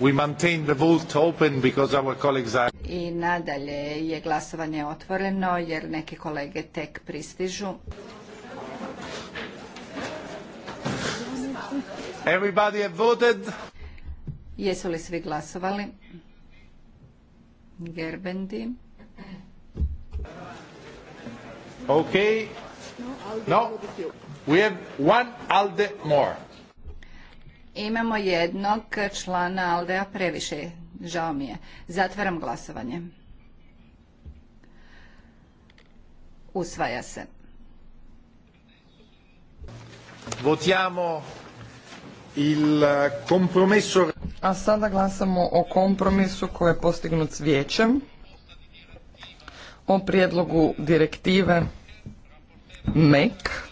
We maintain the vote open because our colleagues are... I nadalje je glasovanje otvoreno jer neki kolege tek pristižu. Everybody have voted. Jesu li svi glasovali? Gerbendi. Okay. No, we have one ALDE more. Imamo jednog člana Aldea previše, žao mi je. Zatvaram glasovanje. Usvaja se. Votiamo il compromesso. A sada glasamo o kompromisu koji je postignut s vijećem o prijedlogu direktive MEC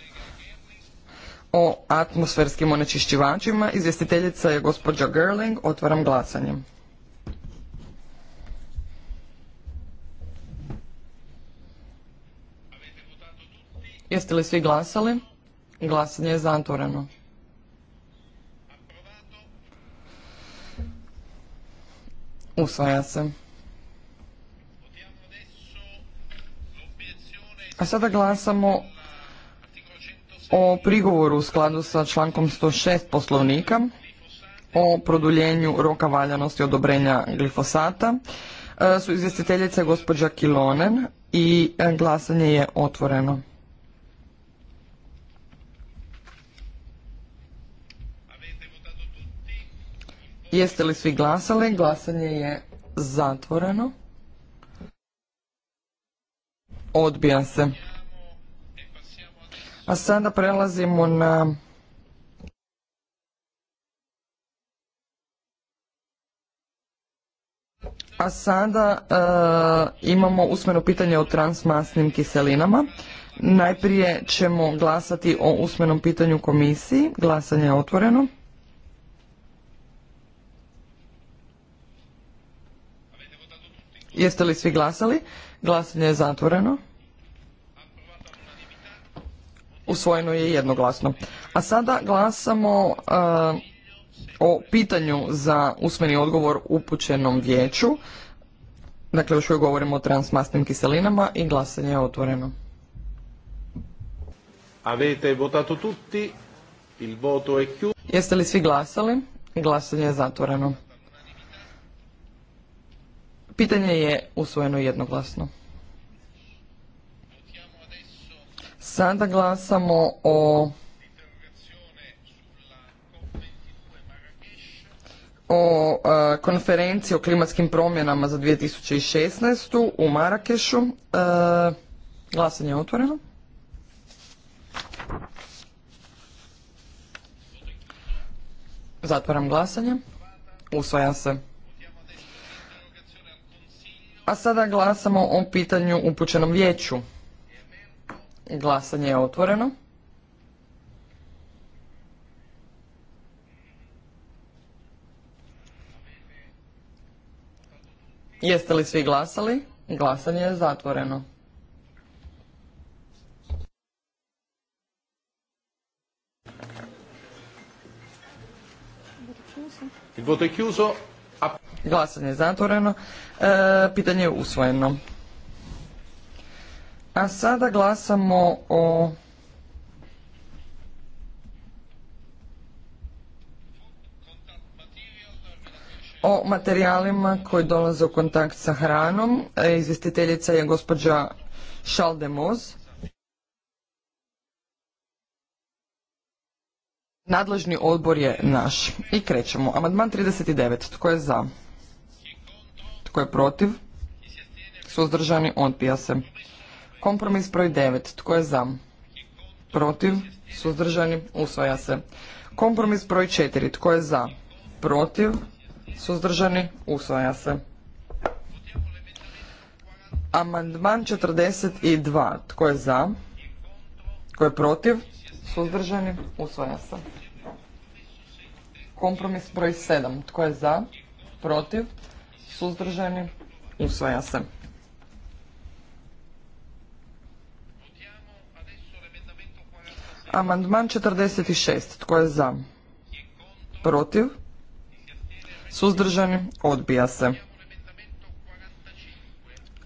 o atmosferskim onečišćivačima. Izvjestiteljica je gospođa Gerling. Otvaram glasanje. Jeste li svi glasali? Glasanje je zatvoreno. Usvaja se. A sada glasamo o prigovoru u skladu sa člankom 106 poslovnika o produljenju roka valjanosti odobrenja glifosata e, su izvjestiteljice gospođa Kilonen i e, glasanje je otvoreno. Jeste li svi glasali? Glasanje je zatvoreno. Odbija se. A sada prelazimo na A sada e, imamo usmeno pitanje o transmasnim kiselinama. Najprije ćemo glasati o usmenom pitanju komisiji. Glasanje je otvoreno. Jeste li svi glasali? Glasanje je zatvoreno usvojeno je jednoglasno. A sada glasamo e, o pitanju za usmeni odgovor upućenom vijeću. Dakle, još uvijek govorimo o transmastnim kiselinama i glasanje je otvoreno. Avete votato tutti, il voto Jeste li svi glasali? Glasanje je zatvoreno. Pitanje je usvojeno jednoglasno. Sada glasamo o o e, konferenciji o klimatskim promjenama za 2016. u Marakešu. E, glasanje je otvoreno. Zatvaram glasanje. Usvaja se. A sada glasamo o pitanju upućenom vijeću. Glasanje je otvoreno. Jeste li svi glasali? Glasanje je zatvoreno. Glasanje je zatvoreno. E, pitanje je usvojeno. A sada glasamo o o materijalima koji dolaze u kontakt sa hranom. E, izvjestiteljica je gospođa Šaldemoz. Nadležni odbor je naš. I krećemo. Amandman 39. Tko je za? Tko je protiv? Suzdržani odbija se. Kompromis broj 9. Tko je za? Protiv? Suzdržani? Usvaja se. Kompromis broj 4. Tko je za? Protiv? Suzdržani? Usvaja se. Amandman 42. Tko je za? Tko je protiv? Suzdržani? Usvaja se. Kompromis broj 7. Tko je za? Protiv? Suzdržani? Usvaja se. Amandman 46. Tko je za? Protiv? Suzdržani? Odbija se.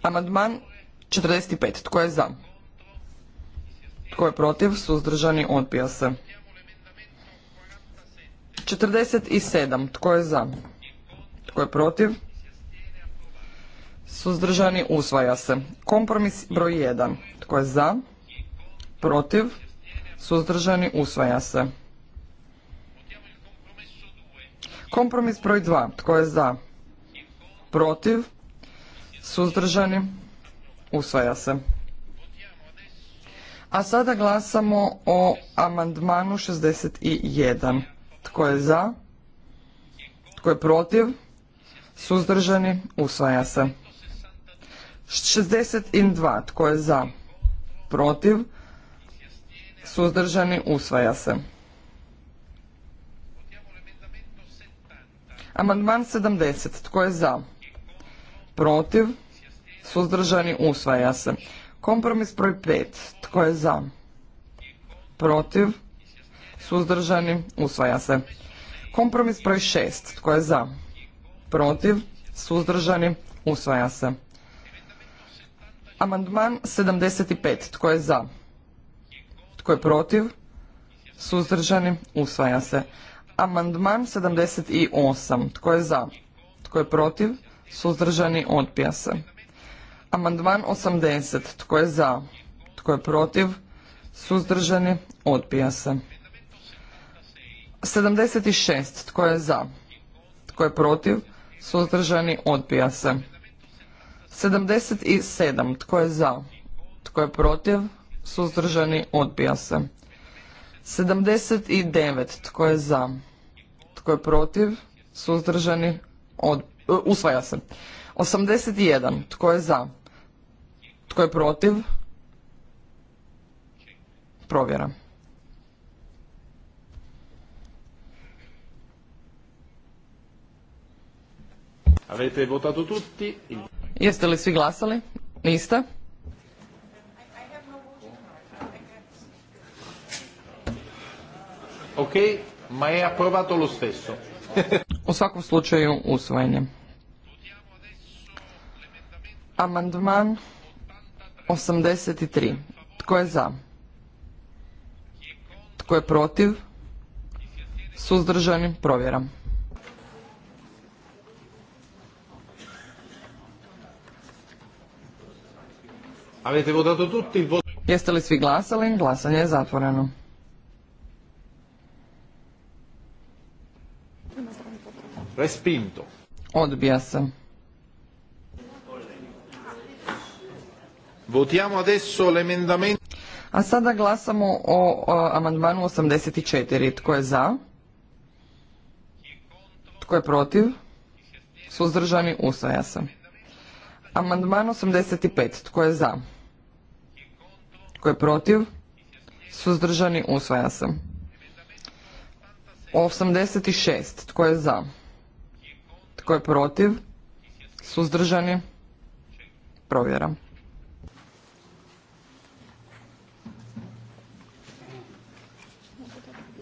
Amandman 45. Tko je za? Tko je protiv? Suzdržani? Odbija se. 47. Tko je za? Tko je protiv? Suzdržani? Usvaja se. Kompromis broj 1. Tko je za? Protiv? suzdržani, usvaja se. Kompromis broj 2. Tko je za? Protiv? Suzdržani? Usvaja se. A sada glasamo o amandmanu 61. Tko je za? Tko je protiv? Suzdržani? Usvaja se. 62. Tko je za? Protiv? suzdržani, usvaja se. Amandman 70. Tko je za? Protiv? Suzdržani? Usvaja se. Kompromis broj 5. Tko je za? Protiv? Suzdržani? Usvaja se. Kompromis broj 6. Tko je za? Protiv? Suzdržani? Usvaja se. Amandman 75. Tko je za? Tko je protiv? Suzdržani? Usvaja se. Amandman 78. Tko je za? Tko je protiv? Suzdržani? Odpija se. Amandman 80. Tko je za? Tko je protiv? Suzdržani? Odpija se. 76. Tko je za? Tko je protiv? Suzdržani? Odpija se. 77. Tko je za? Tko je protiv? suzdržani, odbija se. 79. Tko je za? Tko je protiv? Suzdržani, od, uh, usvaja se. 81. Tko je za? Tko je protiv? Provjera. Avete votato tutti? Jeste li svi glasali? Niste? ok, ma è approvato lo stesso. U svakom slučaju usvojenje. Amandman 83. Tko je za? Tko je protiv? suzdržanim provjeram Avete votato Jeste li svi glasali? Glasanje je zatvoreno. Respinto. Odbija se. Votiamo adesso l'emendamento. A sada glasamo o, amandmanu 84. Tko je za? Tko je protiv? Suzdržani usvaja se. Amandman 85. Tko je za? Tko je protiv? Suzdržani usvaja se. 86. Tko je za? Tko je protiv? Suzdržani? Provjeram.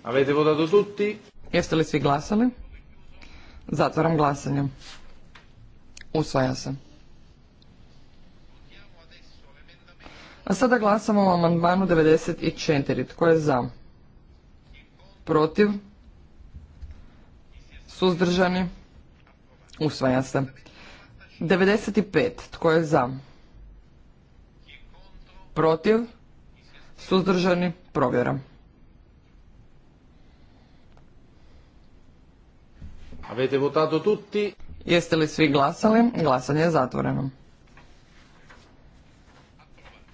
Avete votato tutti? Jeste li svi glasali? Zatvaram glasanje. Usvaja se. A sada glasamo o amandmanu 94. Tko je za? Protiv? Suzdržani? Usvaja se. 95. Tko je za? Protiv? Suzdržani? Provjera. Avete votato tutti? Jeste li svi glasali? Glasanje je zatvoreno.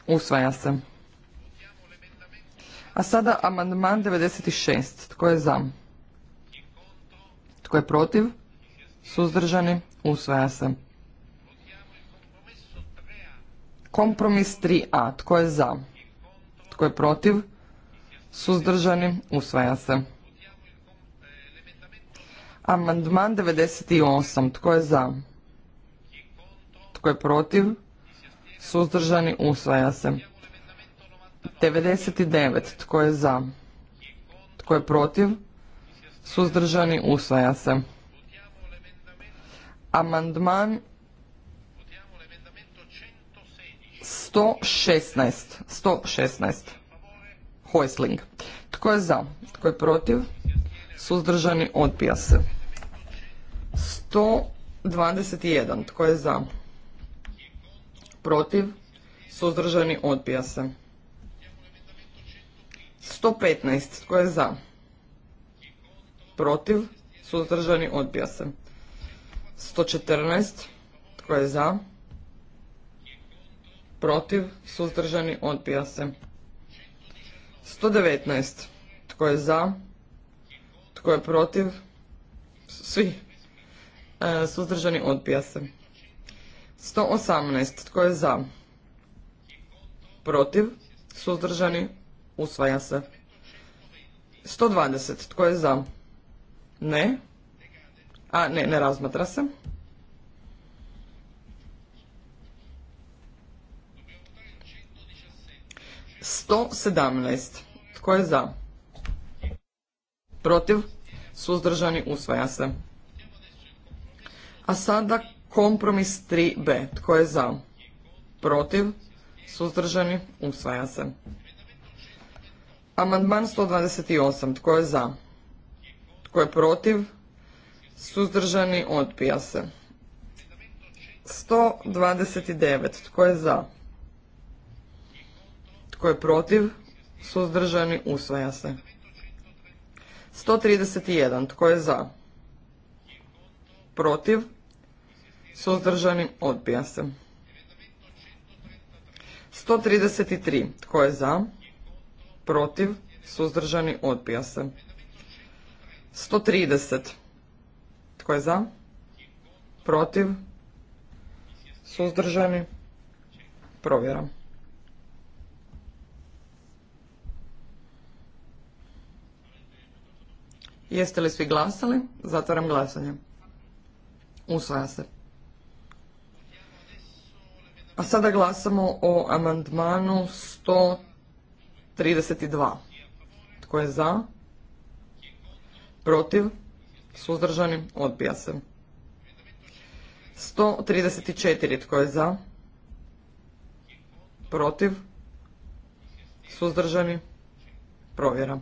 Usvaja se. A sada amandman 96. Tko je za? Tko je protiv? Suzdržani? Usvaja se. Kompromis 3a. Tko je za? Tko je protiv? Suzdržani? Usvaja se. Amandman 98. Tko je za? Tko je protiv? Suzdržani? Usvaja se. 99. Tko je za? Tko je protiv? Suzdržani? Usvaja se. Amandman 116. 116. Hojsling. Tko je za? Tko je protiv? Suzdržani odbija se. 121. Tko je za? Protiv? Suzdržani odbija se. 115. Tko je za? Protiv? Suzdržani odbija se. 114. Tko je za? Protiv? Suzdržani? Odbija se. 119. Tko je za? Tko je protiv? Svi. E, suzdržani? Odbija se. 118. Tko je za? Protiv? Suzdržani? Usvaja se. 120. Tko je za? Ne. A ne, ne razmatra se. Sto sedamnaest. Tko je za? Protiv? Suzdržani usvaja se. A sada kompromis 3b. Tko je za? Protiv? Suzdržani usvaja se. Amandman 128. Tko je za? Tko je protiv? Suzdržani odbija se. 129. Tko je za? Tko je protiv? Suzdržani usvaja se. 131. Tko je za? Protiv? Suzdržani odbija se. 133. Tko je za? Protiv? Suzdržani odbija se. 130. Tko je za? Protiv? Suzdržani? Provjeram. Jeste li svi glasali? Zatvaram glasanje. Usvaja se. A sada glasamo o amandmanu 132. Tko je za? Protiv? Suzdržani? Odbija se. 134. Tko je za? Protiv? Suzdržani? Provjera.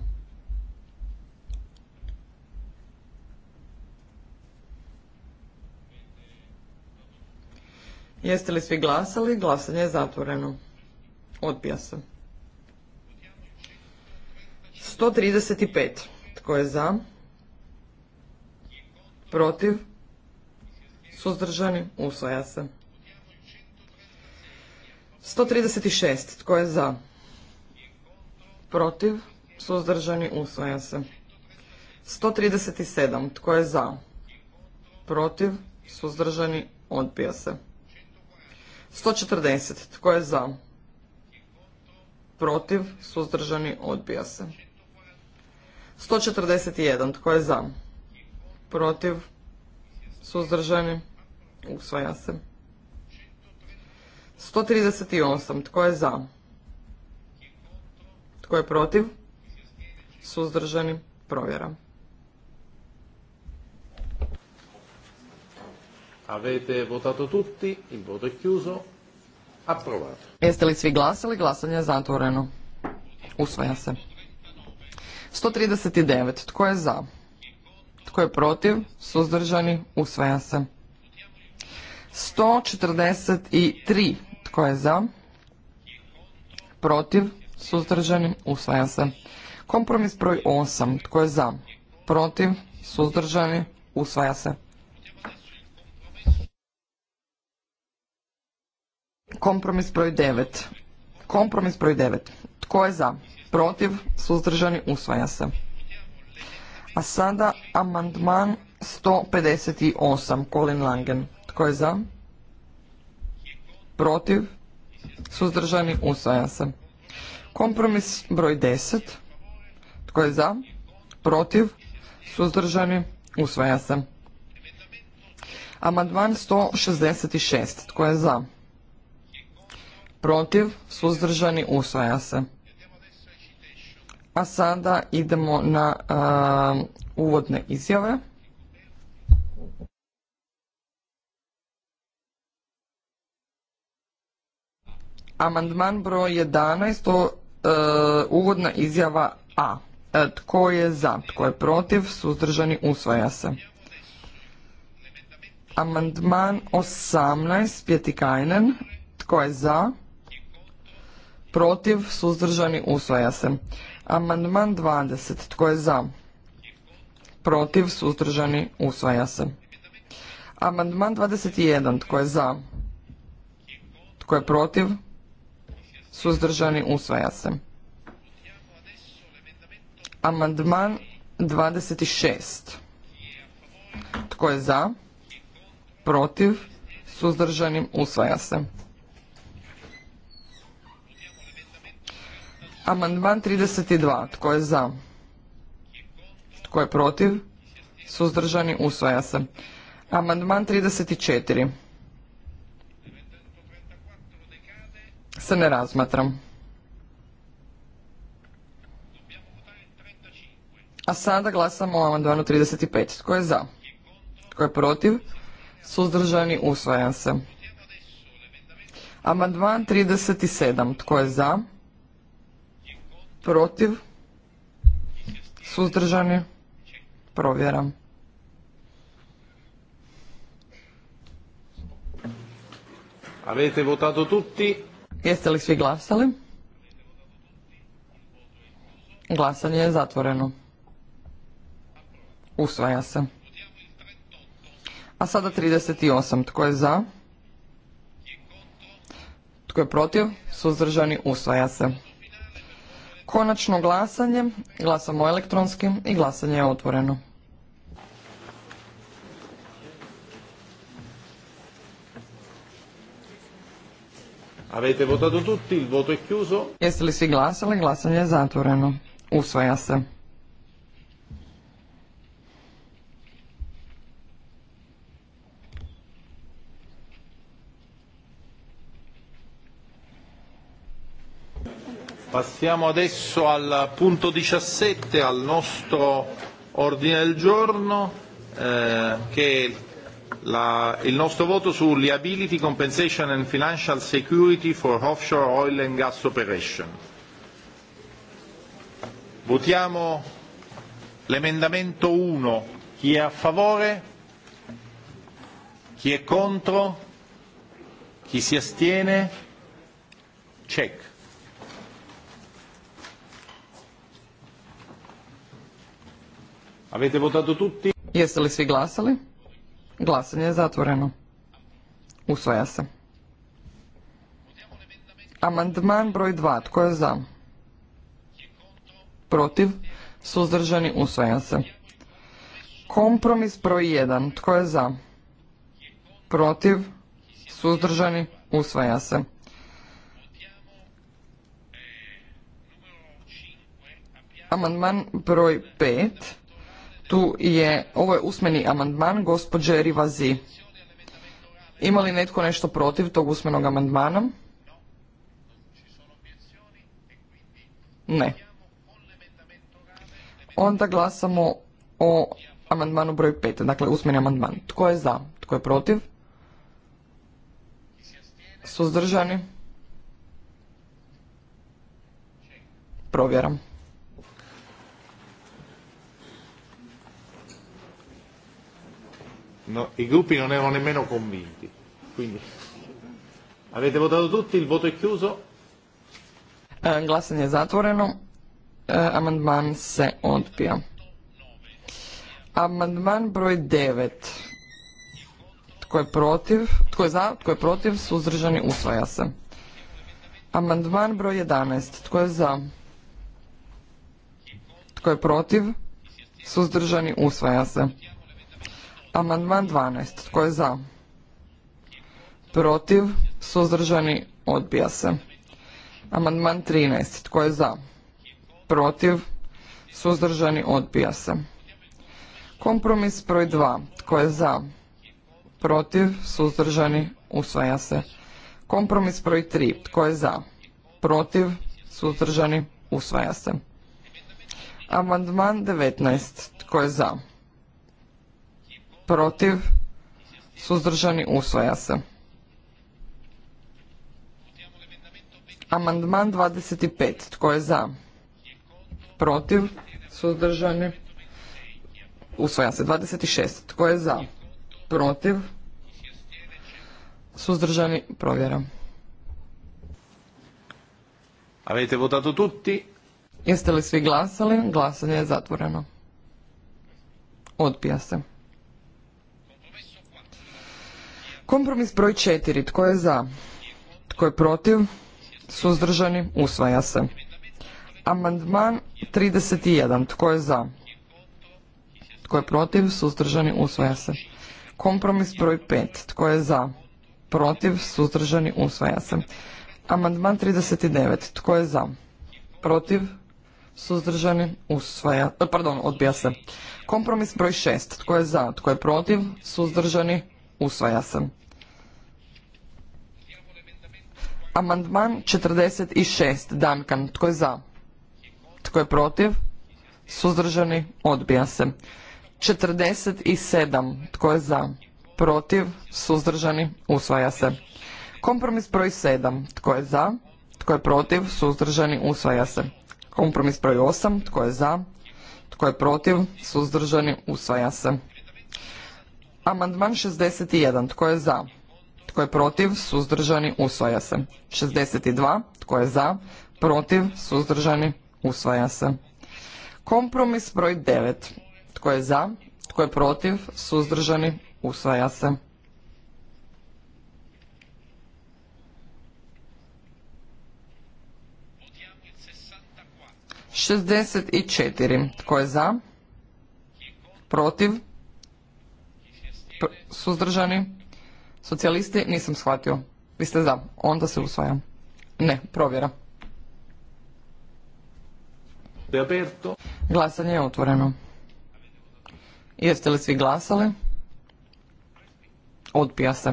Jeste li svi glasali? Glasanje je zatvoreno. Odbija se. 135. Tko je za? protiv, suzdržani, usvaja se. 136. Tko je za? Protiv, suzdržani, usvaja se. 137. Tko je za? Protiv, suzdržani, odbija se. 140. Tko je za? Protiv, suzdržani, odbija se. 141. Tko je za? protiv, suzdržani, usvaja se. 138. Tko je za? Tko je protiv? Suzdržani, provjera. Avete votato tutti, il voto è chiuso, approvato. Jeste li svi glasali? Glasanje je zatvoreno. Usvaja se. 139. Tko je za? Tko je protiv? Suzdržani? Usvaja se. 143. Tko je za? Protiv? Suzdržani? Usvaja se. Kompromis broj 8. Tko je za? Protiv? Suzdržani? Usvaja se. Kompromis broj 9. Kompromis broj 9. Tko je za? Protiv? Suzdržani? Usvaja se. A sada amandman 158, Colin Langen. Tko je za? Protiv? Suzdržani? Usvaja se. Kompromis broj 10. Tko je za? Protiv? Suzdržani? Usvaja se. Amandman 166. Tko je za? Protiv? Suzdržani? Usvaja se. A sada idemo na um, uvodne izjave. Amandman broj 11, to uh, uvodna izjava A. E, tko je za, tko je protiv, suzdržani, usvaja se. Amandman 18, Pjetikajnen, tko je za, protiv, suzdržani, usvaja se. Amandman 20. Tko je za? Protiv, suzdržani, usvaja se. Amandman 21. Tko je za? Tko je protiv? Suzdržani, usvaja se. Amandman 26. Tko je za? Protiv? Suzdržanim usvaja se. Amandman 32. Tko je za? Tko je protiv? Suzdržani usvaja se. Amandman 34. Se ne razmatra. A sada glasamo o amandmanu 35. Tko je za? Tko je protiv? Suzdržani usvaja se. Amandman 37. Tko je za? protiv, suzdržani, provjeram. Avete votato tutti? Jeste li svi glasali? Glasanje je zatvoreno. Usvaja se. A sada 38. Tko je za? Tko je protiv? Suzdržani usvaja se. Konačno glasanje, glasamo elektronskim i glasanje je otvoreno. Avete votato tutti, il voto è chiuso. Jeste li svi glasali, glasanje je zatvoreno. Usvaja se. Passiamo adesso al punto 17 al nostro ordine del giorno eh, che è la, il nostro voto su liability compensation and financial security for offshore oil and gas operation. Votiamo l'emendamento 1. Chi è a favore? Chi è contro? Chi si astiene? Check. Avete votato tutti? Jeste li svi glasali? Glasanje je zatvoreno. Usvaja se. Amandman broj 2. Tko je za? Protiv? Suzdržani? Usvaja se. Kompromis broj 1. Tko je za? Protiv? Suzdržani? Usvaja se. Amandman broj 5 tu je, ovo je usmeni amandman gospođe Rivazi. Ima li netko nešto protiv tog usmenog amandmana? Ne. Onda glasamo o amandmanu broj 5, dakle usmeni amandman. Tko je za? Tko je protiv? Suzdržani? Provjeram. no, i gruppi non erano nemmeno convinti. Quindi avete votato tutti, il voto è chiuso. Eh, glasanje je zatvoreno. Eh, amandman se odbija. Amandman broj 9. Tko je protiv? Tko je za? Tko je protiv? Suzdržani usvaja se. Amandman broj 11. Tko je za? Tko je protiv? Suzdržani usvaja se. Amandman 12. Tko je za? Protiv? Suzdržani? Odbija se. Amandman 13. Tko je za? Protiv? Suzdržani? Odbija se. Kompromis broj 2. Tko je za? Protiv? Suzdržani? Usvaja se. Kompromis broj 3. Tko je za? Protiv? Suzdržani? Usvaja se. Amandman 19. Tko je za? protiv, suzdržani, usvaja se. Amandman 25. Tko je za? Protiv, suzdržani, usvaja se. 26. Tko je za? Protiv, suzdržani, provjera. Avete votato tutti? Jeste li svi glasali? Glasanje je zatvoreno. Odpija se. Kompromis broj četiri Tko je za? Tko je protiv? Suzdržani? Usvaja se. Amandman 31. Tko je za? Tko je protiv? Suzdržani? Usvaja se. Kompromis broj 5. Tko je za? Protiv? Suzdržani? Usvaja se. Amandman 39. Tko je za? Protiv? Suzdržani? Usvaja. Pardon, odbija se. Kompromis broj šest Tko je za? Tko je protiv? Suzdržani? Usvaja se. Amandman 46. Dankan. Tko je za? Tko je protiv? Suzdržani? Odbija se. 47. Tko je za? Protiv? Suzdržani? Usvaja se. Kompromis broj 7. Tko je za? Tko je protiv? Suzdržani? Usvaja se. Kompromis broj 8. Tko je za? Tko je protiv? Suzdržani? Usvaja se. Amandman 61. Tko je za? Tko je protiv? Suzdržani? Usvaja se. 62. Tko je za? Protiv? Suzdržani? Usvaja se. Kompromis broj 9. Tko je za? Tko je protiv? Suzdržani? Usvaja se. Šestdeset i četiri. Tko je za? Protiv? suzdržani, socijalisti, nisam shvatio. Vi ste za, onda se usvaja. Ne, provjera. Glasanje je otvoreno. Jeste li svi glasali? Odpija se.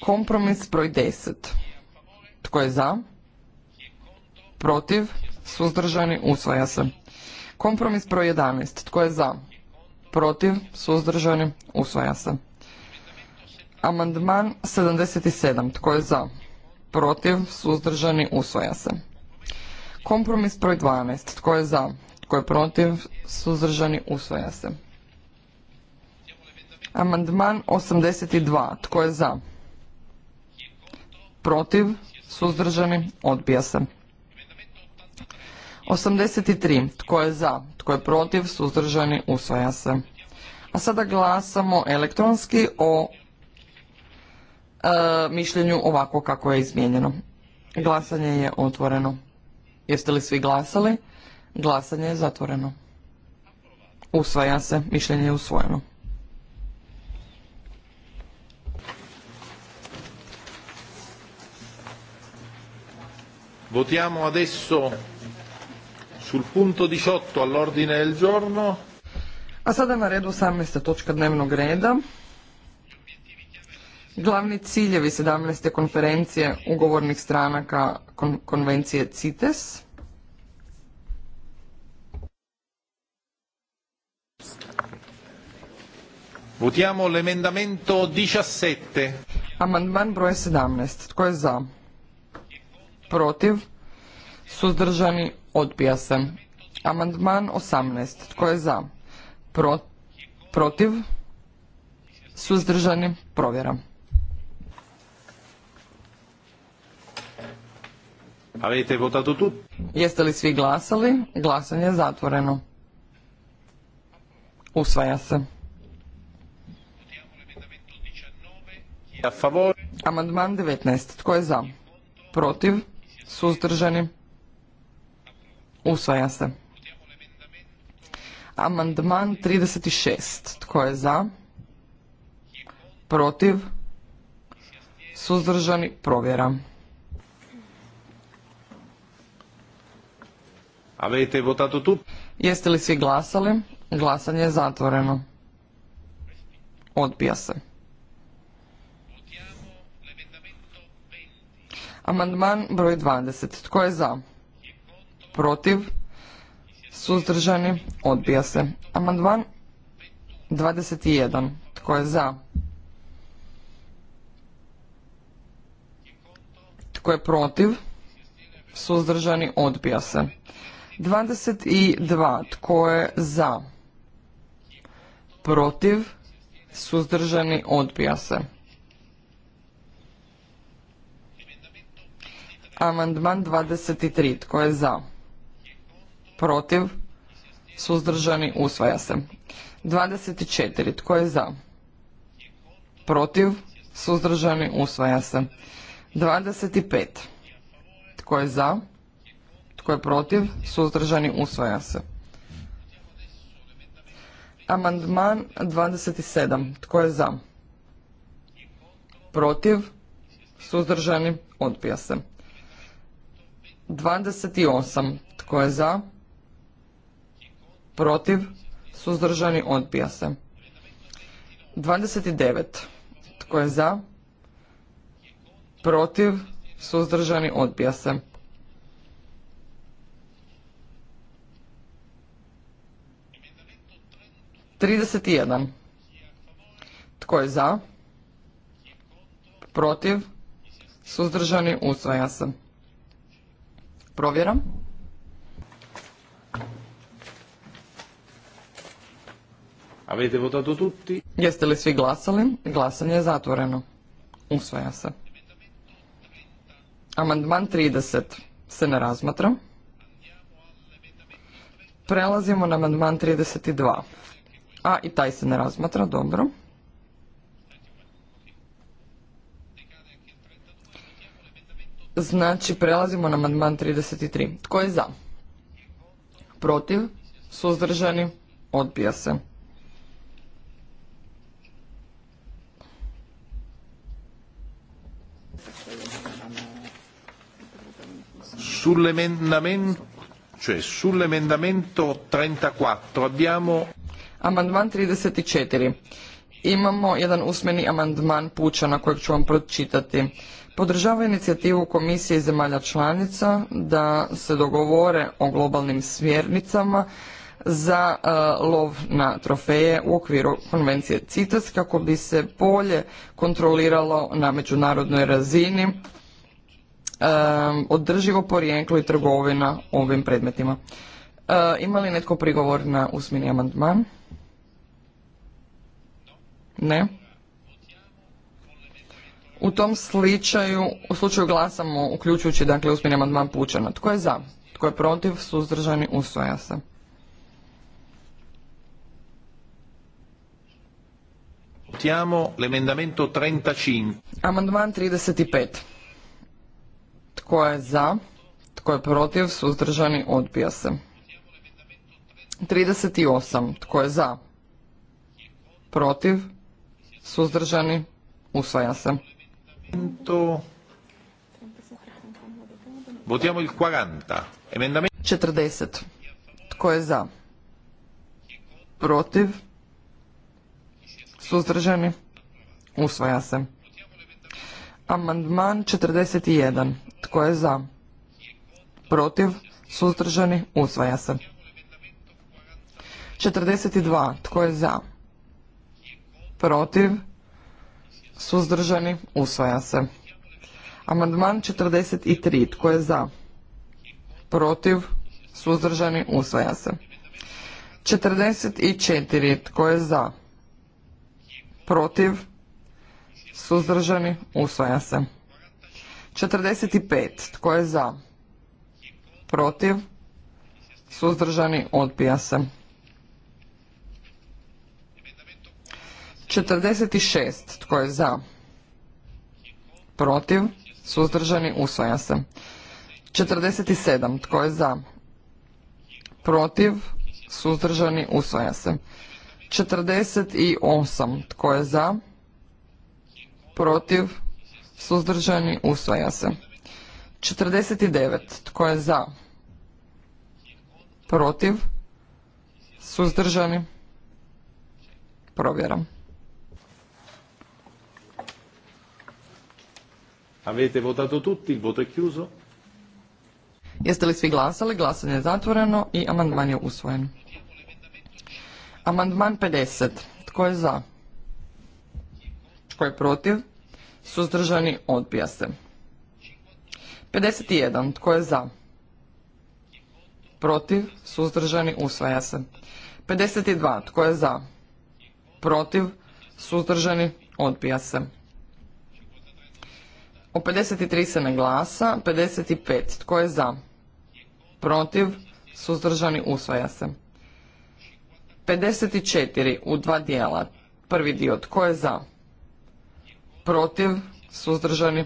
Kompromis broj 10. Tko je za? Protiv? Suzdržani? Usvaja se. Kompromis broj 11. Tko je za? protiv, suzdržani, usvaja se. Amandman 77. Tko je za? Protiv, suzdržani, usvaja se. Kompromis broj 12. Tko je za? Tko je protiv, suzdržani, usvaja se. Amandman 82. Tko je za? Protiv, suzdržani, odbija se. 83. Tko je za? Tko je protiv? Suzdržani? Usvaja se. A sada glasamo elektronski o e, mišljenju ovako kako je izmijenjeno. Glasanje je otvoreno. Jeste li svi glasali? Glasanje je zatvoreno. Usvaja se. Mišljenje je usvojeno. Votiamo adesso Sul punto 18 all'ordine del giorno. A sada na redu 18. točka dnevnog reda. Glavni ciljevi 17. konferencije ugovornih stranaka kon konvencije CITES. Votiamo l'emendamento 17. Amandman broj 17. Tko je za? Protiv? Suzdržani? Odbija se. Amandman 18. Tko je za? protiv? Suzdržani? Provjeram. Avete votato Jeste li svi glasali? Glasanje je zatvoreno. Usvaja se. Amandman 19. Tko je za? Protiv? Suzdržani? Usvaja se. Amandman 36. Tko je za? Protiv? Suzdržani? Provjera. Avete votato tu? Jeste li svi glasali? Glasanje je zatvoreno. Odbija se. Amandman broj 20. Tko je za? protiv, suzdržani, odbija se. Amandman 21. Tko je za? Tko je protiv? Suzdržani, odbija se. 22. Tko je za? Protiv? Suzdržani, odbija se. Amandman 23. Tko je za? protiv, suzdržani, usvaja se. 24. Tko je za? Protiv, suzdržani, usvaja se. 25. Tko je za? Tko je protiv? Suzdržani, usvaja se. Amandman 27. Tko je za? Protiv? Suzdržani, odbija se. 28. Tko je za? protiv, suzdržani, odbija se. 29. Tko je za? Protiv, suzdržani, odbija se. 31. jedan. Tko je za? Protiv? Suzdržani? Usvaja se. Provjeram. Avete votato tutti? Jeste li svi glasali? Glasanje je zatvoreno. Usvaja se. Amandman 30 se ne razmatra. Prelazimo na amandman 32. A i taj se ne razmatra, dobro. Znači, prelazimo na amandman 33. Tko je za? Protiv? Suzdržani? Odbija se. Sull'emendamento, cioè sull'emendamento 34 abbiamo... Amandman 34. Imamo jedan usmeni amandman Pučana kojeg ću vam pročitati. Podržava inicijativu Komisije i zemalja članica da se dogovore o globalnim smjernicama za e, lov na trofeje u okviru konvencije CITES kako bi se bolje kontroliralo na međunarodnoj razini održivo porijeklo i trgovina ovim predmetima. E, ima li netko prigovor na usmeni amandman? Ne. U tom slučaju, u slučaju glasamo, uključujući dakle usmeni amandman Pučana. Tko je za? Tko je protiv? Suzdržani usvaja se. Votiamo l'emendamento 35. Amandman 35. Tko je za? Tko je protiv? Suzdržani? Odbija se. 38. Tko je za? Protiv? Suzdržani? Usvaja se. Votiamo il 40. 40. Tko je za? Protiv? Suzdržani? Usvaja se. Amandman tko je za? Protiv? Suzdržani? Usvaja se. 42. Tko je za? Protiv? Suzdržani? Usvaja se. Amandman 43. Tko je za? Protiv? Suzdržani? Usvaja se. 44. Tko je za? Protiv? Suzdržani? Usvaja se. 45. Tko je za? Protiv? Suzdržani? Odbija se. 46. Tko je za? Protiv? Suzdržani? Usvaja se. 47. Tko je za? Protiv? Suzdržani? Usvaja se. 48. Tko je za? Protiv? suzdržani, usvaja se. 49. Tko je za? Protiv? Suzdržani? Provjeram. Avete votato tutti, il voto è chiuso. Jeste li svi glasali? Glasanje je zatvoreno i amandman je usvojen. Amandman 50. Tko je za? Tko je protiv? Suzdržani odbija se. 51. Tko je za? Protiv. Suzdržani usvaja se. 52. Tko je za? Protiv. Suzdržani odbija se. O 53 se ne glasa. 55. Tko je za? Protiv. Suzdržani usvaja se. 54. U dva dijela. Prvi dio. Tko je za? protiv, suzdržani,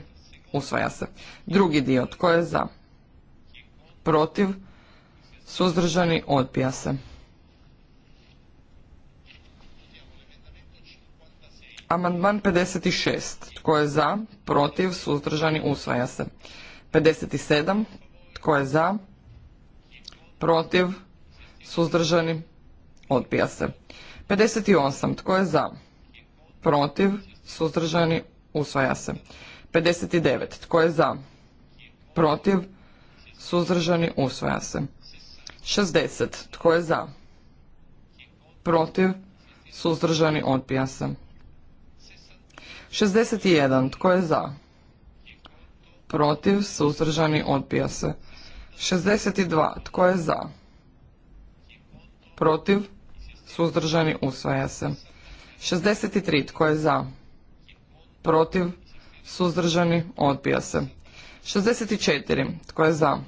usvaja se. Drugi dio, tko je za, protiv, suzdržani, odbija se. Amandman 56. Tko je za? Protiv? Suzdržani? Usvaja se. 57. Tko je za? Protiv? Suzdržani? Odbija se. 58. Tko je za? Protiv? suzdržani, usvaja se. 59. Tko je za? Protiv, suzdržani, usvaja se. 60. Tko je za? Protiv, suzdržani, odbija se. 61. Tko je za? Protiv, suzdržani, odbija se. 62. Tko je za? Protiv, suzdržani, usvaja se. 63. Tko je za? protiv, suzdržani, odbija se. 64. Tko je za?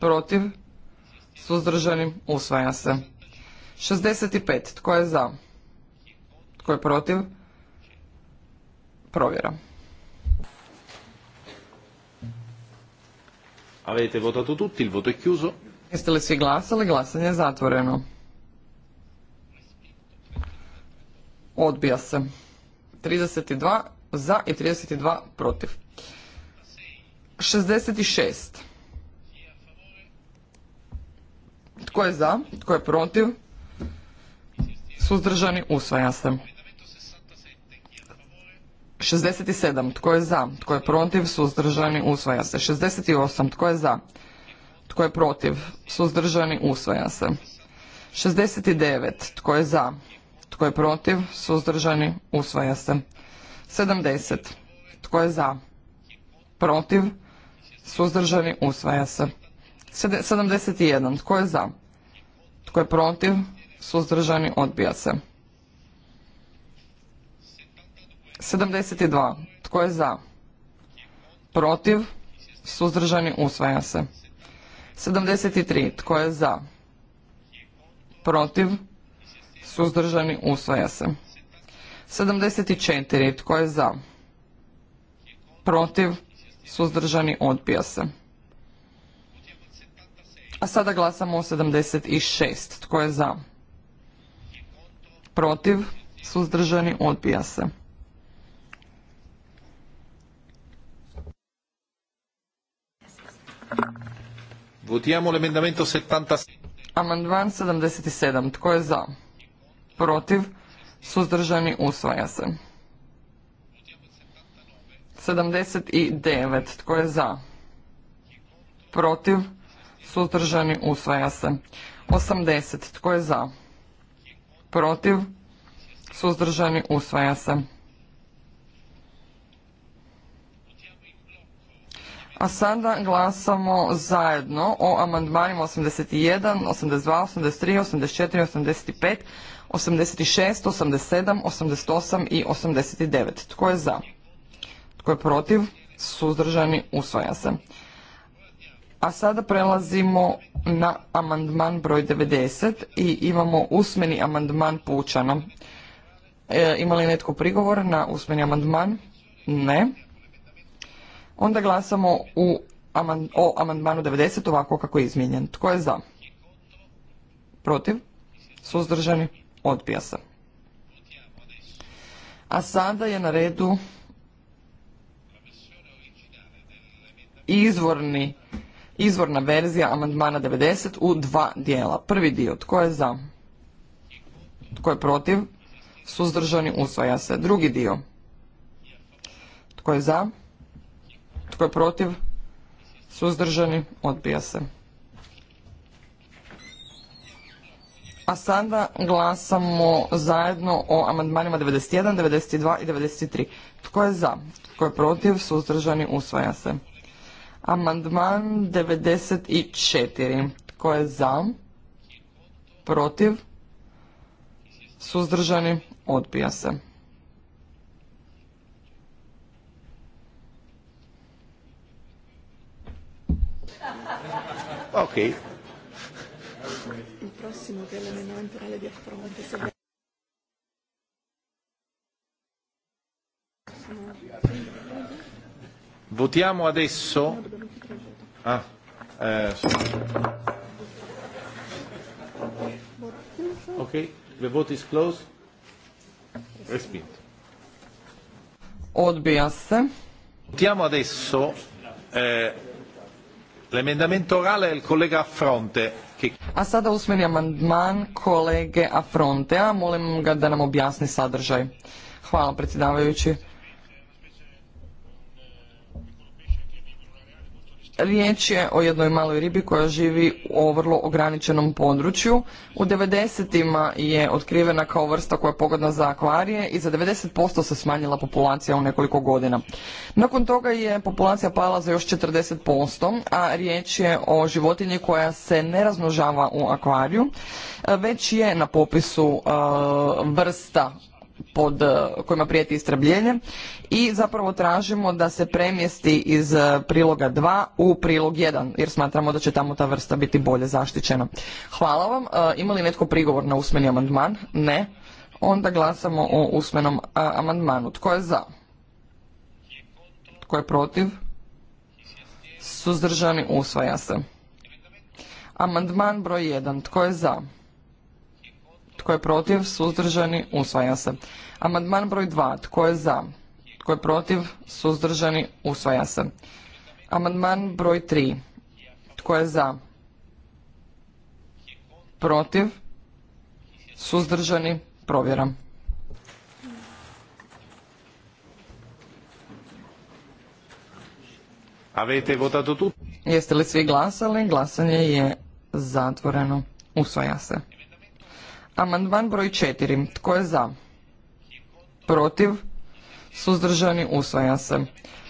Protiv, suzdržani, usvaja se. 65. Tko je za? Tko je protiv? Provjera. Avete votato tutti, il voto è chiuso. Jeste li svi glasali? Glasanje je zatvoreno. Odbija se. 32 za i 32 protiv. 66. Tko je za? Tko je protiv? Suzdržani usvaja se. 67. Tko je za? Tko je protiv? Suzdržani usvaja se. 68. Tko je za? Tko je protiv? Suzdržani usvaja se. 69. Tko je za? Tko je protiv? Suzdržani? Usvaja se. 70. Tko je za? Protiv? Suzdržani? Usvaja se. 71. Tko je za? Tko je protiv? Suzdržani? Odbija se. 72. Tko je za? Protiv? Suzdržani? Usvaja se. 73. Tko je za? Protiv? suzdržani, usvaja se. 74. Tko je za? Protiv, suzdržani, odbija se. A sada glasamo o 76. Tko je za? Protiv, suzdržani, odbija se. Votiamo l'emendamento 77. Amandman 77. Tko je za? protiv, suzdržani, usvaja se. 79. Tko je za? Protiv? Suzdržani? Usvaja se. 80. Tko je za? Protiv? Suzdržani? Usvaja se. A sada glasamo zajedno o amandmanima 81, 82, 83, 84, 85, 86, 87, 88 i 89. Tko je za? Tko je protiv? Suzdržani usvaja se. A sada prelazimo na amandman broj 90 i imamo usmeni amandman Pučana. E, ima li netko prigovor na usmeni amandman? Ne. Onda glasamo u o amandmanu 90 ovako kako je izmijenjen. Tko je za? Protiv? Suzdržani? Odbija se. A sada je na redu izvorni, izvorna verzija amandmana 90 u dva dijela. Prvi dio, tko je za? Tko je protiv? Suzdržani usvaja se. Drugi dio. Tko je za? Tko je protiv? Suzdržani odbija se. A sada glasamo zajedno o amandmanima 91, 92 i 93. Tko je za? Tko je protiv? Suzdržani usvaja se. Amandman 94. Tko je za? Protiv? Suzdržani odbija se. Okay prossimo che è l'emendamento di affronte. Se... Votiamo adesso. Ah, eh. Ok, the vote is closed. Respinto. Odbija se. Votiamo adesso eh, l'emendamento orale del collega Affronte a sada usmeni amandman kolege Afrontea. Molim ga da nam objasni sadržaj. Hvala predsjedavajući. Riječ je o jednoj maloj ribi koja živi u vrlo ograničenom području. U 90 je otkrivena kao vrsta koja je pogodna za akvarije i za posto se smanjila populacija u nekoliko godina. Nakon toga je populacija pala za još posto, a riječ je o životinji koja se ne razmnožava u akvariju, već je na popisu e, vrsta pod eh, kojima prijeti istrabljenje i zapravo tražimo da se premjesti iz eh, priloga 2 u prilog 1 jer smatramo da će tamo ta vrsta biti bolje zaštićena. Hvala vam. Eh, ima li netko prigovor na usmeni amandman? Ne. Onda glasamo o usmenom amandmanu. Tko je za? Tko je protiv? Suzdržani usvaja se. Amandman broj 1. Tko je za? Tko je protiv? Suzdržani? Usvaja se. Amandman broj 2. Tko je za? Tko je protiv? Suzdržani? Usvaja se. Amandman broj 3. Tko je za? Protiv? Suzdržani? Provjeram. Avete votato tutti? Jeste li svi glasali? Glasanje je zatvoreno. Usvaja se. Amandman broj 4. Tko je za? Protiv? Suzdržani? Usvaja se.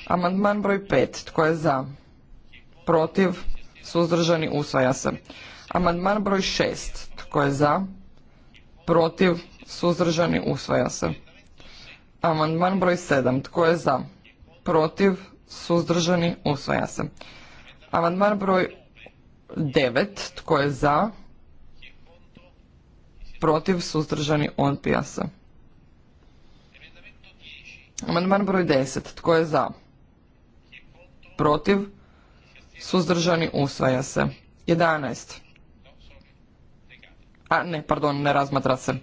Amandman broj 5. Tko je za? Protiv? Suzdržani? Usvaja se. Amandman broj 6. Tko je za? Protiv? Suzdržani? Usvaja se. Amandman broj 7. Tko je za? Protiv? Suzdržani? Usvaja se. Amandman broj 9. Tko je za? protiv, suzdržani, odbija se. Amandman broj 10. Tko je za? Protiv, suzdržani, usvaja se. 11. A ne, pardon, ne razmatra se.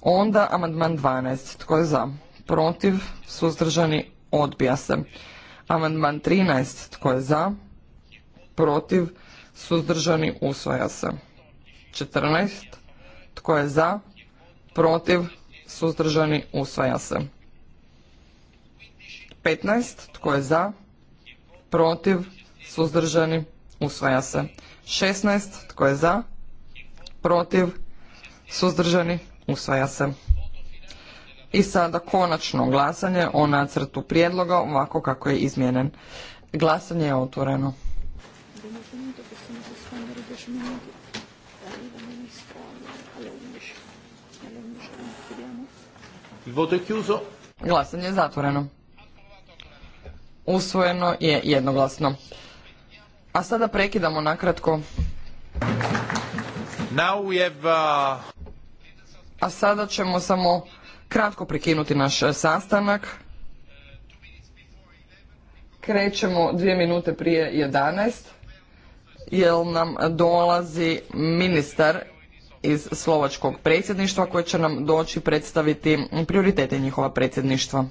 Onda amandman 12. Tko je za? Protiv, suzdržani, odbija se. Amandman 13. Tko je za? Protiv, suzdržani, usvaja se. 14. Tko je za? Protiv? Suzdržani? Usvaja se. 15. Tko je za? Protiv? Suzdržani? Usvaja se. 16. Tko je za? Protiv? Suzdržani? Usvaja se. I sada konačno glasanje o nacrtu prijedloga ovako kako je izmijenjen. Glasanje je otvoreno. Voto chiuso. Glasanje je zatvoreno. Usvojeno je jednoglasno. A sada prekidamo nakratko. Now we have, uh, A sada ćemo samo kratko prekinuti naš e, sastanak. Krećemo dvije minute prije 11. Jer nam dolazi ministar iz slovačkog predsjedništva koje će nam doći predstaviti prioritete njihova predsjedništva.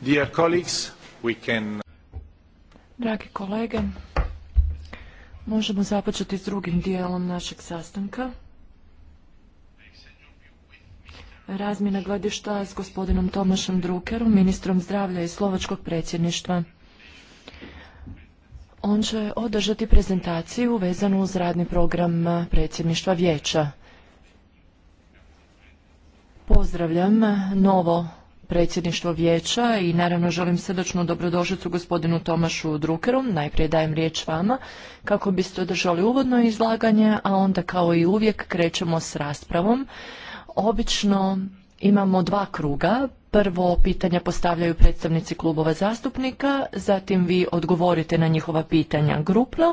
Dear colleagues, Dragi kolege, možemo započeti s drugim dijelom našeg sastanka. Razmjena gledišta s gospodinom Tomašem Drukerom, ministrom zdravlja i slovačkog predsjedništva. On će održati prezentaciju vezanu uz radni program predsjedništva vijeća. Pozdravljam novo predsjedništvo vijeća i naravno želim srdačnu dobrodošlicu gospodinu Tomašu Drukeru. Najprije dajem riječ vama kako biste održali uvodno izlaganje, a onda kao i uvijek krećemo s raspravom. Obično imamo dva kruga. Prvo pitanja postavljaju predstavnici klubova zastupnika, zatim vi odgovorite na njihova pitanja grupno,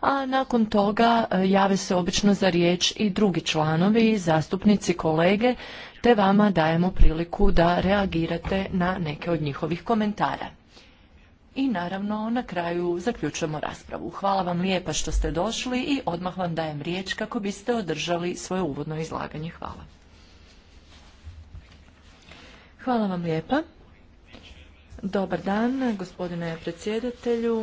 a nakon toga e, jave se obično za riječ i drugi članovi, zastupnici, kolege, te vama dajemo priliku da reagirate na neke od njihovih komentara. I naravno na kraju zaključujemo raspravu. Hvala vam lijepa što ste došli i odmah vam dajem riječ kako biste održali svoje uvodno izlaganje. Hvala. Hvala vam lijepa. Dobar dan, gospodine predsjedatelju,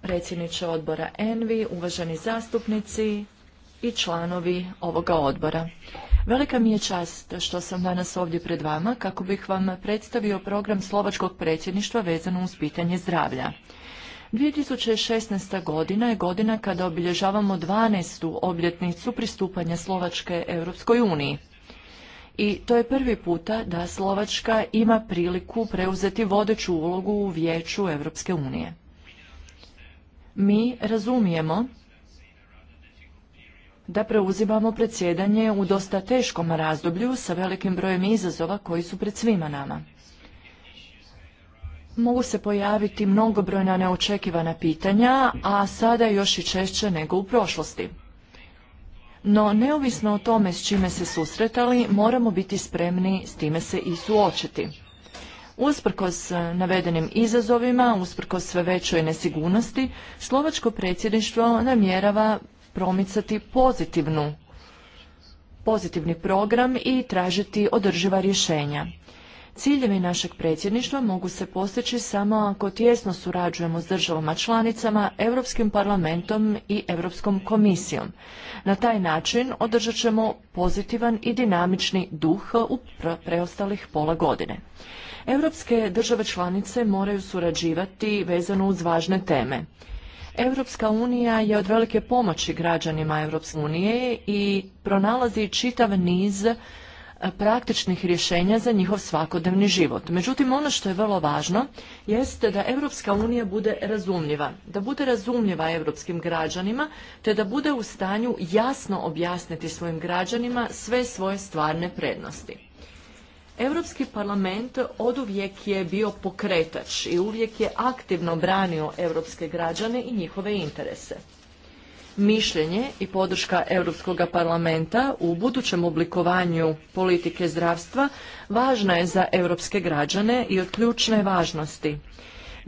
predsjedniče odbora ENVI, uvaženi zastupnici i članovi ovoga odbora. Velika mi je čast što sam danas ovdje pred vama kako bih vam predstavio program slovačkog predsjedništva vezano uz pitanje zdravlja. 2016. godina je godina kada obilježavamo 12. obljetnicu pristupanja Slovačke Europskoj uniji i to je prvi puta da Slovačka ima priliku preuzeti vodeću ulogu u vijeću Europske unije. Mi razumijemo da preuzimamo predsjedanje u dosta teškom razdoblju sa velikim brojem izazova koji su pred svima nama. Mogu se pojaviti mnogobrojna neočekivana pitanja, a sada još i češće nego u prošlosti. No, neovisno o tome s čime se susretali, moramo biti spremni s time se i suočiti. Usprkos e, navedenim izazovima, usprkos sve većoj nesigurnosti, slovačko predsjedništvo namjerava promicati pozitivnu, pozitivni program i tražiti održiva rješenja. Ciljevi našeg predsjedništva mogu se postići samo ako tjesno surađujemo s državama članicama, Europskim parlamentom i Europskom komisijom. Na taj način održat ćemo pozitivan i dinamični duh u preostalih pola godine. Europske države članice moraju surađivati vezano uz važne teme. Europska unija je od velike pomoći građanima Europske unije i pronalazi čitav niz praktičnih rješenja za njihov svakodnevni život. Međutim, ono što je vrlo važno jeste da Europska unija bude razumljiva, da bude razumljiva europskim građanima, te da bude u stanju jasno objasniti svojim građanima sve svoje stvarne prednosti. Europski parlament oduvijek je bio pokretač i uvijek je aktivno branio europske građane i njihove interese mišljenje i podrška Europskog parlamenta u budućem oblikovanju politike zdravstva važna je za europske građane i od ključne važnosti.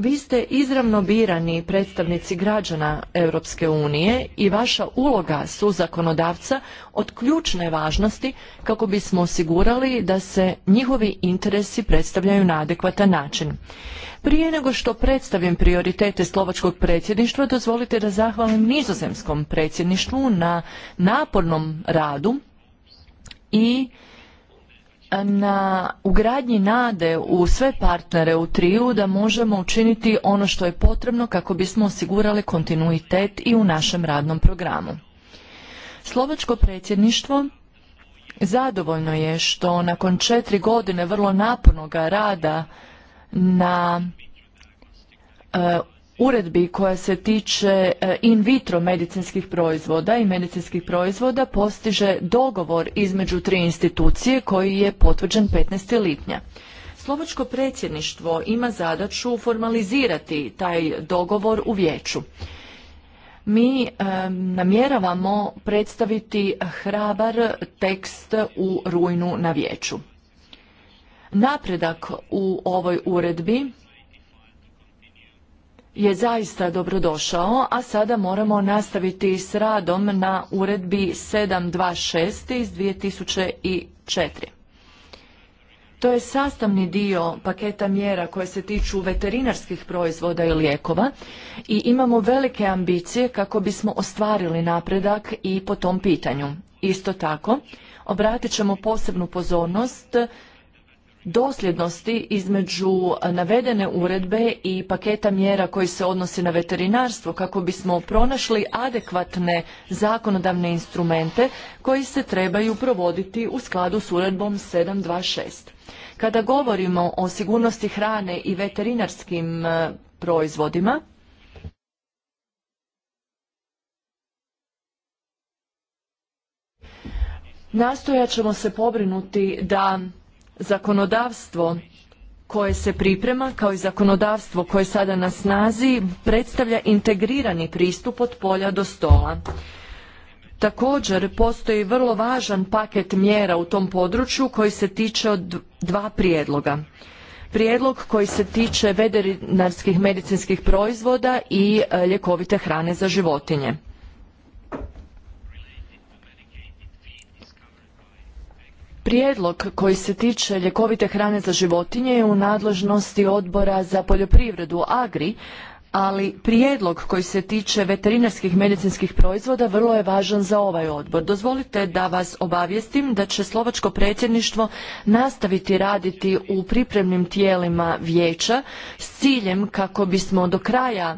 Vi ste izravno birani predstavnici građana Europske unije i vaša uloga su zakonodavca od ključne važnosti kako bismo osigurali da se njihovi interesi predstavljaju na adekvatan način. Prije nego što predstavim prioritete slovačkog predsjedništva, dozvolite da zahvalim nizozemskom predsjedništvu na napornom radu i na ugradnji nade u sve partnere u triju da možemo učiniti ono što je potrebno kako bismo osigurali kontinuitet i u našem radnom programu. Slovačko predsjedništvo zadovoljno je što nakon četiri godine vrlo napornog rada na e, uredbi koja se tiče e, in vitro medicinskih proizvoda i medicinskih proizvoda postiže dogovor između tri institucije koji je potvrđen 15. lipnja. Slovačko predsjedništvo ima zadaću formalizirati taj dogovor u vijeću. Mi e, namjeravamo predstaviti hrabar tekst u rujnu na vijeću. Napredak u ovoj uredbi je zaista dobrodošao, a sada moramo nastaviti s radom na uredbi 726 iz 2004. To je sastavni dio paketa mjera koje se tiču veterinarskih proizvoda i lijekova i imamo velike ambicije kako bismo ostvarili napredak i po tom pitanju. Isto tako, obratit ćemo posebnu pozornost dosljednosti između navedene uredbe i paketa mjera koji se odnosi na veterinarstvo kako bismo pronašli adekvatne zakonodavne instrumente koji se trebaju provoditi u skladu s uredbom 726. Kada govorimo o sigurnosti hrane i veterinarskim e, proizvodima, nastojat ćemo se pobrinuti da zakonodavstvo koje se priprema kao i zakonodavstvo koje je sada na snazi predstavlja integrirani pristup od polja do stola. Također postoji vrlo važan paket mjera u tom području koji se tiče od dva prijedloga. Prijedlog koji se tiče veterinarskih medicinskih proizvoda i e, ljekovite hrane za životinje. Prijedlog koji se tiče ljekovite hrane za životinje je u nadležnosti odbora za poljoprivredu Agri, ali prijedlog koji se tiče veterinarskih medicinskih proizvoda vrlo je važan za ovaj odbor. Dozvolite da vas obavijestim da će slovačko predsjedništvo nastaviti raditi u pripremnim tijelima vijeća s ciljem kako bismo do kraja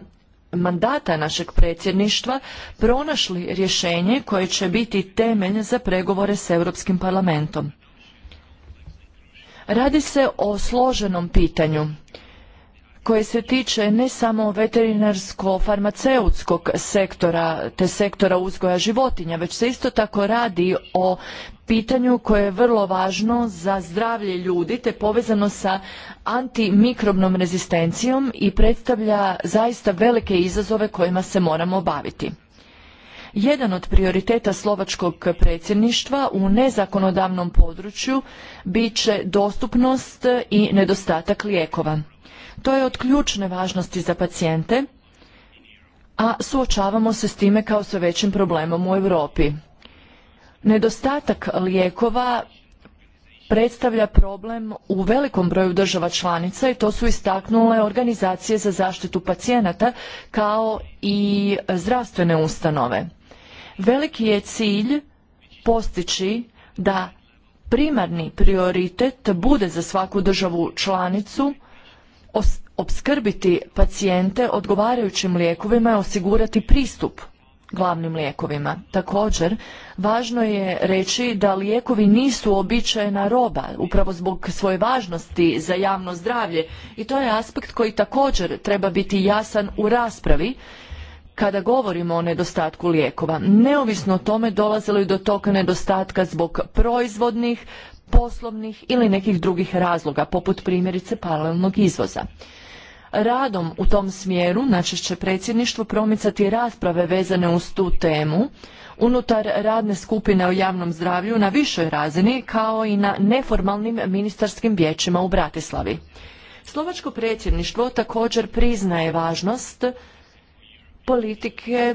mandata našeg predsjedništva pronašli rješenje koje će biti temelj za pregovore s Europskim parlamentom. Radi se o složenom pitanju koje se tiče ne samo veterinarsko-farmaceutskog sektora te sektora uzgoja životinja, već se isto tako radi o pitanju koje je vrlo važno za zdravlje ljudi te povezano sa antimikrobnom rezistencijom i predstavlja zaista velike izazove kojima se moramo baviti. Jedan od prioriteta slovačkog predsjedništva u nezakonodavnom području bit će dostupnost i nedostatak lijekova. To je od ključne važnosti za pacijente, a suočavamo se s time kao sa većim problemom u Europi. Nedostatak lijekova predstavlja problem u velikom broju država članica i to su istaknule organizacije za zaštitu pacijenata kao i zdravstvene ustanove. Veliki je cilj postići da primarni prioritet bude za svaku državu članicu opskrbiti pacijente odgovarajućim lijekovima i osigurati pristup glavnim lijekovima. Također, važno je reći da lijekovi nisu običajena roba, upravo zbog svoje važnosti za javno zdravlje i to je aspekt koji također treba biti jasan u raspravi kada govorimo o nedostatku lijekova. Neovisno o tome dolazilo je do tog nedostatka zbog proizvodnih, poslovnih ili nekih drugih razloga, poput primjerice paralelnog izvoza. Radom u tom smjeru najčešće predsjedništvo promicati rasprave vezane uz tu temu unutar radne skupine o javnom zdravlju na višoj razini kao i na neformalnim ministarskim vijećima u Bratislavi. Slovačko predsjedništvo također priznaje važnost politike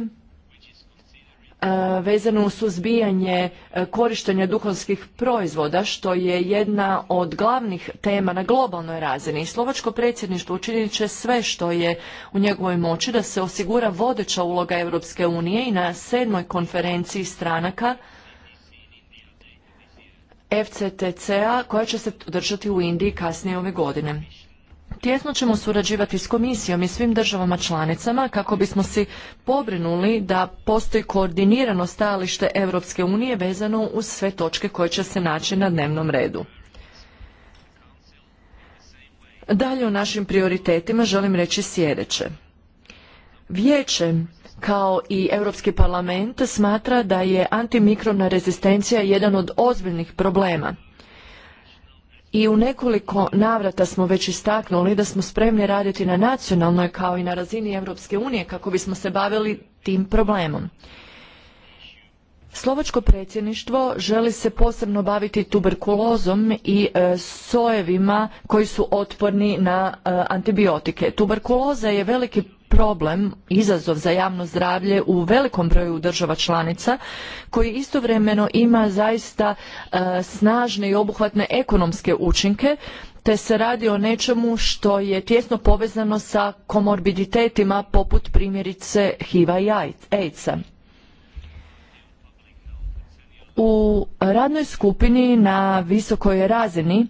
e, vezano u suzbijanje e, korištenja duhanskih proizvoda, što je jedna od glavnih tema na globalnoj razini. Slovačko predsjedništvo učinit će sve što je u njegovoj moći da se osigura vodeća uloga Europske unije i na sedmoj konferenciji stranaka FCTCA koja će se održati u Indiji kasnije ove godine. Tijesno ćemo surađivati s komisijom i svim državama članicama kako bismo se pobrinuli da postoji koordinirano stajalište Europske unije vezano uz sve točke koje će se naći na dnevnom redu. Dalje o našim prioritetima želim reći sljedeće. Vijeće kao i Europski parlament smatra da je antimikrobna rezistencija jedan od ozbiljnih problema i u nekoliko navrata smo već istaknuli da smo spremni raditi na nacionalnoj kao i na razini Europske unije kako bismo se bavili tim problemom. Slovačko predsjedništvo želi se posebno baviti tuberkulozom i e, sojevima koji su otporni na e, antibiotike. Tuberkuloza je veliki problem, izazov za javno zdravlje u velikom broju država članica koji istovremeno ima zaista e, snažne i obuhvatne ekonomske učinke te se radi o nečemu što je tjesno povezano sa komorbiditetima poput primjerice HIV-a i AIDS-a. aids a u radnoj skupini na visokoj razini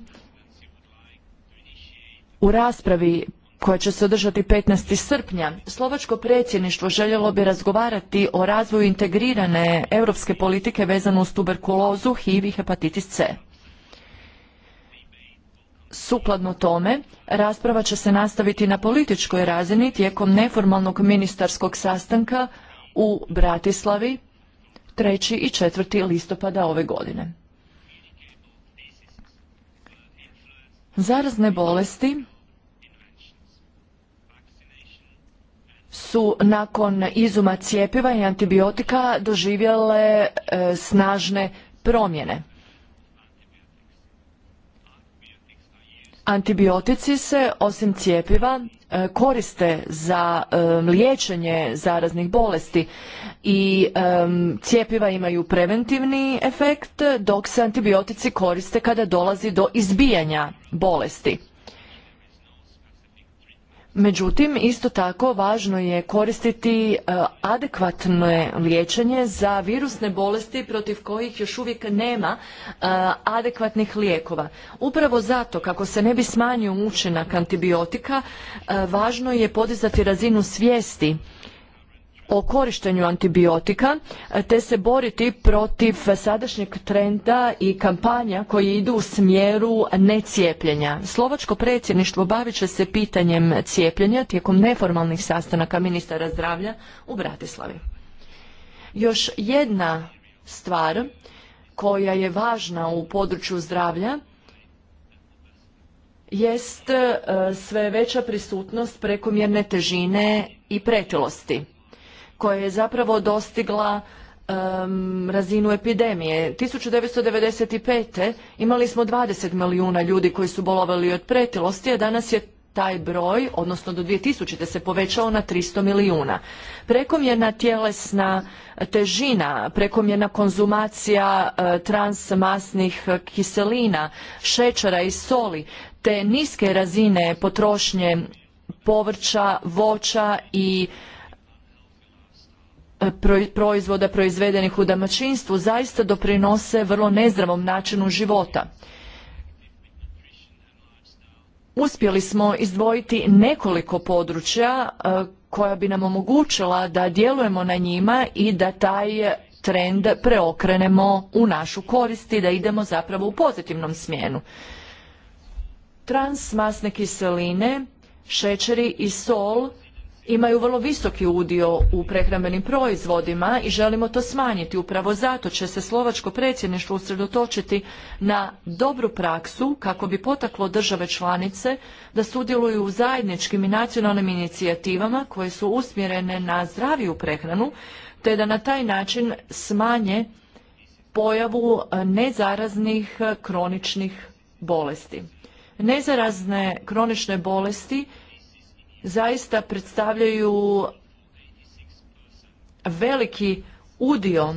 u raspravi koja će se održati 15. srpnja, slovačko predsjedništvo željelo bi razgovarati o razvoju integrirane europske politike vezano uz tuberkulozu, HIV i hepatitis C. Sukladno tome, rasprava će se nastaviti na političkoj razini tijekom neformalnog ministarskog sastanka u Bratislavi 3. i 4. listopada ove godine. Zarazne bolesti su nakon izuma cijepiva i antibiotika doživjele e, snažne promjene. Antibiotici se osim cijepiva e, koriste za e, liječenje zaraznih bolesti i e, cijepiva imaju preventivni efekt dok se antibiotici koriste kada dolazi do izbijanja bolesti. Međutim, isto tako važno je koristiti e, adekvatno liječenje za virusne bolesti protiv kojih još uvijek nema e, adekvatnih lijekova. Upravo zato kako se ne bi smanjio učinak antibiotika, e, važno je podizati razinu svijesti o korištenju antibiotika te se boriti protiv sadašnjeg trenda i kampanja koji idu u smjeru necijepljenja. Slovačko predsjedništvo bavit će se pitanjem cijepljenja tijekom neformalnih sastanaka ministara zdravlja u Bratislavi. Još jedna stvar koja je važna u području zdravlja jest e, sve veća prisutnost prekomjerne težine i pretilosti koja je zapravo dostigla razinu epidemije. 1995. imali smo 20 milijuna ljudi koji su bolovali od pretilosti, a danas je taj broj, odnosno do 2000. se povećao na 300 milijuna. Prekomjerna tjelesna težina, prekomjerna konzumacija e, transmasnih kiselina, šećera i soli, te niske razine potrošnje povrća, voća i E, proizvoda proizvedenih u domaćinstvu zaista doprinose vrlo nezdravom načinu života. Uspjeli smo izdvojiti nekoliko područja e, koja bi nam omogućila da djelujemo na njima i da taj trend preokrenemo u našu korist i da idemo zapravo u pozitivnom smjenu. Transmasne kiseline, šećeri i sol imaju vrlo visoki udio u prehrambenim proizvodima i želimo to smanjiti. Upravo zato će se slovačko predsjedništvo usredotočiti na dobru praksu kako bi potaklo države članice da sudjeluju u zajedničkim i nacionalnim inicijativama koje su usmjerene na zdraviju prehranu te da na taj način smanje pojavu e, nezaraznih e, kroničnih bolesti. Nezarazne kronične bolesti zaista predstavljaju veliki udio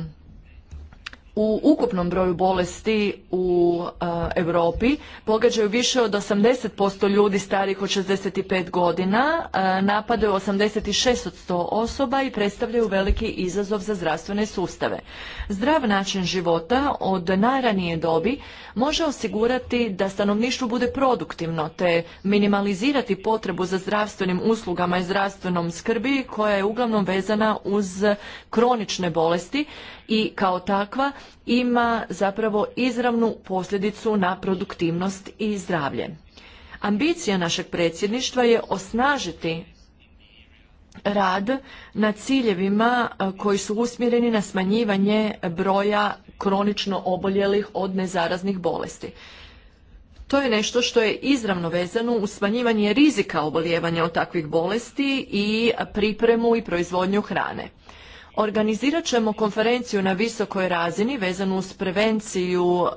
u ukupnom broju bolesti u e, Europi pogađaju više od 80% ljudi starih od 65 godina, e, napadaju 86 od 100 osoba i predstavljaju veliki izazov za zdravstvene sustave. Zdrav način života od najranije dobi može osigurati da stanovništvo bude produktivno te minimalizirati potrebu za zdravstvenim uslugama i zdravstvenom skrbi koja je uglavnom vezana uz kronične bolesti i kao takva ima zapravo izravnu posljedicu na produktivnost i zdravlje. Ambicija našeg predsjedništva je osnažiti rad na ciljevima koji su usmjereni na smanjivanje broja kronično oboljelih od nezaraznih bolesti. To je nešto što je izravno vezano u smanjivanje rizika oboljevanja od takvih bolesti i pripremu i proizvodnju hrane. Organizirat ćemo konferenciju na visokoj razini vezanu uz prevenciju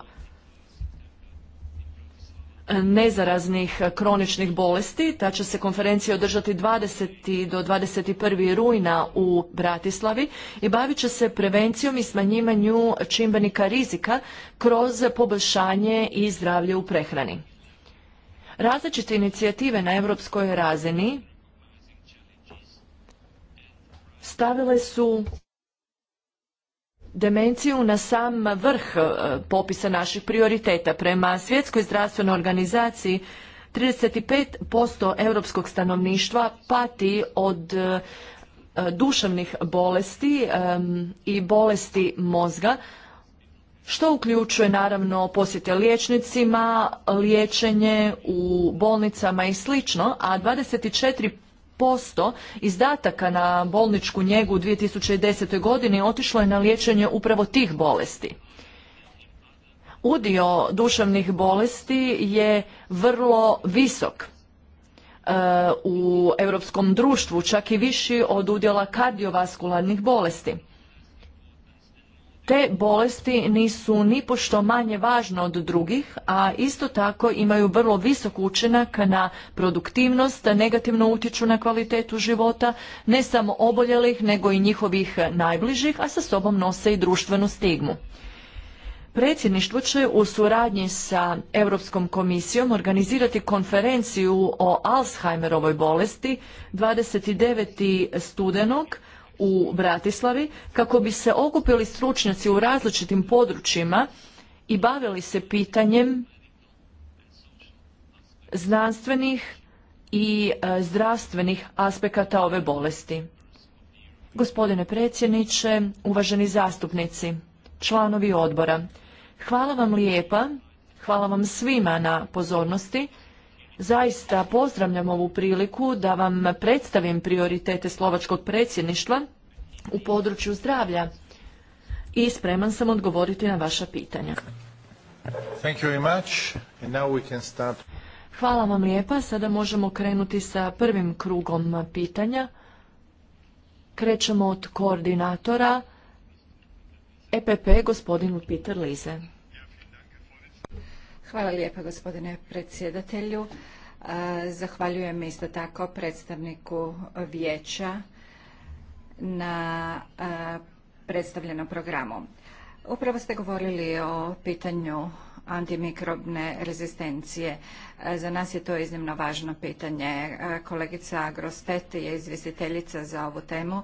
nezaraznih kroničnih bolesti. Ta će se konferencija održati 20. do 21. rujna u Bratislavi i bavit će se prevencijom i smanjivanju čimbenika rizika kroz poboljšanje i zdravlje u prehrani. Različite inicijative na europskoj razini stavile su demenciju na sam vrh e, popisa naših prioriteta. Prema Svjetskoj zdravstvenoj organizaciji 35% europskog stanovništva pati od e, duševnih bolesti e, i bolesti mozga, što uključuje naravno posjete liječnicima, liječenje u bolnicama i slično, a 24 posto izdataka na bolničku njegu u 2010. godini otišlo je na liječenje upravo tih bolesti. Udio duševnih bolesti je vrlo visok e, u europskom društvu, čak i viši od udjela kardiovaskularnih bolesti te bolesti nisu nipošto manje važne od drugih, a isto tako imaju vrlo visok učinak na produktivnost, negativno utječu na kvalitetu života, ne samo oboljelih, nego i njihovih najbližih, a sa sobom nose i društvenu stigmu. Predsjedništvo će u suradnji sa Europskom komisijom organizirati konferenciju o Alzheimerovoj bolesti 29. studenog u Bratislavi kako bi se okupili stručnjaci u različitim područjima i bavili se pitanjem znanstvenih i e, zdravstvenih aspekata ove bolesti. Gospodine predsjedniče, uvaženi zastupnici, članovi odbora, hvala vam lijepa, hvala vam svima na pozornosti Zaista pozdravljam ovu priliku da vam predstavim prioritete slovačkog predsjedništva u području zdravlja i spreman sam odgovoriti na vaša pitanja. Hvala vam lijepa. Sada možemo krenuti sa prvim krugom pitanja. Krećemo od koordinatora EPP gospodinu Peter Lize. Hvala lijepa gospodine predsjedatelju. Zahvaljujem isto tako predstavniku vijeća na predstavljenom programu. Upravo ste govorili o pitanju antimikrobne rezistencije. E, za nas je to iznimno važno pitanje. E, kolegica Grostet je izvjestiteljica za ovu temu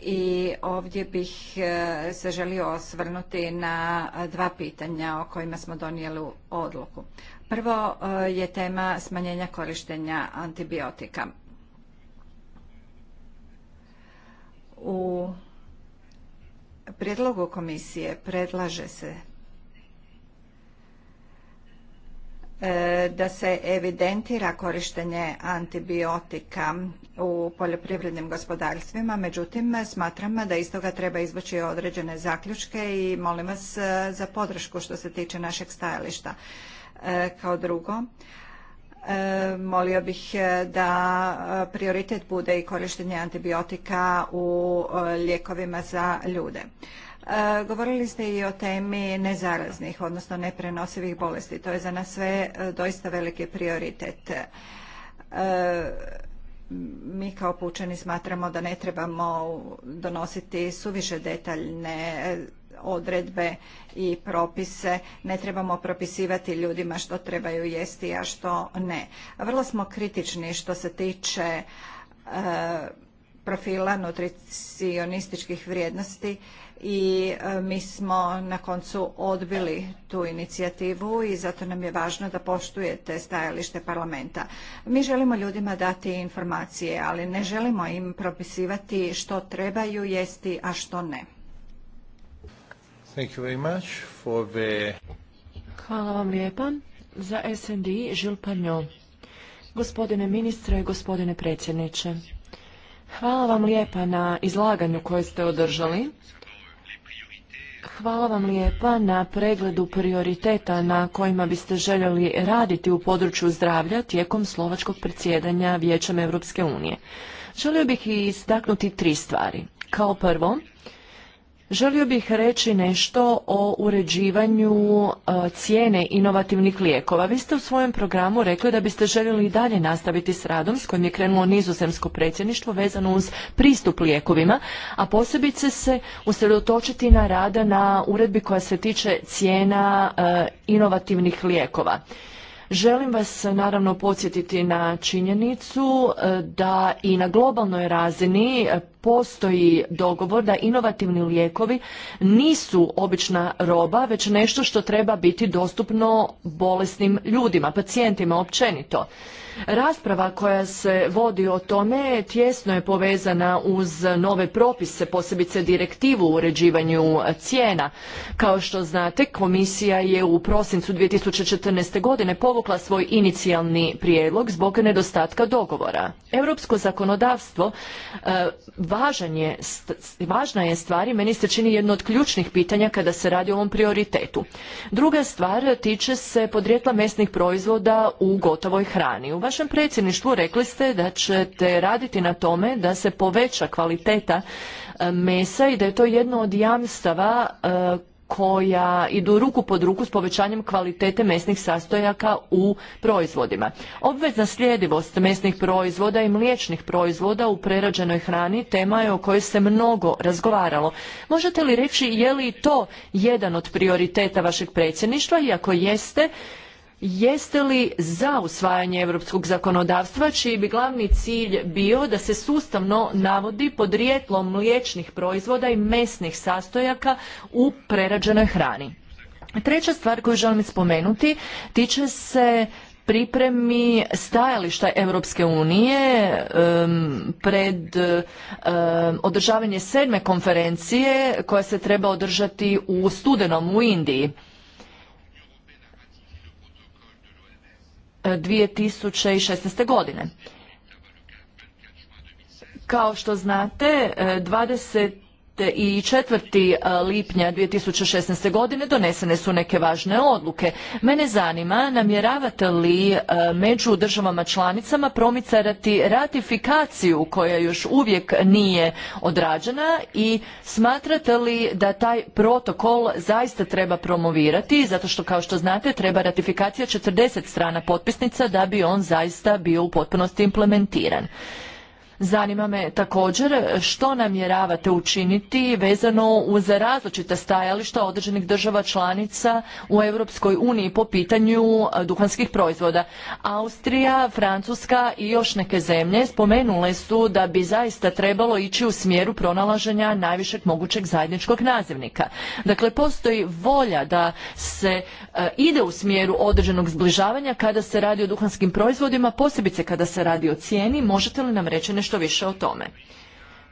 i ovdje bih e, se želio osvrnuti na dva pitanja o kojima smo donijeli odluku. Prvo je tema smanjenja korištenja antibiotika. U prijedlogu komisije predlaže se E, da se evidentira korištenje antibiotika u poljoprivrednim gospodarstvima, međutim smatram da iz toga treba izvući određene zaključke i molim vas e, za podršku što se tiče našeg stajališta. E, kao drugo, molio bih da prioritet bude i korištenje antibiotika u lijekovima za ljude. E, govorili ste i o temi nezaraznih, odnosno neprenosivih bolesti. To je za nas sve e, doista veliki prioritet. E, mi kao pučani smatramo da ne trebamo donositi suviše detaljne odredbe i propise. Ne trebamo propisivati ljudima što trebaju jesti, a što ne. Vrlo smo kritični što se tiče profila nutricionističkih vrijednosti i e, mi smo na koncu odbili tu inicijativu i zato nam je važno da poštujete stajalište parlamenta. Mi želimo ljudima dati informacije, ali ne želimo im propisivati što trebaju jesti, a što ne. Thank you very much for Hvala vam lijepa. Za SND Žil Panjo. Gospodine ministre, gospodine predsjedniče. Hvala vam lijepa na izlaganju koje ste održali. Hvala vam lijepa na pregledu prioriteta na kojima biste željeli raditi u području zdravlja tijekom slovačkog predsjedanja Vijećem Europske unije. Želio bih istaknuti tri stvari. Kao prvo, Želio bih reći nešto o uređivanju e, cijene inovativnih lijekova. Vi ste u svojem programu rekli da biste željeli i dalje nastaviti s radom s kojim je krenulo nizozemsko predsjedništvo vezano uz pristup lijekovima, a posebice se usredotočiti na rada na uredbi koja se tiče cijena e, inovativnih lijekova. Želim vas naravno podsjetiti na činjenicu e, da i na globalnoj razini e, postoji dogovor da inovativni lijekovi nisu obična roba, već nešto što treba biti dostupno bolesnim ljudima, pacijentima općenito. Rasprava koja se vodi o tome tjesno je povezana uz nove propise, posebice direktivu u uređivanju cijena. Kao što znate, komisija je u prosincu 2014. godine povukla svoj inicijalni prijedlog zbog nedostatka dogovora. Europsko zakonodavstvo e, je, važna je stvar i meni se čini jedno od ključnih pitanja kada se radi o ovom prioritetu. Druga stvar tiče se podrijetla mesnih proizvoda u gotovoj hrani. U vašem predsjedništvu rekli ste da ćete raditi na tome da se poveća kvaliteta e, mesa i da je to jedno od jamstava e, koja idu ruku pod ruku s povećanjem kvalitete mesnih sastojaka u proizvodima. Obvezna slijedivost mesnih proizvoda i mliječnih proizvoda u prerađenoj hrani tema je o kojoj se mnogo razgovaralo. Možete li reći je li to jedan od prioriteta vašeg predsjedništva i ako jeste, Jeste li za usvajanje europskog zakonodavstva čiji bi glavni cilj bio da se sustavno navodi podrijetlo mliječnih proizvoda i mesnih sastojaka u prerađenoj hrani? Treća stvar koju želim spomenuti tiče se pripremi stajališta Europske unije pred održavanje sedme konferencije koja se treba održati u studenom u Indiji. 2016. godine. Kao što znate, 20 i 4. E, lipnja 2016. godine donesene su neke važne odluke. Mene zanima namjeravate li e, među državama članicama promicati ratifikaciju koja još uvijek nije odrađena i smatrate li da taj protokol zaista treba promovirati zato što kao što znate treba ratifikacija 40 strana potpisnica da bi on zaista bio u potpunosti implementiran. Zanima me također što namjeravate učiniti vezano uz različita stajališta određenih država članica u Europskoj uniji po pitanju duhanskih proizvoda. Austrija, Francuska i još neke zemlje spomenule su da bi zaista trebalo ići u smjeru pronalaženja najvišeg mogućeg zajedničkog nazivnika. Dakle, postoji volja da se ide u smjeru određenog zbližavanja kada se radi o duhanskim proizvodima, posebice kada se radi o cijeni. Možete li nam reći nešto više o tome.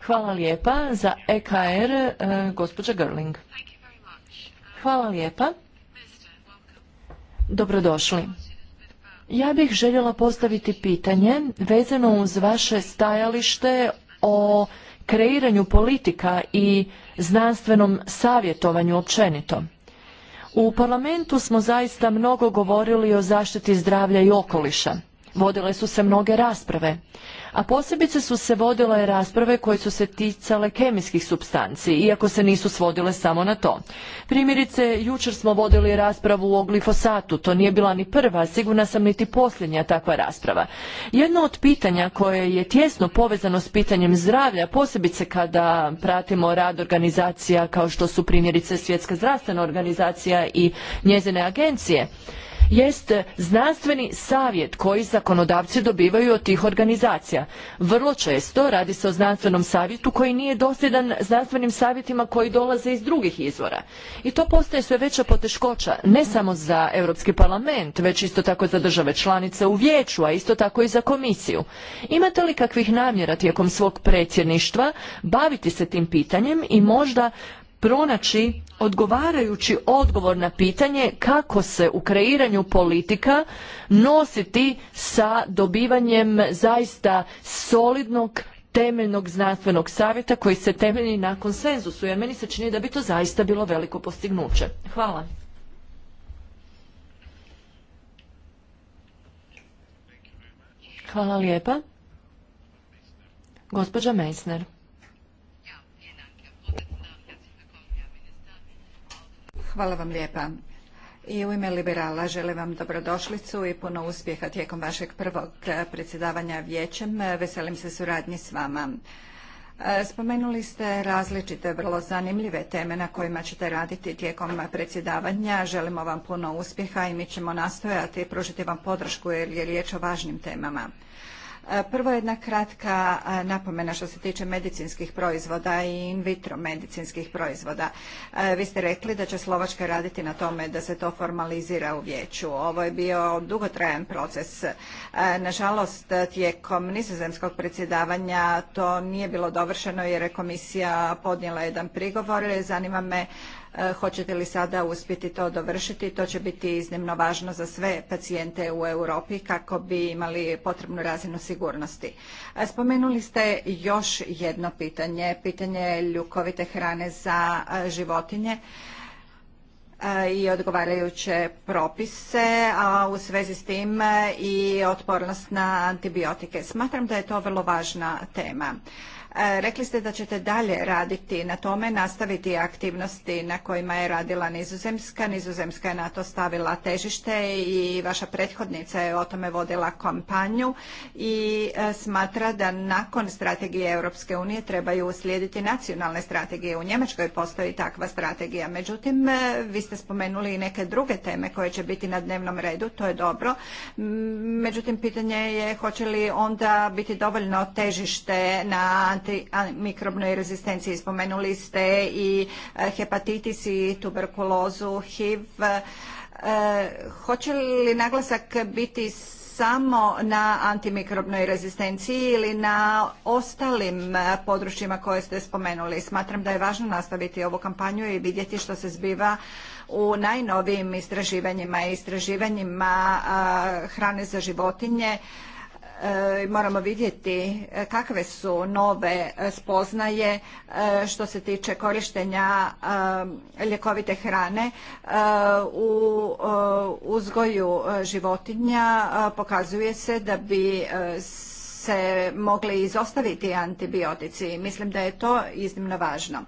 Hvala lijepa za EKR, e, gospođa Gerling. Hvala lijepa. Dobrodošli. Ja bih željela postaviti pitanje vezano uz vaše stajalište o kreiranju politika i znanstvenom savjetovanju općenito. U parlamentu smo zaista mnogo govorili o zaštiti zdravlja i okoliša. Vodile su se mnoge rasprave, a posebice su se vodile rasprave koje su se ticale kemijskih supstanci iako se nisu svodile samo na to. Primjerice, jučer smo vodili raspravu o glifosatu, to nije bila ni prva, sigurna sam niti posljednja takva rasprava. Jedno od pitanja koje je tjesno povezano s pitanjem zdravlja, posebice kada pratimo rad organizacija kao što su primjerice Svjetska zdravstvena organizacija i njezine agencije, jest znanstveni savjet koji zakonodavci dobivaju od tih organizacija. Vrlo često radi se o znanstvenom savjetu koji nije dosljedan znanstvenim savjetima koji dolaze iz drugih izvora. I to postaje sve veća poteškoća, ne samo za Europski parlament, već isto tako za države članice u vijeću, a isto tako i za komisiju. Imate li kakvih namjera tijekom svog predsjedništva baviti se tim pitanjem i možda pronaći odgovarajući odgovor na pitanje kako se u kreiranju politika nositi sa dobivanjem zaista solidnog temeljnog znanstvenog savjeta koji se temelji na konsenzusu jer meni se čini da bi to zaista bilo veliko postignuće. Hvala. Hvala lijepa. Gospođa Meissner. Hvala vam lijepa. I u ime liberala želim vam dobrodošlicu i puno uspjeha tijekom vašeg prvog eh, predsjedavanja vijećem. Veselim se suradnji s vama. Eh, spomenuli ste različite vrlo zanimljive teme na kojima ćete raditi tijekom predsjedavanja. Želimo vam puno uspjeha i mi ćemo nastojati pružiti vam podršku jer je riječ o važnim temama. E, prvo jedna kratka e, napomena što se tiče medicinskih proizvoda i in vitro medicinskih proizvoda. E, vi ste rekli da će Slovačka raditi na tome da se to formalizira u vijeću. Ovo je bio dugotrajan proces. Nažalost, tijekom nizozemskog predsjedavanja to nije bilo dovršeno jer je komisija podnijela jedan prigovor. Zanima me E, hoćete li sada uspjeti to dovršiti? To će biti iznimno važno za sve pacijente u Europi kako bi imali potrebnu razinu sigurnosti. E, spomenuli ste još jedno pitanje, pitanje ljukovite hrane za e, životinje i odgovarajuće propise, a u svezi s tim i otpornost na antibiotike. Smatram da je to vrlo važna tema. E, rekli ste da ćete dalje raditi na tome, nastaviti aktivnosti na kojima je radila Nizozemska. Nizozemska je na to stavila težište i vaša prethodnica je o tome vodila kampanju i e, smatra da nakon strategije Europske unije trebaju uslijediti nacionalne strategije. U Njemačkoj postoji takva strategija. Međutim, e, vi ste spomenuli i neke druge teme koje će biti na dnevnom redu, to je dobro. Međutim, pitanje je hoće li onda biti dovoljno težište na antimikrobnoj rezistenciji. Spomenuli ste i e, hepatitis i tuberkulozu, HIV. E, hoće li naglasak biti samo na antimikrobnoj rezistenciji ili na ostalim e, područjima koje ste spomenuli. Smatram da je važno nastaviti ovu kampanju i vidjeti što se zbiva u najnovijim istraživanjima i istraživanjima hrane za životinje E, moramo vidjeti e, kakve su nove e, spoznaje što se tiče korištenja ljekovite hrane u uzgoju životinja. Pokazuje se da bi se mogli izostaviti antibiotici. Mislim da je to iznimno važno.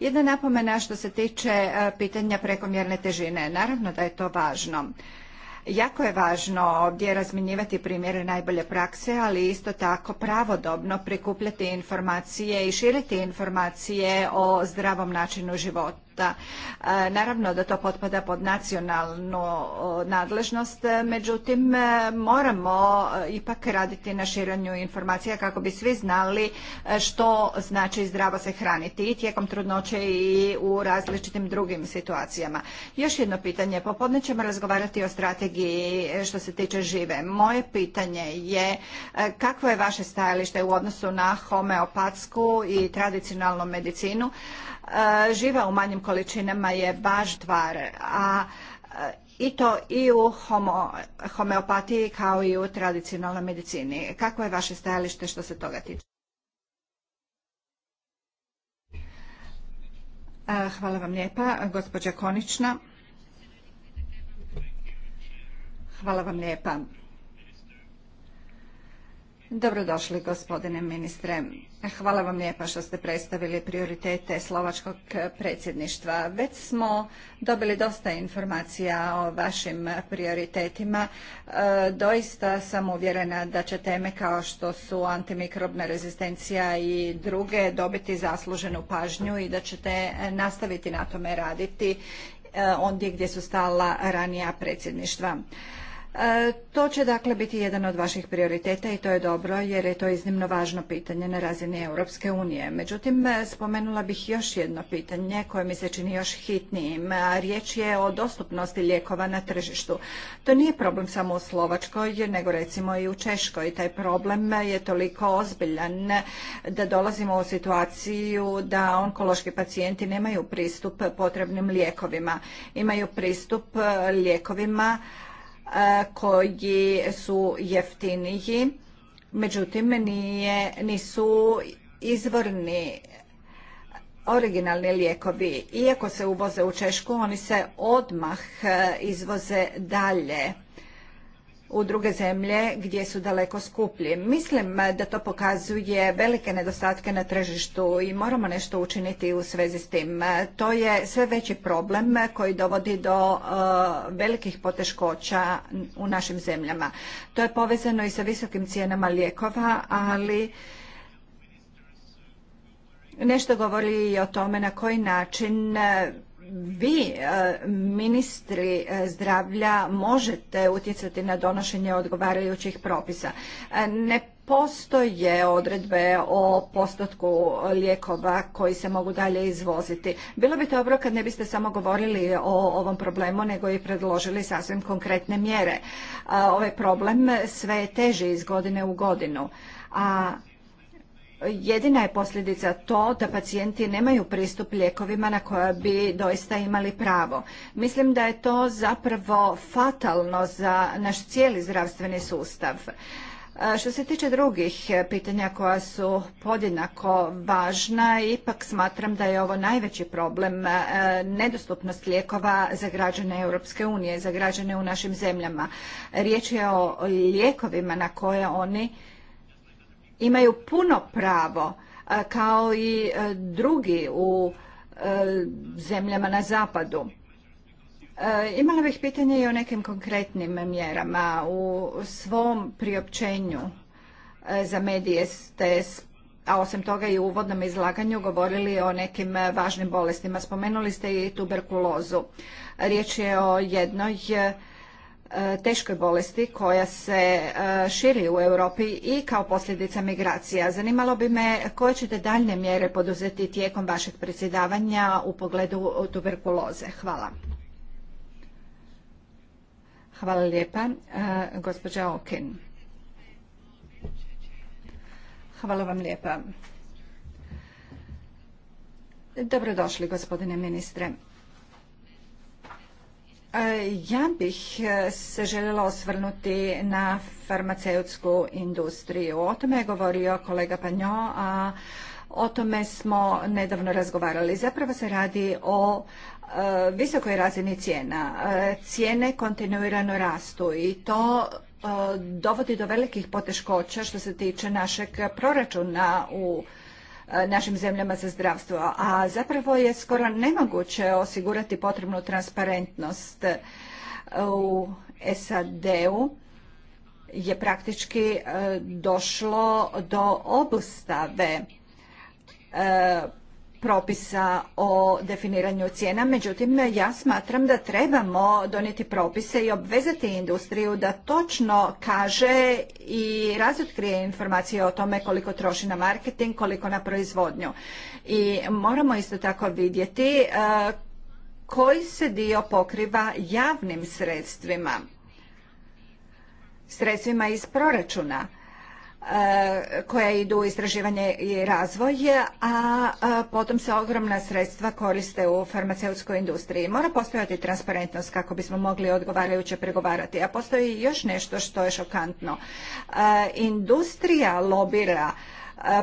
Jedna napomena što se tiče pitanja prekomjerne težine. Naravno da je to važno. Jako je važno ovdje razminjivati primjere najbolje prakse, ali isto tako pravodobno prikupljati informacije i širiti informacije o zdravom načinu života da e, naravno da to potpada pod nacionalnu nadležnost, međutim e, moramo e, ipak raditi na širanju informacija kako bi svi znali što znači zdravo se hraniti i tijekom trudnoće i u različitim drugim situacijama. Još jedno pitanje, popodne ćemo razgovarati o strategiji što se tiče žive. Moje pitanje je kakvo je vaše stajalište u odnosu na homeopatsku i tradicionalnu medicinu? Eh, živa u manjim količinama je baš tvar, a eh, i to i u homeopatiji kao i u tradicionalnoj medicini. Kako je vaše stajalište što se toga tiče? Eh, hvala vam lijepa, gospođa Konična. Hvala vam lijepa. Dobrodošli gospodine ministre. Hvala vam lijepa što ste predstavili prioritete slovačkog predsjedništva. Već smo dobili dosta informacija o vašim prioritetima. E, doista sam uvjerena da će teme kao što su antimikrobna rezistencija i druge dobiti zasluženu pažnju i da ćete nastaviti na tome raditi e, ondje gdje su stala ranija predsjedništva. E, to će dakle biti jedan od vaših prioriteta i to je dobro jer je to iznimno važno pitanje na razini Europske unije. Međutim, e, spomenula bih još jedno pitanje koje mi se čini još hitnijim. A riječ je o dostupnosti lijekova na tržištu. To nije problem samo u Slovačkoj, nego recimo i u Češkoj. Taj problem je toliko ozbiljan da dolazimo u situaciju da onkološki pacijenti nemaju pristup potrebnim lijekovima. Imaju pristup e, lijekovima koji su jeftiniji, međutim nisu izvorni originalni lijekovi. Iako se uvoze u Češku, oni se odmah e, izvoze dalje u druge zemlje gdje su daleko skuplji. Mislim eh, da to pokazuje velike nedostatke na tržištu i moramo nešto učiniti u svezi s tim. Eh, to je sve veći problem eh, koji dovodi do velikih poteškoća u našim zemljama. To je povezano i sa visokim cijenama lijekova, ali nešto govori i o tome na koji način vi, e, ministri e, zdravlja, možete utjecati na donošenje odgovarajućih propisa. E, ne postoje odredbe o postotku lijekova koji se mogu dalje izvoziti. Bilo bi dobro kad ne biste samo govorili o ovom problemu, nego i predložili sasvim konkretne mjere. Ovaj problem sve je teži iz godine u godinu. A Jedina je posljedica to da pacijenti nemaju pristup lijekovima na koje bi doista imali pravo. Mislim da je to zapravo fatalno za naš cijeli zdravstveni sustav. E, što se tiče drugih pitanja koja su podjednako važna, ipak smatram da je ovo najveći problem e, nedostupnost lijekova za građane Europske unije, za građane u našim zemljama. Riječ je o lijekovima na koje oni imaju puno pravo kao i e, drugi u e, zemljama na zapadu. E, imala bih pitanje i o nekim konkretnim mjerama. U svom priopćenju za medije ste, a osim toga i u uvodnom izlaganju, govorili o nekim važnim bolestima. Spomenuli ste i tuberkulozu. Riječ je o jednoj E, teškoj bolesti koja se e, širi u Europi i kao posljedica migracija. Zanimalo bi me koje ćete daljne mjere poduzeti tijekom vašeg predsjedavanja u pogledu tuberkuloze. Hvala. Hvala lijepa. E, gospođa Okin. Hvala vam lijepa. Dobrodošli, gospodine ministre. E, ja bih e, se željela osvrnuti na farmaceutsku industriju. O tome je govorio kolega Panjo, a o tome smo nedavno razgovarali. Zapravo se radi o e, visokoj razini cijena. Cijene kontinuirano rastu i to dovodi do velikih poteškoća što se tiče našeg proračuna u E, našim zemljama za zdravstvo, a zapravo je skoro nemoguće osigurati potrebnu transparentnost e, u SAD-u je praktički e, došlo do obustave propisa o definiranju cijena, međutim ja smatram da trebamo donijeti propise i obvezati industriju da točno kaže i razotkrije informacije o tome koliko troši na marketing, koliko na proizvodnju. I moramo isto tako vidjeti e, koji se dio pokriva javnim sredstvima, sredstvima iz proračuna E, koja idu u istraživanje i razvoj, a potom se ogromna sredstva koriste u farmaceutskoj industriji. Mora postojati transparentnost kako bismo mogli odgovarajuće pregovarati. A postoji još nešto što je šokantno. E, industrija lobira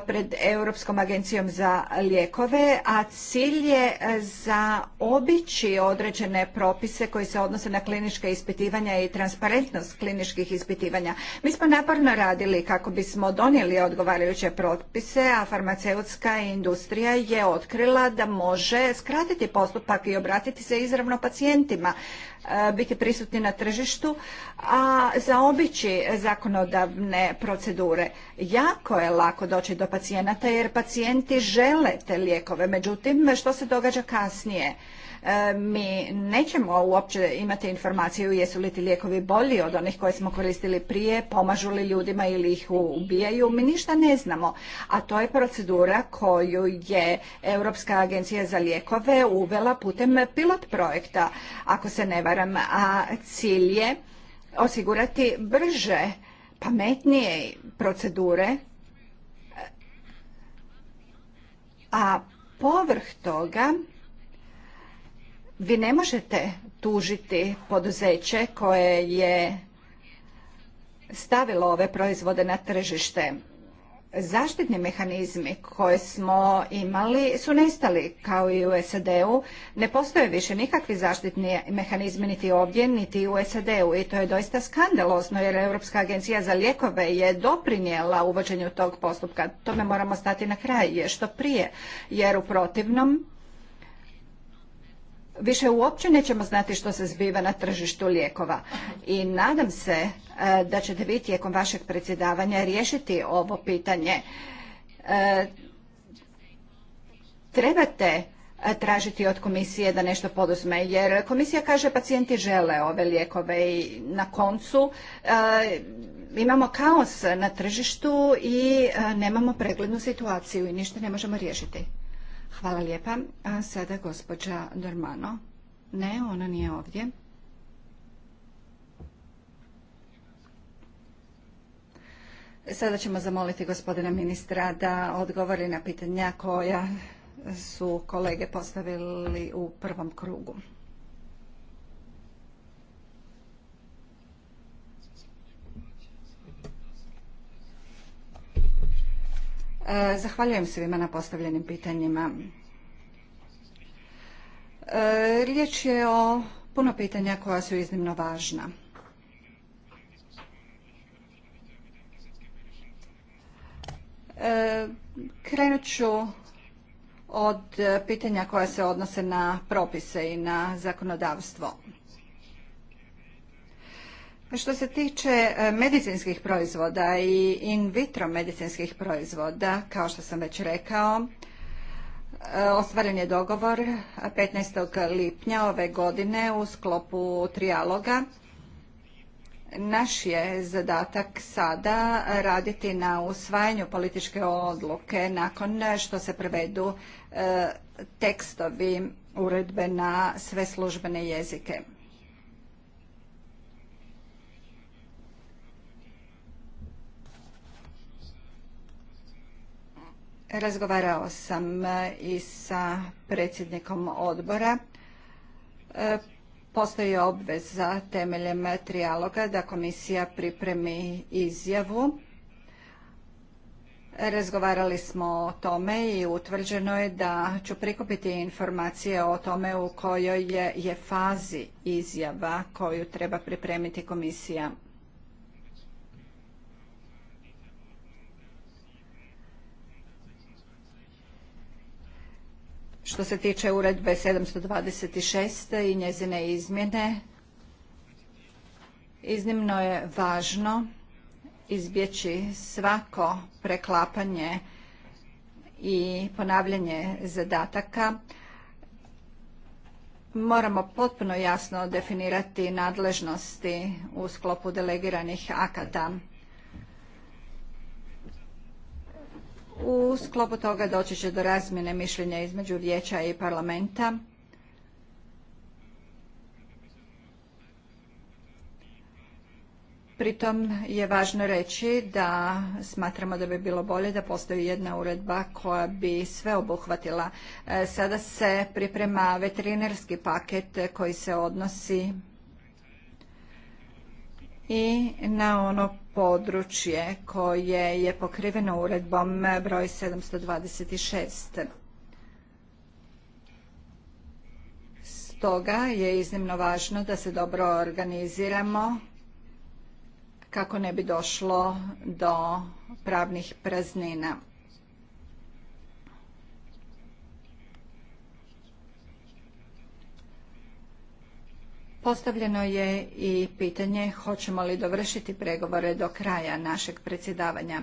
pred Europskom agencijom za lijekove, a cilj je e, za obići određene propise koji se odnose na klinička ispitivanja i transparentnost kliničkih ispitivanja. Mi smo naporno radili kako bismo donijeli odgovarajuće propise, a farmaceutska industrija je otkrila da može skratiti postupak i obratiti se izravno pacijentima Eh, biti prisutni na tržištu, a zaobići zakonodavne procedure. Jako je lako doći do pacijenata jer pacijenti žele te lijekove. Međutim, što se događa kasnije? E, mi nećemo uopće imati informaciju jesu li ti lijekovi bolji od onih koje smo koristili prije, pomažu li ljudima ili ih ubijaju, mi ništa ne znamo. A to je procedura koju je Europska agencija za lijekove uvela putem pilot projekta, ako se ne varam, a cilj je osigurati brže, pametnije procedure, a povrh toga vi ne možete tužiti poduzeće koje je stavilo ove proizvode na tržište. Zaštitni mehanizmi koje smo imali su nestali kao i u SAD-u. Ne postoje više nikakvi zaštitni mehanizmi niti ovdje niti u SAD-u i to je doista skandalozno jer Europska agencija za lijekove je doprinijela uvođenju tog postupka. Tome moramo stati na kraj je što prije jer u protivnom više uopće nećemo znati što se zbiva na tržištu lijekova. I nadam se e, da ćete vi tijekom vašeg predsjedavanja riješiti ovo pitanje. E, trebate e, tražiti od komisije da nešto poduzme, jer komisija kaže pacijenti žele ove lijekove i na koncu imamo kaos na tržištu i nemamo preglednu situaciju i ništa ne možemo riješiti. Hvala lijepa. A sada gospođa Dormano. Ne, ona nije ovdje. Sada ćemo zamoliti gospodina ministra da odgovori na pitanja koja su kolege postavili u prvom krugu. E, zahvaljujem svima na postavljenim pitanjima. E, riječ je o puno pitanja koja su iznimno važna. E, krenut ću od pitanja koja se odnose na propise i na zakonodavstvo. Što se tiče e, medicinskih proizvoda i in vitro medicinskih proizvoda, kao što sam već rekao, e, ostvaren je dogovor 15. lipnja ove godine u sklopu trijaloga. Naš je zadatak sada raditi na usvajanju političke odluke nakon što se prevedu e, tekstovi uredbe na sve službene jezike. Razgovarao sam e, i sa predsjednikom odbora. E, postoji obveza temeljem trijaloga da komisija pripremi izjavu. Razgovarali smo o tome i utvrđeno je da ću prikupiti informacije o tome u kojoj je fazi izjava koju treba pripremiti komisija. Što se tiče uredbe 726. i njezine izmjene, iznimno je važno izbjeći svako preklapanje i ponavljanje zadataka. Moramo potpuno jasno definirati nadležnosti u sklopu delegiranih akata U sklopu toga doći će do razmjene mišljenja između vijeća i parlamenta. Pritom je važno reći da smatramo da bi bilo bolje da postoji jedna uredba koja bi sve obuhvatila. E, sada se priprema veterinarski paket koji se odnosi i na ono područje koje je pokriveno uredbom broj 726. Stoga je iznimno važno da se dobro organiziramo kako ne bi došlo do pravnih praznina. Postavljeno je i pitanje hoćemo li dovršiti pregovore do kraja našeg predsjedavanja.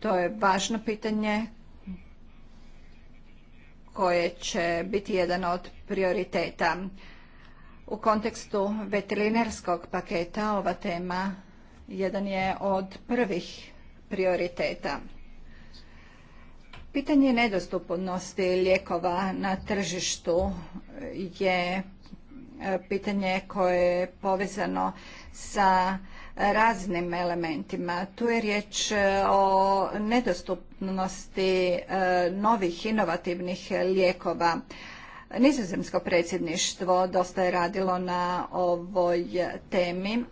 To je važno pitanje koje će biti jedan od prioriteta. U kontekstu veterinarskog paketa ova tema jedan je od prvih prioriteta. Pitanje nedostupnosti lijekova na tržištu je E, pitanje koje je povezano sa raznim elementima. Tu je riječ e, o nedostupnosti e, novih inovativnih lijekova. Nizozemsko predsjedništvo dosta je radilo na ovoj temi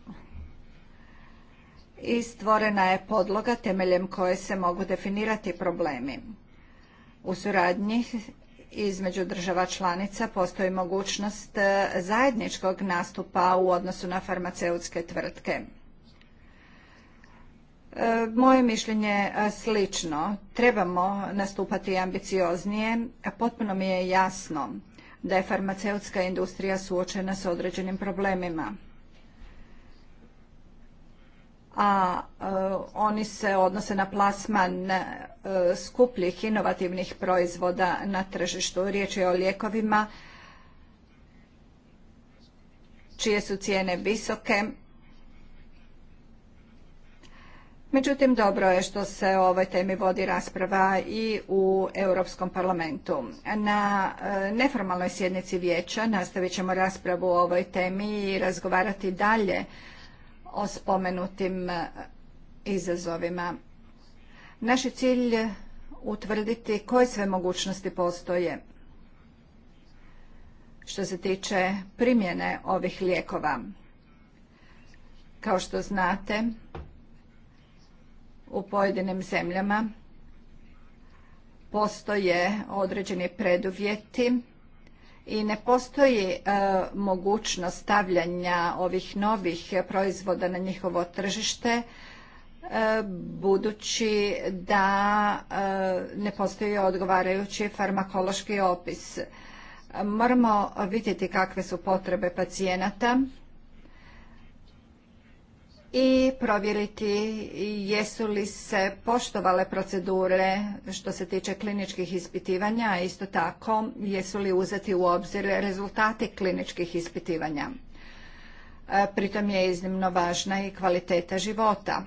i stvorena je podloga temeljem koje se mogu definirati problemi. U suradnji između država članica postoji mogućnost e, zajedničkog nastupa u odnosu na farmaceutske tvrtke. E, moje mišljenje e, slično. Trebamo nastupati ambicioznije. Potpuno mi je jasno da je farmaceutska industrija suočena s određenim problemima a e, oni se odnose na plasman e, skupljih inovativnih proizvoda na tržištu. Riječ je o lijekovima čije su cijene visoke. Međutim, dobro je što se o ovoj temi vodi rasprava i u Europskom parlamentu. Na e, neformalnoj sjednici vijeća nastavit ćemo raspravu o ovoj temi i razgovarati dalje o spomenutim e, izazovima. Naš je cilj utvrditi koje sve mogućnosti postoje što se tiče primjene ovih lijekova. Kao što znate, u pojedinim zemljama postoje određeni preduvjeti i ne postoji e, mogućnost stavljanja ovih novih proizvoda na njihovo tržište e, budući da e, ne postoji odgovarajući farmakološki opis. Moramo vidjeti kakve su potrebe pacijenata i provjeriti jesu li se poštovale procedure što se tiče kliničkih ispitivanja, a isto tako jesu li uzeti u obzir rezultati kliničkih ispitivanja. E, pritom je iznimno važna i kvaliteta života.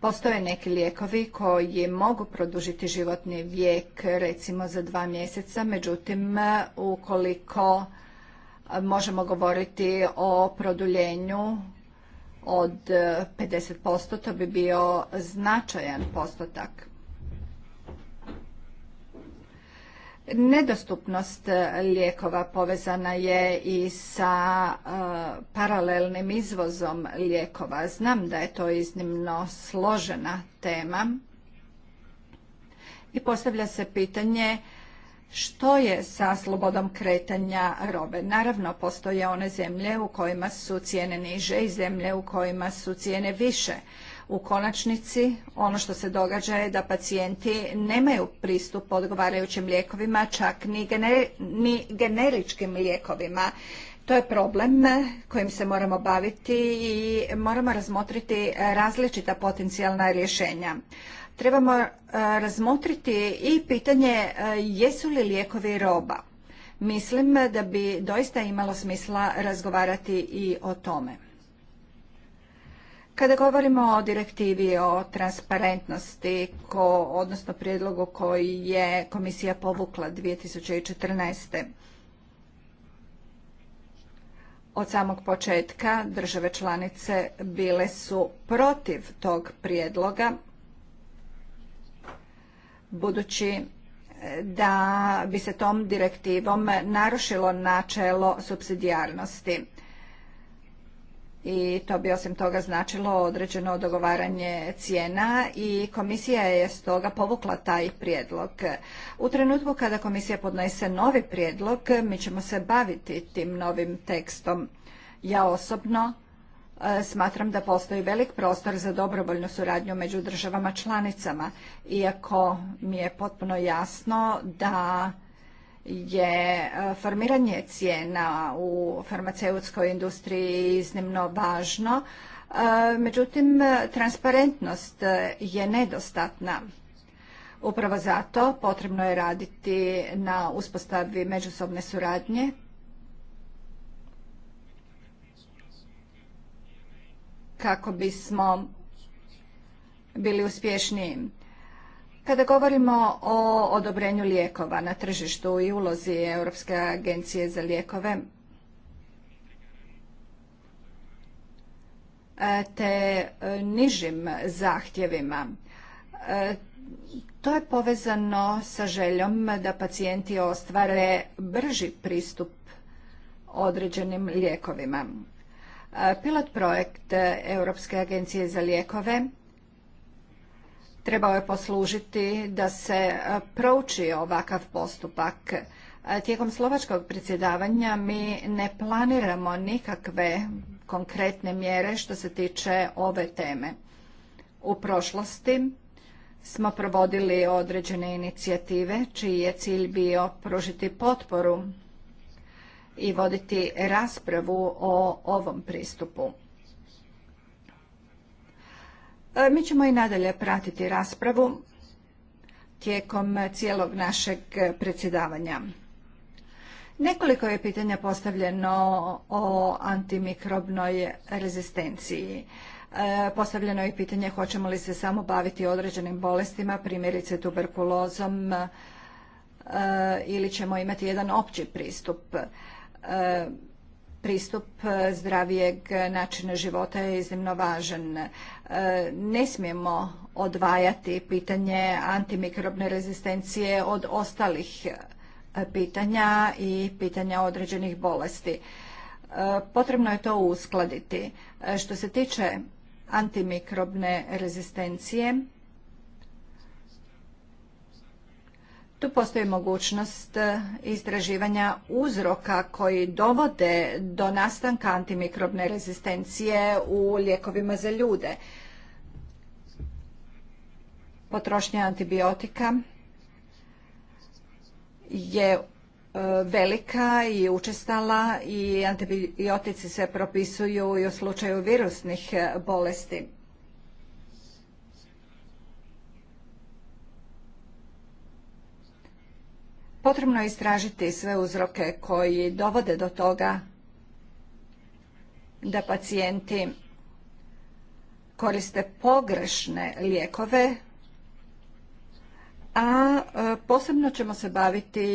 Postoje neki lijekovi koji mogu produžiti životni vijek recimo za dva mjeseca, međutim ukoliko možemo govoriti o produljenju od 50%, e, to bi bio značajan postotak. Nedostupnost lijekova povezana je i sa e, paralelnim izvozom lijekova. Znam da je to iznimno složena tema i postavlja se pitanje što je sa slobodom kretanja robe? Naravno, postoje one zemlje u kojima su cijene niže i zemlje u kojima su cijene više. U konačnici, ono što se događa je da pacijenti nemaju pristup odgovarajućim lijekovima, čak ni, ni generičkim lijekovima. To je problem kojim se moramo baviti i moramo razmotriti različita potencijalna rješenja trebamo e, razmotriti i pitanje e, jesu li lijekovi roba. Mislim da bi doista imalo smisla razgovarati i o tome. Kada govorimo o direktivi o transparentnosti, ko, odnosno prijedlogu koji je komisija povukla 2014. Od samog početka države članice bile su protiv tog prijedloga budući eh, da bi se tom direktivom narušilo načelo subsidijarnosti i to bi osim toga značilo određeno dogovaranje cijena i komisija je stoga povukla taj prijedlog. U trenutku kada komisija podnese novi prijedlog, mi ćemo se baviti tim novim tekstom. Ja osobno E, smatram da postoji velik prostor za dobrovoljnu suradnju među državama članicama, iako mi je potpuno jasno da je e, formiranje cijena u farmaceutskoj industriji iznimno važno, e, međutim transparentnost je nedostatna. Upravo zato potrebno je raditi na uspostavi međusobne suradnje kako bismo bili uspješniji. Kada govorimo o odobrenju lijekova na tržištu i ulozi Europske agencije za lijekove, te nižim zahtjevima, to je povezano sa željom da pacijenti ostvare brži pristup određenim lijekovima. Pilot projekt Europske agencije za lijekove trebao je poslužiti da se prouči ovakav postupak. Tijekom slovačkog predsjedavanja mi ne planiramo nikakve konkretne mjere što se tiče ove teme. U prošlosti smo provodili određene inicijative čiji je cilj bio pružiti potporu i voditi raspravu o ovom pristupu. E, mi ćemo i nadalje pratiti raspravu tijekom cijelog našeg predsjedavanja. Nekoliko je pitanja postavljeno o antimikrobnoj rezistenciji. E, postavljeno je pitanje hoćemo li se samo baviti određenim bolestima, primjerice tuberkulozom, e, ili ćemo imati jedan opći pristup pristup e, zdravijeg načina života je iznimno važan. E, ne smijemo odvajati pitanje antimikrobne rezistencije od ostalih e, pitanja i pitanja određenih bolesti. Potrebno je to uskladiti. Što se tiče antimikrobne rezistencije, Tu postoji mogućnost e, istraživanja uzroka koji dovode do nastanka antimikrobne rezistencije u lijekovima za ljude. Potrošnja antibiotika je e, velika i učestala i antibiotici se propisuju i u slučaju virusnih bolesti. Potrebno je istražiti sve uzroke koji dovode do toga da pacijenti koriste pogrešne lijekove, a e, posebno ćemo se baviti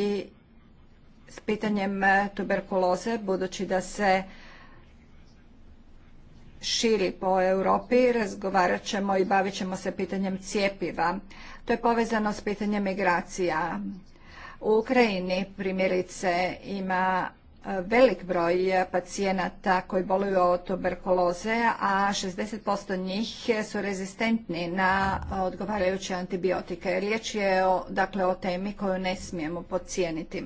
s pitanjem e, tuberkuloze, budući da se širi po Europi, razgovarat ćemo i bavit ćemo se pitanjem cijepiva. To je povezano s pitanjem migracija. U Ukrajini primjerice ima e, velik broj pacijenata koji boluju od tuberkuloze, a 60% njih su rezistentni na odgovarajuće antibiotike. Riječ je o, dakle, o temi koju ne smijemo podcijeniti.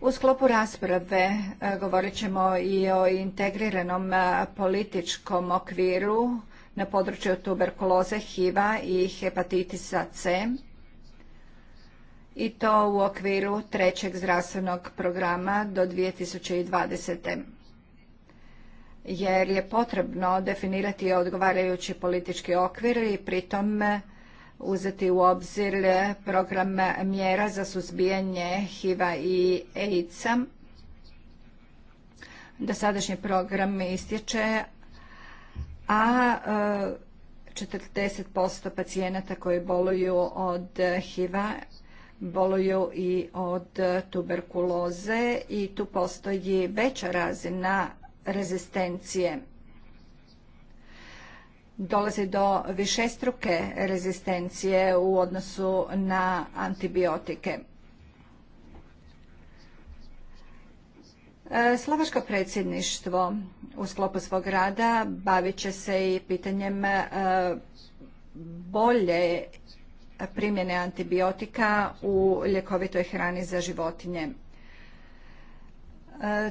U sklopu rasprave e, govorit ćemo i o integriranom e, političkom okviru na području tuberkuloze, HIV-a i hepatitisa C i to u okviru trećeg zdravstvenog programa do 2020. Jer je potrebno definirati odgovarajući politički okvir i pritom uzeti u obzir program mjera za suzbijanje HIV-a i AIDS-a. Da sadašnji program istječe, a 40% e, pacijenata koji boluju od HIV-a boluju i od tuberkuloze i tu postoji veća razina rezistencije. Dolazi do višestruke rezistencije u odnosu na antibiotike. E, Slovaško predsjedništvo u sklopu svog rada bavit će se i pitanjem e, bolje primjene antibiotika u ljekovitoj hrani za životinje. E,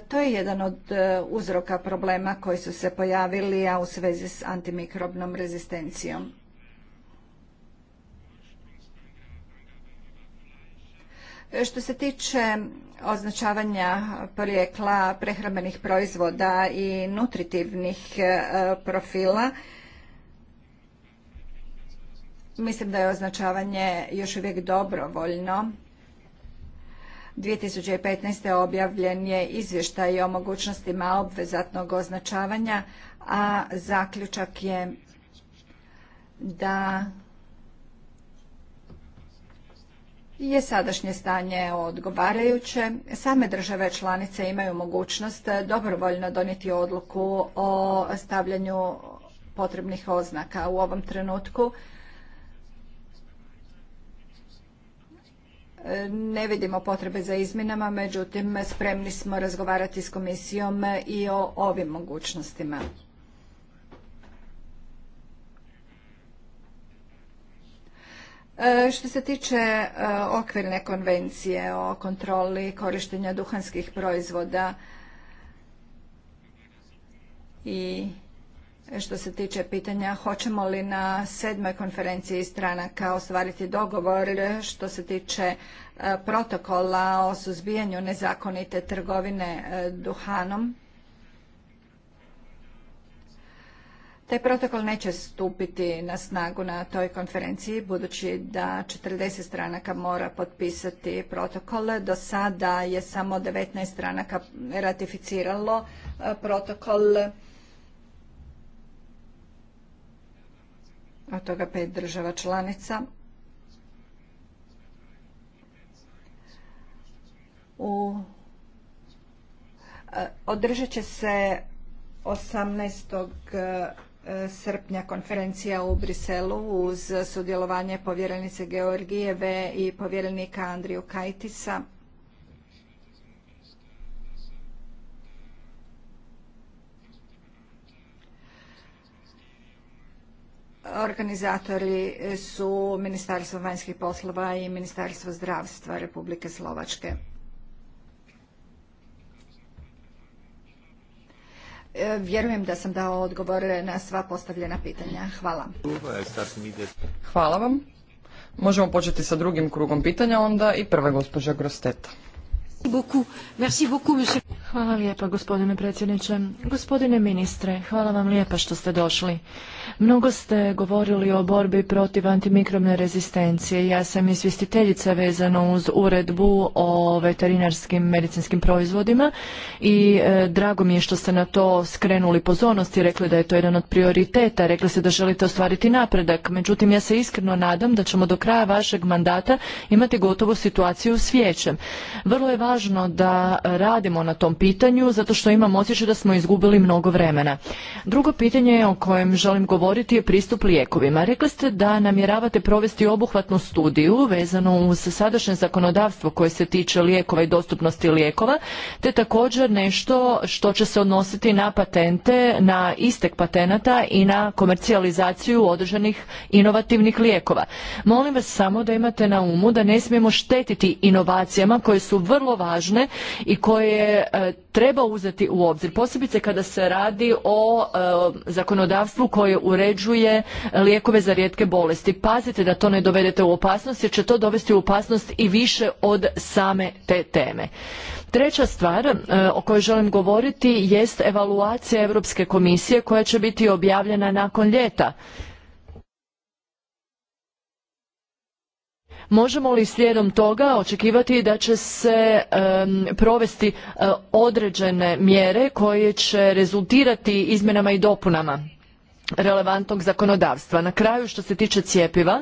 to je jedan od e, uzroka problema koji su se pojavili, a u svezi s antimikrobnom rezistencijom. Što se tiče označavanja porijekla prehrambenih proizvoda i nutritivnih e, profila, mislim da je označavanje još uvijek dobrovoljno. 2015. objavljen je izvještaj o mogućnostima obvezatnog označavanja, a zaključak je da je sadašnje stanje odgovarajuće. Same države članice imaju mogućnost dobrovoljno donijeti odluku o stavljanju potrebnih oznaka u ovom trenutku. Ne vidimo potrebe za izmjenama, međutim spremni smo razgovarati s komisijom i o ovim mogućnostima. E, što se tiče e, okvirne konvencije o kontroli korištenja duhanskih proizvoda i što se tiče pitanja hoćemo li na sedmoj konferenciji stranaka ostvariti dogovor što se tiče e, protokola o suzbijanju nezakonite trgovine duhanom, Taj protokol neće stupiti na snagu na toj konferenciji budući da 40 stranaka mora potpisati protokol. Do sada je samo 19 stranaka ratificiralo e, protokol, od toga pet država članica. U, e, održat će se 18 srpnja konferencija u Briselu uz sudjelovanje povjerenice Georgijeve i povjerenika Andriju Kajtisa. Organizatori su Ministarstvo vanjskih poslova i Ministarstvo zdravstva Republike Slovačke. E, vjerujem da sam dao odgovor na sva postavljena pitanja. Hvala. Hvala vam. Možemo početi sa drugim krugom pitanja onda i prva gospođa Grosteta. Hvala lijepa gospodine predsjedniče. Gospodine ministre, hvala vam lijepa što ste došli. Mnogo ste govorili o borbi protiv antimikrobne rezistencije. Ja sam izvjestiteljica vezano uz uredbu o veterinarskim medicinskim proizvodima i e, drago mi je što ste na to skrenuli pozornost i rekli da je to jedan od prioriteta. Rekli ste da želite ostvariti napredak. Međutim, ja se iskreno nadam da ćemo do kraja vašeg mandata imati gotovu situaciju s vijećem. Vrlo je važno da radimo na tom pitanju zato što imam osjećaj da smo izgubili mnogo vremena. Drugo pitanje o kojem želim govoriti je pristup lijekovima. Rekli ste da namjeravate provesti obuhvatnu studiju vezanu uz sadašnje zakonodavstvo koje se tiče lijekova i dostupnosti lijekova, te također nešto što će se odnositi na patente, na istek patenata i na komercijalizaciju održanih inovativnih lijekova. Molim vas samo da imate na umu da ne smijemo štetiti inovacijama koje su vrlo važne i koje e, treba uzeti u obzir, posebice kada se radi o e, zakonodavstvu koje uređuje lijekove za rijetke bolesti. Pazite da to ne dovedete u opasnost jer će to dovesti u opasnost i više od same te teme. Treća stvar e, o kojoj želim govoriti jest evaluacija Europske komisije koja će biti objavljena nakon ljeta. Možemo li slijedom toga očekivati da će se provesti eh, određene mjere koje će rezultirati izmjenama i dopunama relevantnog zakonodavstva? Na kraju što se tiče cijepiva,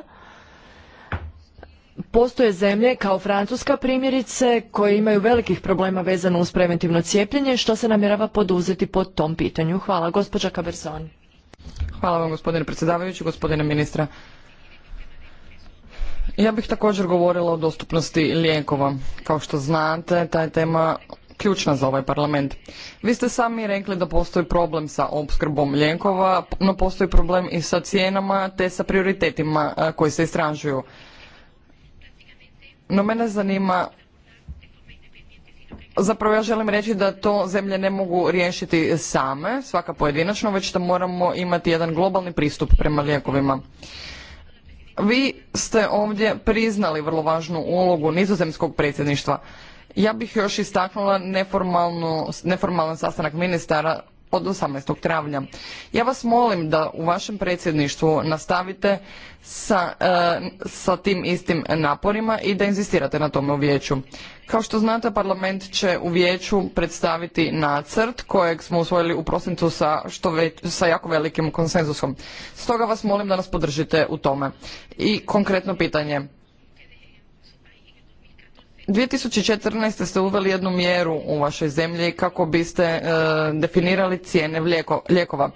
postoje zemlje kao Francuska primjerice koje imaju velikih problema vezano uz preventivno cijepljenje. Što se namjerava poduzeti po tom pitanju? Hvala. Gospođa Kaberson. Hvala vam gospodine predsjedavajući, gospodine ministra. Ja bih također govorila o dostupnosti lijekova. Kao što znate, ta je tema ključna za ovaj parlament. Vi ste sami rekli da postoji problem sa opskrbom lijekova, no postoji problem i sa cijenama te sa prioritetima koji se istražuju. No mene zanima Zapravo ja želim reći da to zemlje ne mogu riješiti same, svaka pojedinačno, već da moramo imati jedan globalni pristup prema lijekovima. Vi ste ovdje priznali vrlo važnu ulogu nizozemskog predsjedništva. Ja bih još istaknula neformalan sastanak ministara od 18. travnja. Ja vas molim da u vašem predsjedništvu nastavite sa, e, sa tim istim naporima i da inzistirate na tome u vijeću. Kao što znate, parlament će u vijeću predstaviti nacrt kojeg smo usvojili u prosincu sa, sa jako velikim konsenzusom. Stoga vas molim da nas podržite u tome. I konkretno pitanje, 2014. ste uveli jednu mjeru u vašoj zemlji kako biste e, definirali cijene lijekova.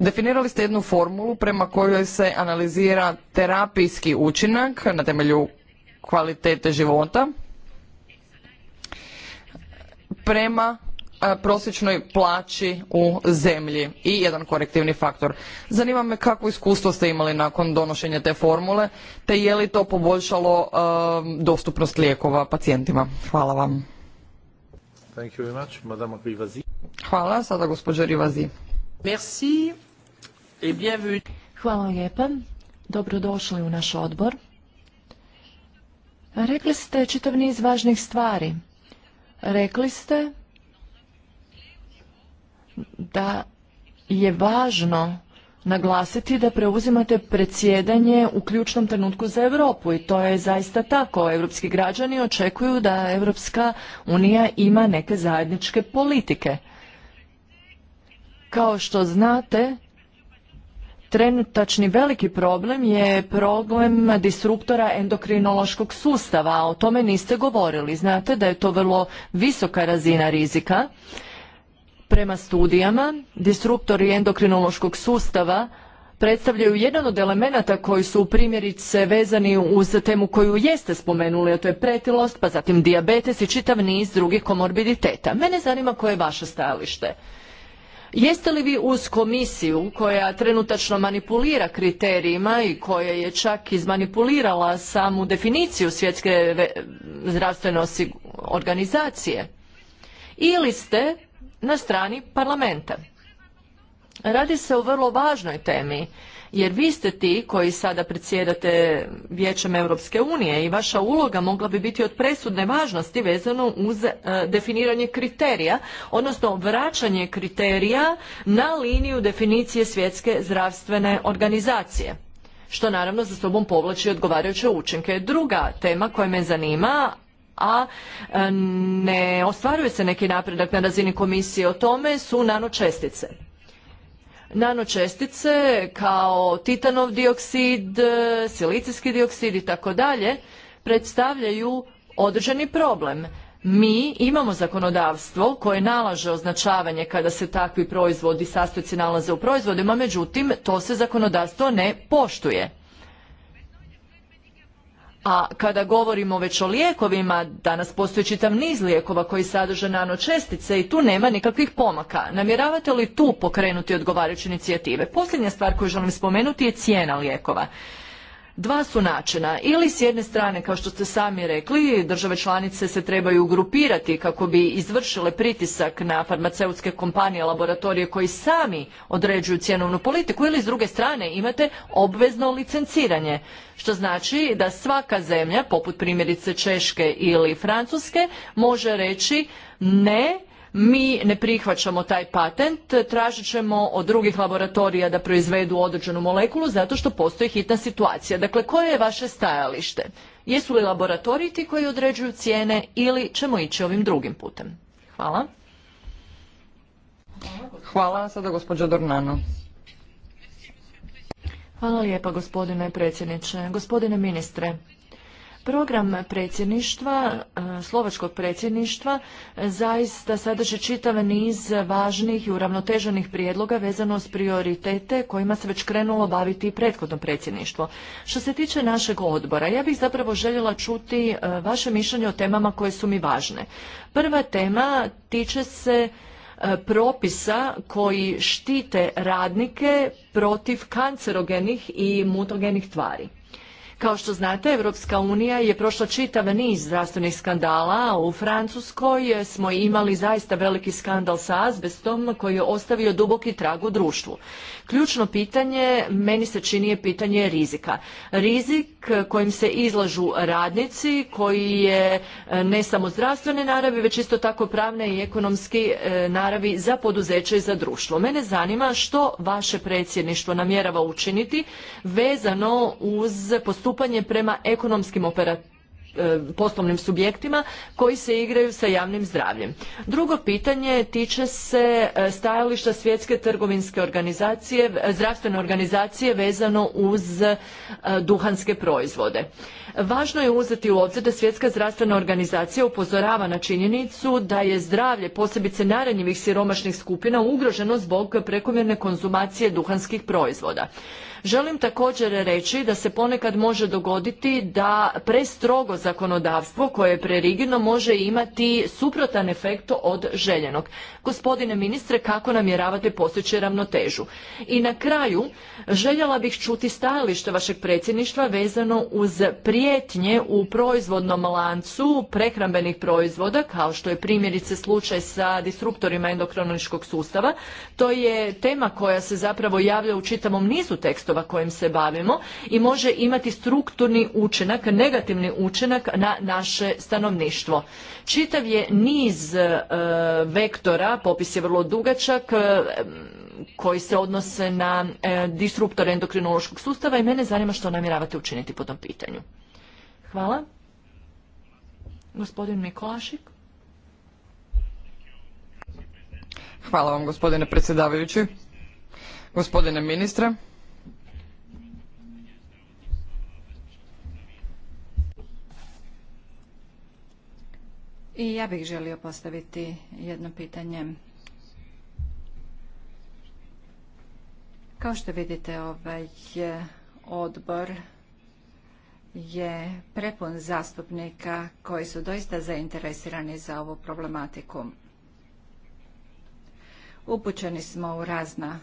Definirali ste jednu formulu prema kojoj se analizira terapijski učinak na temelju kvalitete života prema prosječnoj plaći u zemlji i jedan korektivni faktor. Zanima me kakvo iskustvo ste imali nakon donošenja te formule, te je li to poboljšalo dostupnost lijekova pacijentima. Hvala vam. Thank Hvala, sada gospođa Rivazi. Merci et bienvenue. Hvala lijepa. Dobrodošli u naš odbor. Rekli ste čitav niz važnih stvari. Rekli ste da je važno naglasiti da preuzimate predsjedanje u ključnom trenutku za Europu i to je zaista tako. Europski građani očekuju da Evropska unija ima neke zajedničke politike. Kao što znate, trenutačni veliki problem je problem disruptora endokrinološkog sustava, a o tome niste govorili. Znate da je to vrlo visoka razina rizika Prema studijama, disruptori endokrinološkog sustava predstavljaju jedan od elemenata koji su primjerice vezani uz temu koju jeste spomenuli, a to je pretilost, pa zatim dijabetes i čitav niz drugih komorbiditeta. Mene zanima koje je vaše stajalište. Jeste li vi uz komisiju koja trenutačno manipulira kriterijima i koja je čak izmanipulirala samu definiciju svjetske zdravstvene organizacije? Ili ste na strani parlamenta. Radi se o vrlo važnoj temi, jer vi ste ti koji sada predsjedate Vijećem Europske unije i vaša uloga mogla bi biti od presudne važnosti vezano uz e, definiranje kriterija, odnosno vraćanje kriterija na liniju definicije svjetske zdravstvene organizacije što naravno za sobom povlači odgovarajuće učinke. Druga tema koja me zanima, a e, ne ostvaruje se neki napredak na razini komisije o tome su nanočestice. Nanočestice kao titanov dioksid, e, silicijski dioksid i tako dalje predstavljaju određeni problem. Mi imamo zakonodavstvo koje nalaže označavanje kada se takvi proizvodi, sastojci nalaze u proizvodima, međutim to se zakonodavstvo ne poštuje. A kada govorimo već o lijekovima, danas postoji čitav niz lijekova koji sadrže nanočestice i tu nema nikakvih pomaka. Namjeravate li tu pokrenuti odgovarajuće inicijative? Posljednja stvar koju želim spomenuti je cijena lijekova. Dva su načina. Ili s jedne strane, kao što ste sami rekli, države članice se trebaju grupirati kako bi izvršile pritisak na farmaceutske kompanije, laboratorije koji sami određuju cjenovnu politiku ili s druge strane imate obvezno licenciranje. Što znači da svaka zemlja, poput primjerice Češke ili Francuske, može reći ne mi ne prihvaćamo taj patent, tražit ćemo od drugih laboratorija da proizvedu određenu molekulu zato što postoji hitna situacija. Dakle, koje je vaše stajalište? Jesu li laboratoriji ti koji određuju cijene ili ćemo ići ovim drugim putem? Hvala. Hvala, sada gospođa Dornano. Hvala lijepa gospodine predsjedniče. Gospodine ministre, Program predsjedništva, e, slovačkog predsjedništva, e, zaista sadrži čitav niz važnih i uravnoteženih prijedloga vezano s prioritete kojima se već krenulo baviti i prethodno predsjedništvo. Što se tiče našeg odbora, ja bih zapravo željela čuti e, vaše mišljenje o temama koje su mi važne. Prva tema tiče se propisa koji štite radnike protiv kancerogenih i mutogenih tvari. Kao što znate, Europska unija je prošla čitav niz zdravstvenih skandala. U Francuskoj smo imali zaista veliki skandal sa azbestom koji je ostavio duboki trag u društvu. Ključno pitanje, meni se čini, je pitanje rizika. Rizik kojim se izlažu radnici, koji je e, ne samo zdravstvene naravi, već isto tako pravne i ekonomski e, naravi za poduzeće i za društvo. Mene zanima što vaše predsjedništvo namjerava učiniti vezano uz postupanje prema ekonomskim operatorima E, poslovnim subjektima koji se igraju sa javnim zdravljem. Drugo pitanje tiče se e, stajališta svjetske trgovinske organizacije, zdravstvene organizacije vezano uz e, duhanske proizvode. Važno je uzeti u obzir da svjetska zdravstvena organizacija upozorava na činjenicu da je zdravlje posebice naranjivih siromašnih skupina ugroženo zbog prekomjerne konzumacije duhanskih proizvoda. Želim također reći da se ponekad može dogoditi da prestrogo zakonodavstvo koje je prerigidno može imati suprotan efekt od željenog. Gospodine ministre, kako namjeravate postići ravnotežu? I na kraju, željela bih čuti stajalište vašeg predsjedništva vezano uz prijetnje u proizvodnom lancu prehrambenih proizvoda, kao što je primjerice slučaj sa disruptorima endokroničkog sustava. To je tema koja se zapravo javlja u čitavom nizu tekstu tekstova kojim se bavimo i može imati strukturni učinak, negativni učinak na naše stanovništvo. Čitav je niz e, vektora, popis je vrlo dugačak, e, koji se odnose na e, disruptor endokrinološkog sustava i mene zanima što namjeravate učiniti po tom pitanju. Hvala. Gospodin Mikolašik. Hvala vam gospodine predsjedavajući. Gospodine ministre, I ja bih želio postaviti jedno pitanje. Kao što vidite, ovaj odbor je prepun zastupnika koji su doista zainteresirani za ovu problematiku. Upućeni smo u razna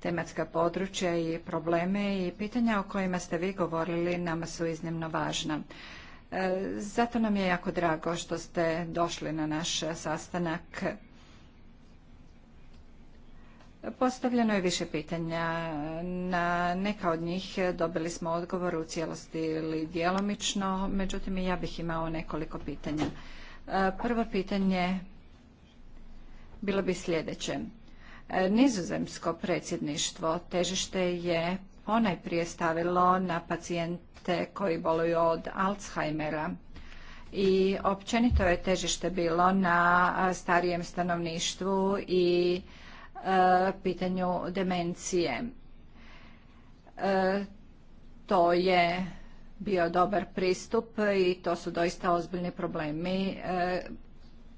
tematska područja i probleme i pitanja o kojima ste vi govorili nama su iznimno važna. E, zato nam je jako drago što ste došli na naš sastanak. Postavljeno je više pitanja. Na neka od njih dobili smo odgovor u cijelosti ili djelomično, međutim ja bih imao nekoliko pitanja. E, prvo pitanje bilo bi sljedeće. E, nizozemsko predsjedništvo težište je ponajprije stavilo na pacijent te koji boluju od Alzheimera i općenito je težište bilo na starijem stanovništvu i e, pitanju demencije. E, to je bio dobar pristup i to su doista ozbiljni problemi e,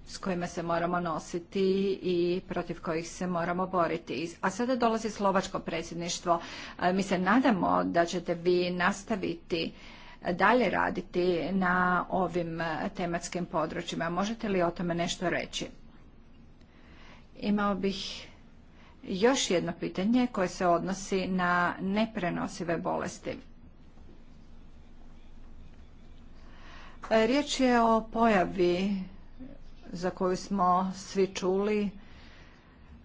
s kojima se moramo nositi i protiv kojih se moramo boriti. A sada dolazi slovačko predsjedništvo. E, mi se nadamo da ćete vi nastaviti dalje raditi na ovim e, tematskim područjima. Možete li o tome nešto reći? Imao bih još jedno pitanje koje se odnosi na neprenosive bolesti. E, riječ je o pojavi za koju smo svi čuli,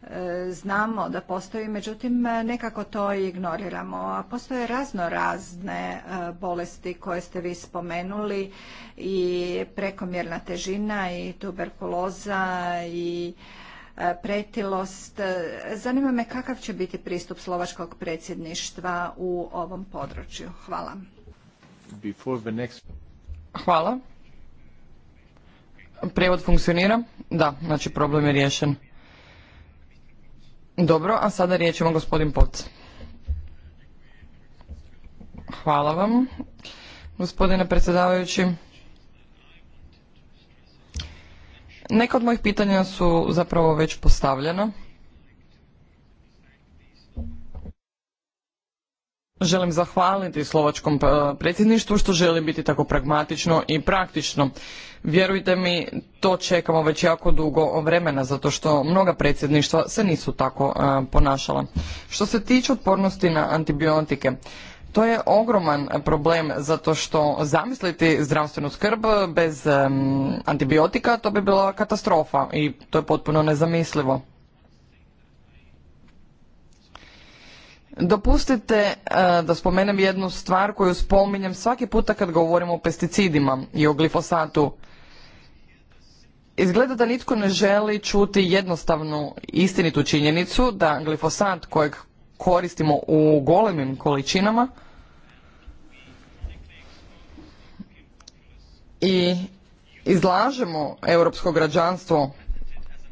e, znamo da postoji, međutim e, nekako to ignoriramo. A postoje razno razne e, bolesti koje ste vi spomenuli i prekomjerna težina i tuberkuloza i pretilost. Zanima me kakav će biti pristup slovačkog predsjedništva u ovom području. Hvala. Hvala. Prijevod funkcionira? Da, znači problem je riješen. Dobro, a sada riječ gospodin Poc. Hvala vam, gospodine predsjedavajući. Neka od mojih pitanja su zapravo već postavljena. Želim zahvaliti slovačkom e, predsjedništvu što želi biti tako pragmatično i praktično. Vjerujte mi, to čekamo već jako dugo vremena, zato što mnoga predsjedništva se nisu tako e, ponašala. Što se tiče otpornosti na antibiotike, to je ogroman problem zato što zamisliti zdravstvenu skrb bez antibiotika to bi bila katastrofa i to je potpuno nezamislivo. Dopustite e, da spomenem jednu stvar koju spominjem svaki puta kad govorimo o pesticidima i o glifosatu. Izgleda da nitko ne želi čuti jednostavnu istinitu činjenicu da glifosat kojeg koristimo u golemim količinama i izlažemo europsko građanstvo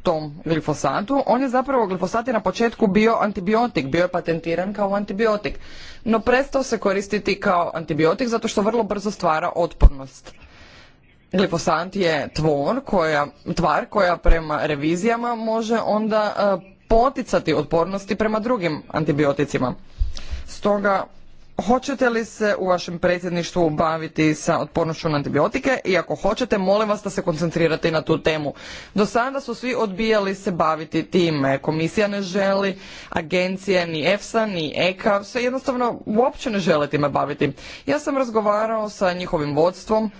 tom glifosatu, on je zapravo glifosat je na početku bio antibiotik, bio je patentiran kao antibiotik, no prestao se koristiti kao antibiotik zato što vrlo brzo stvara otpornost. Glifosat je tvor koja, tvar koja prema revizijama može onda eh, poticati otpornosti prema drugim antibioticima. Stoga Hoćete li se u vašem predsjedništvu baviti sa otpornošću na antibiotike i ako hoćete, molim vas da se koncentrirate na tu temu. Do sada su svi odbijali se baviti time. Komisija ne želi, agencije, ni EFSA, ni EKA, sve jednostavno uopće ne žele time baviti. Ja sam razgovarao sa njihovim vodstvom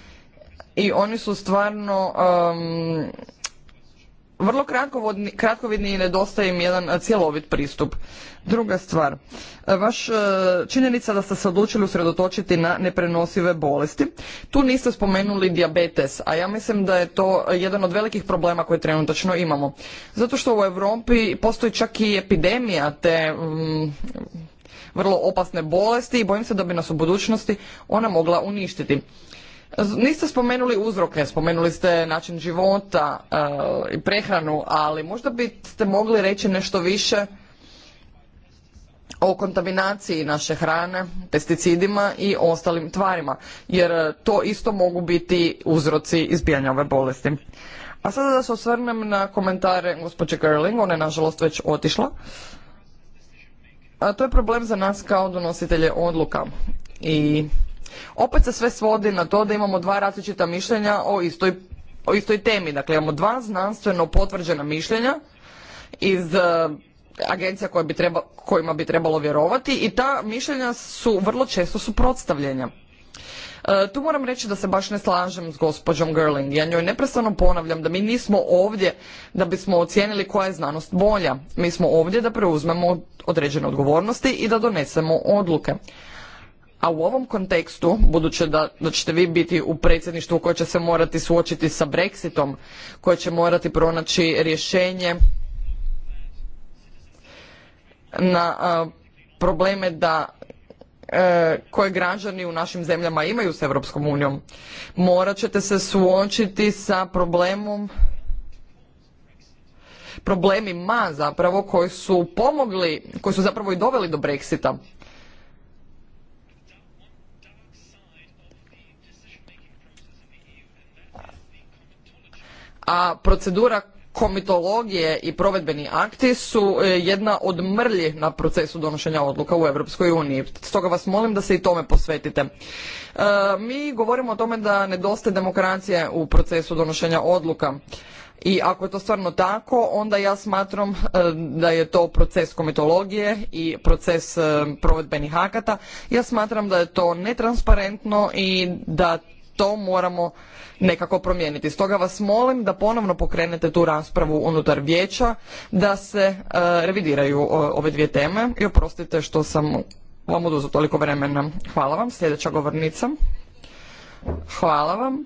i oni su stvarno vrlo kratkovidni, kratkovidni i nedostaje im jedan e, cjelovit pristup. Druga stvar, e, vaš e, činjenica da ste se odlučili usredotočiti na neprenosive bolesti. Tu niste spomenuli dijabetes, a ja mislim da je to jedan od velikih problema koje trenutačno imamo. Zato što u Europi postoji čak i epidemija te mm, vrlo opasne bolesti i bojim se da bi nas u budućnosti ona mogla uništiti. Niste spomenuli uzroke, spomenuli ste način života eh, i prehranu, ali možda biste mogli reći nešto više o kontaminaciji naše hrane, pesticidima i ostalim tvarima, jer eh, to isto mogu biti uzroci izbijanja ove bolesti. A sada da se osvrnem na komentare gospođe Gerling, ona je nažalost već otišla. A to je problem za nas kao donositelje odluka i opet se sve svodi na to da imamo dva različita mišljenja o istoj, istoj temi. Dakle, imamo dva znanstveno potvrđena mišljenja iz e, agencija kojima bi trebalo vjerovati i ta mišljenja su vrlo često suprotstavljenja. E, tu moram reći da se baš ne slažem s gospođom Gerling. Ja njoj neprestano ponavljam da mi nismo ovdje da bismo ocijenili koja je znanost bolja. Mi smo ovdje da preuzmemo određene odgovornosti i da donesemo odluke a u ovom kontekstu, budući da, ćete vi biti u predsjedništvu koje će se morati suočiti sa Brexitom, koje će morati pronaći rješenje na probleme da e, koje građani u našim zemljama imaju s Europskom unijom. Morat ćete se suočiti sa problemom problemima zapravo koji su pomogli, koji su zapravo i doveli do Brexita. a procedura komitologije i provedbeni akti su e, jedna od mrlji na procesu donošenja odluka u Europskoj uniji. Stoga vas molim da se i tome posvetite. E, mi govorimo o tome da nedostaje demokracije u procesu donošenja odluka. I ako je to stvarno tako, onda ja smatram e, da je to proces komitologije i proces provedbenih akata. Ja smatram da je to netransparentno i da to moramo nekako promijeniti. Stoga vas molim da ponovno pokrenete tu raspravu unutar vijeća, da se e, revidiraju ove dvije teme i oprostite što sam vam oduzeo toliko vremena. Hvala vam. Sljedeća govornica. Hvala vam.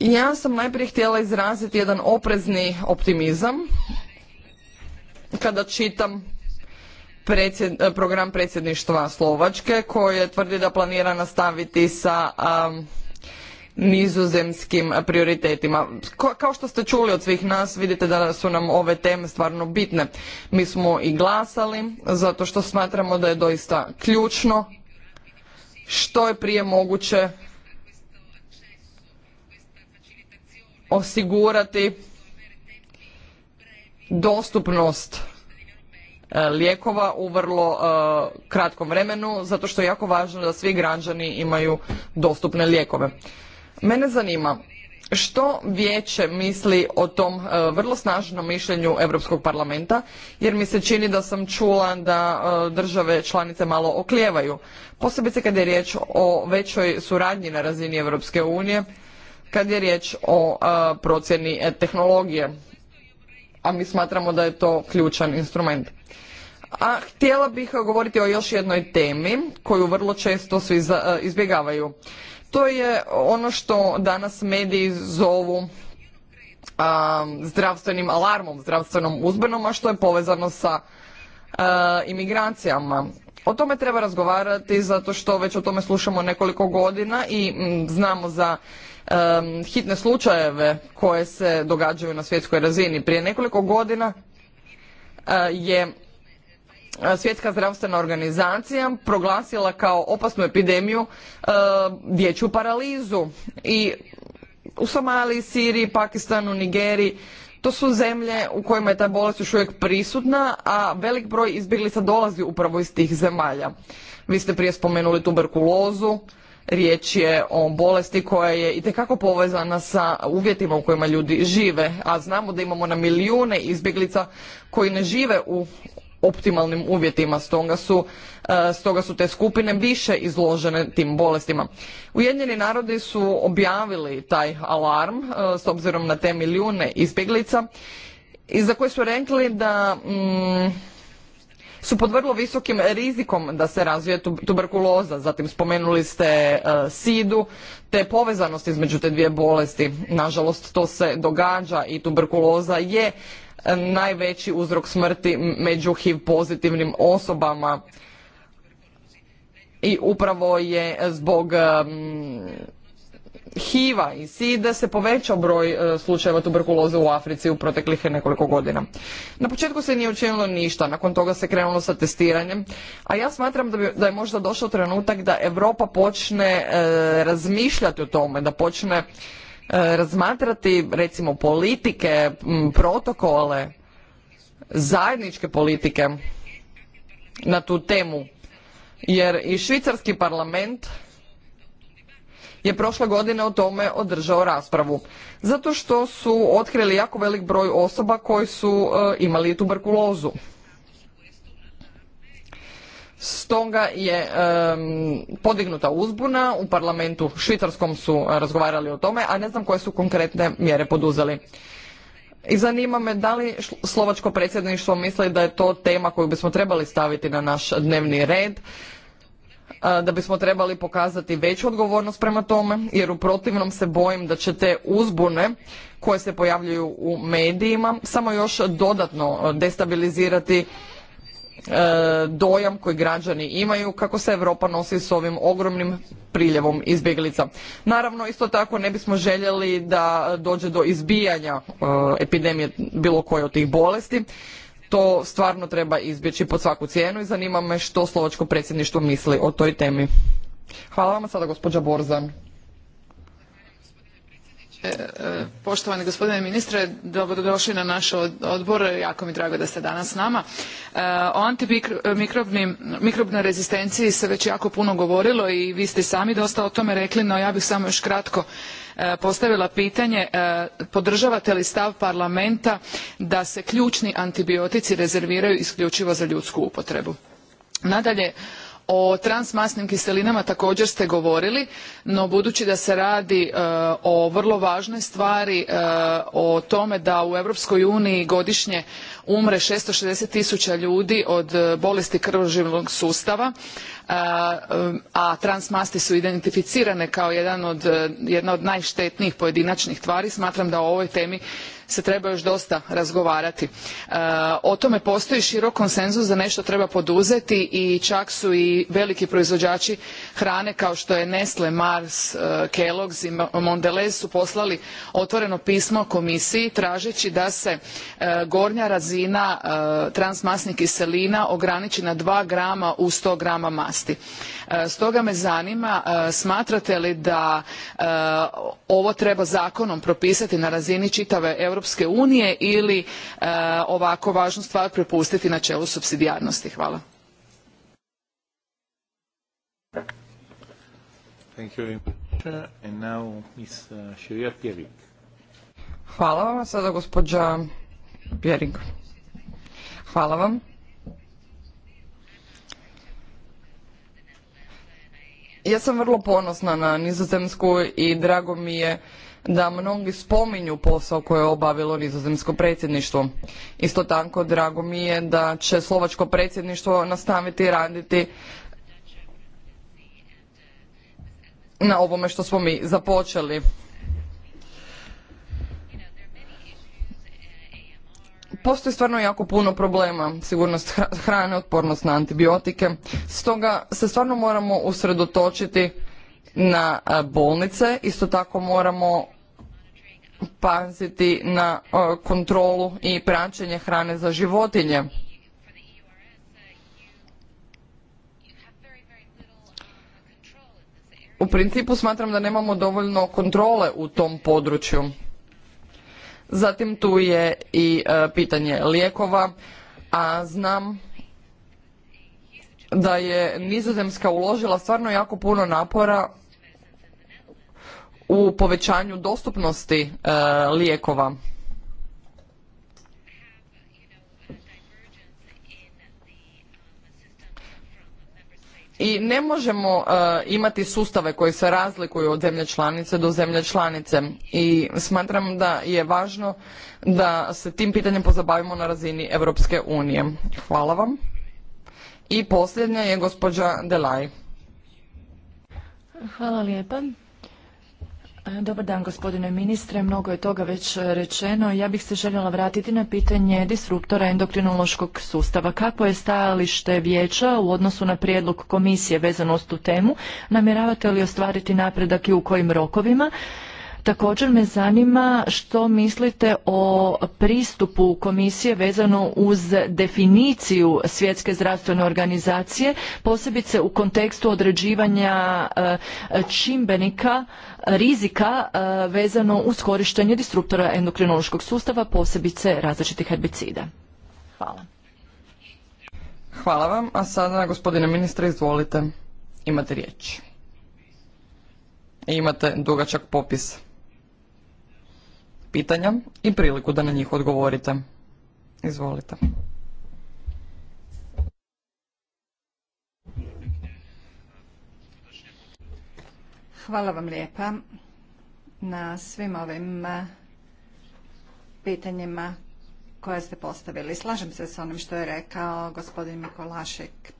Ja sam najprije htjela izraziti jedan oprezni optimizam kada čitam predsjed, e, program predsjedništva Slovačke koje tvrdi da planira nastaviti sa nizozemskim prioritetima. Kao što ste čuli od svih nas, vidite da su nam ove teme stvarno bitne. Mi smo i glasali zato što smatramo da je doista ključno što je prije moguće osigurati dostupnost E, lijekova u vrlo e, kratkom vremenu zato što je jako važno da svi građani imaju dostupne lijekove. Mene zanima što vijeće misli o tom e, vrlo snažnom mišljenju Europskog parlamenta jer mi se čini da sam čula da države članice malo oklijevaju posebice kad je riječ o većoj suradnji na razini Europske unije kad je riječ o procjeni tehnologije a mi smatramo da je to ključan instrument. A htjela bih e, govoriti o još jednoj temi koju vrlo često svi e, izbjegavaju. To je ono što danas mediji zovu zdravstvenim alarmom, zdravstvenom uzbenom, a što je povezano sa e, imigracijama. O tome treba razgovarati zato što već o tome slušamo nekoliko godina i znamo za hitne slučajeve koje se događaju na svjetskoj razini. Prije nekoliko godina je Svjetska zdravstvena organizacija proglasila kao opasnu epidemiju e, dječju paralizu i u Somaliji, Siriji, Pakistanu, Nigeriji to su zemlje u kojima je ta bolest još uvijek prisutna, a velik broj izbjeglica dolazi upravo iz tih zemalja. Vi ste prije spomenuli tuberkulozu, riječ je o bolesti koja je itekako povezana sa uvjetima u kojima ljudi žive, a znamo da imamo na milijune izbjeglica koji ne žive u optimalnim uvjetima, stoga su, e, stoga su te skupine više izložene tim bolestima. Ujedinjeni narodi su objavili taj alarm e, s obzirom na te milijune izbjeglica i za koje su rekli da mm, su pod vrlo visokim rizikom da se razvije tuberkuloza. Zatim spomenuli ste e, sidu, te povezanost između te dvije bolesti. Nažalost, to se događa i tuberkuloza je najveći uzrok smrti među HIV pozitivnim osobama i upravo je zbog um, HIV-a i SIDA se povećao broj uh, slučajeva tuberkuloze u Africi u proteklih nekoliko godina. Na početku se nije učinilo ništa, nakon toga se krenulo sa testiranjem, a ja smatram da, da je možda došao trenutak da Europa počne uh, razmišljati o tome, da počne E, razmatrati recimo politike, protokole, zajedničke politike na tu temu. Jer i švicarski parlament je prošle godine o tome održao raspravu. Zato što su otkrili jako velik broj osoba koji su e, imali tuberkulozu. Stoga je podignuta uzbuna, u parlamentu švicarskom su razgovarali o tome, a ne znam koje su konkretne mjere poduzeli. I zanima me da li slovačko predsjedništvo misli da je to tema koju bismo trebali staviti na naš dnevni red, da bismo trebali pokazati veću odgovornost prema tome, jer u protivnom se bojim da će te uzbune koje se pojavljuju u medijima samo još dodatno destabilizirati E, dojam koji građani imaju kako se Europa nosi s ovim ogromnim priljevom izbjeglica. Naravno, isto tako ne bismo željeli da dođe do izbijanja e, epidemije bilo koje od tih bolesti. To stvarno treba izbjeći pod svaku cijenu i zanima me što slovačko predsjedništvo misli o toj temi. Hvala vam sada gospođa Borzan. E, e, poštovani gospodine ministre, dobrodošli na naš odbor, jako mi drago da ste danas s nama. E, o mikrobnoj rezistenciji se već jako puno govorilo i vi ste sami dosta o tome rekli, no ja bih samo još kratko postavila pitanje podržavate li stav parlamenta da se ključni antibiotici rezerviraju isključivo za ljudsku upotrebu? Nadalje, o transmasnim kiselinama također ste govorili, no budući da se radi e, o vrlo važnoj stvari, e, o tome da u Europskoj uniji godišnje umre sixty tisuća ljudi od e, bolesti krvožilnog sustava, a transmasti su identificirane kao jedna od najštetnijih pojedinačnih tvari, smatram da o ovoj temi se treba još dosta razgovarati. E, o tome postoji širok konsenzus da nešto treba poduzeti i čak su i veliki proizvođači hrane kao što je Nestle, Mars, e, Kellogg's i Mondelez su poslali otvoreno pismo komisiji tražeći da se e, gornja razina transmasnih kiselina ograniči na 2 grama u 100 grama masti. Stoga me zanima smatrate li da ovo treba zakonom propisati na razini čitave Europske unije ili e, ovako važnu stvar prepustiti načelu supsidijarnosti. Hvala. Uh, Hvala vam. Sada gospođa Pjering. Hvala vam. Ja sam vrlo ponosna na nizozemsku i drago mi je da mnogi spominju posao koje je obavilo nizozemsko predsjedništvo. Isto tako drago mi je da će slovačko predsjedništvo nastaviti raditi na ovome što smo mi započeli. Postoji stvarno jako puno problema, sigurnost hrane, otpornost na antibiotike, stoga se stvarno moramo usredotočiti na e, bolnice, isto tako moramo paziti na kontrolu i praćenje hrane za životinje. U principu smatram da nemamo dovoljno kontrole u tom području. Zatim tu je i e, pitanje lijekova, a znam da je Nizozemska uložila stvarno jako puno napora u povećanju dostupnosti e, lijekova. I ne možemo e, imati sustave koji se razlikuju od zemlje članice do zemlje članice i smatram da je važno da se tim pitanjem pozabavimo na razini Europske unije. Hvala vam. I posljednja je gospođa Delaj. Hvala lijepa. E, dobar dan gospodine ministre, mnogo je toga već e, rečeno. Ja bih se željela vratiti na pitanje disruptora endokrinološkog sustava. Kako je stajalište vijeća u odnosu na prijedlog komisije vezano uz tu temu? Namjeravate li ostvariti napredak i u kojim rokovima? Također me zanima što mislite o pristupu komisije vezano uz definiciju svjetske zdravstvene organizacije, posebice u kontekstu određivanja e, čimbenika rizika e, vezano uz korištenje distruktora endokrinološkog sustava, posebice različitih herbicida. Hvala. Hvala vam, a sada gospodine ministre izvolite, imate riječ. imate dugačak popis pitanja i priliku da na njih odgovorite. Izvolite. Hvala vam lijepa na svim ovim eh, pitanjima koja ste postavili. Slažem se s onim što je rekao gospodin Mikolašek.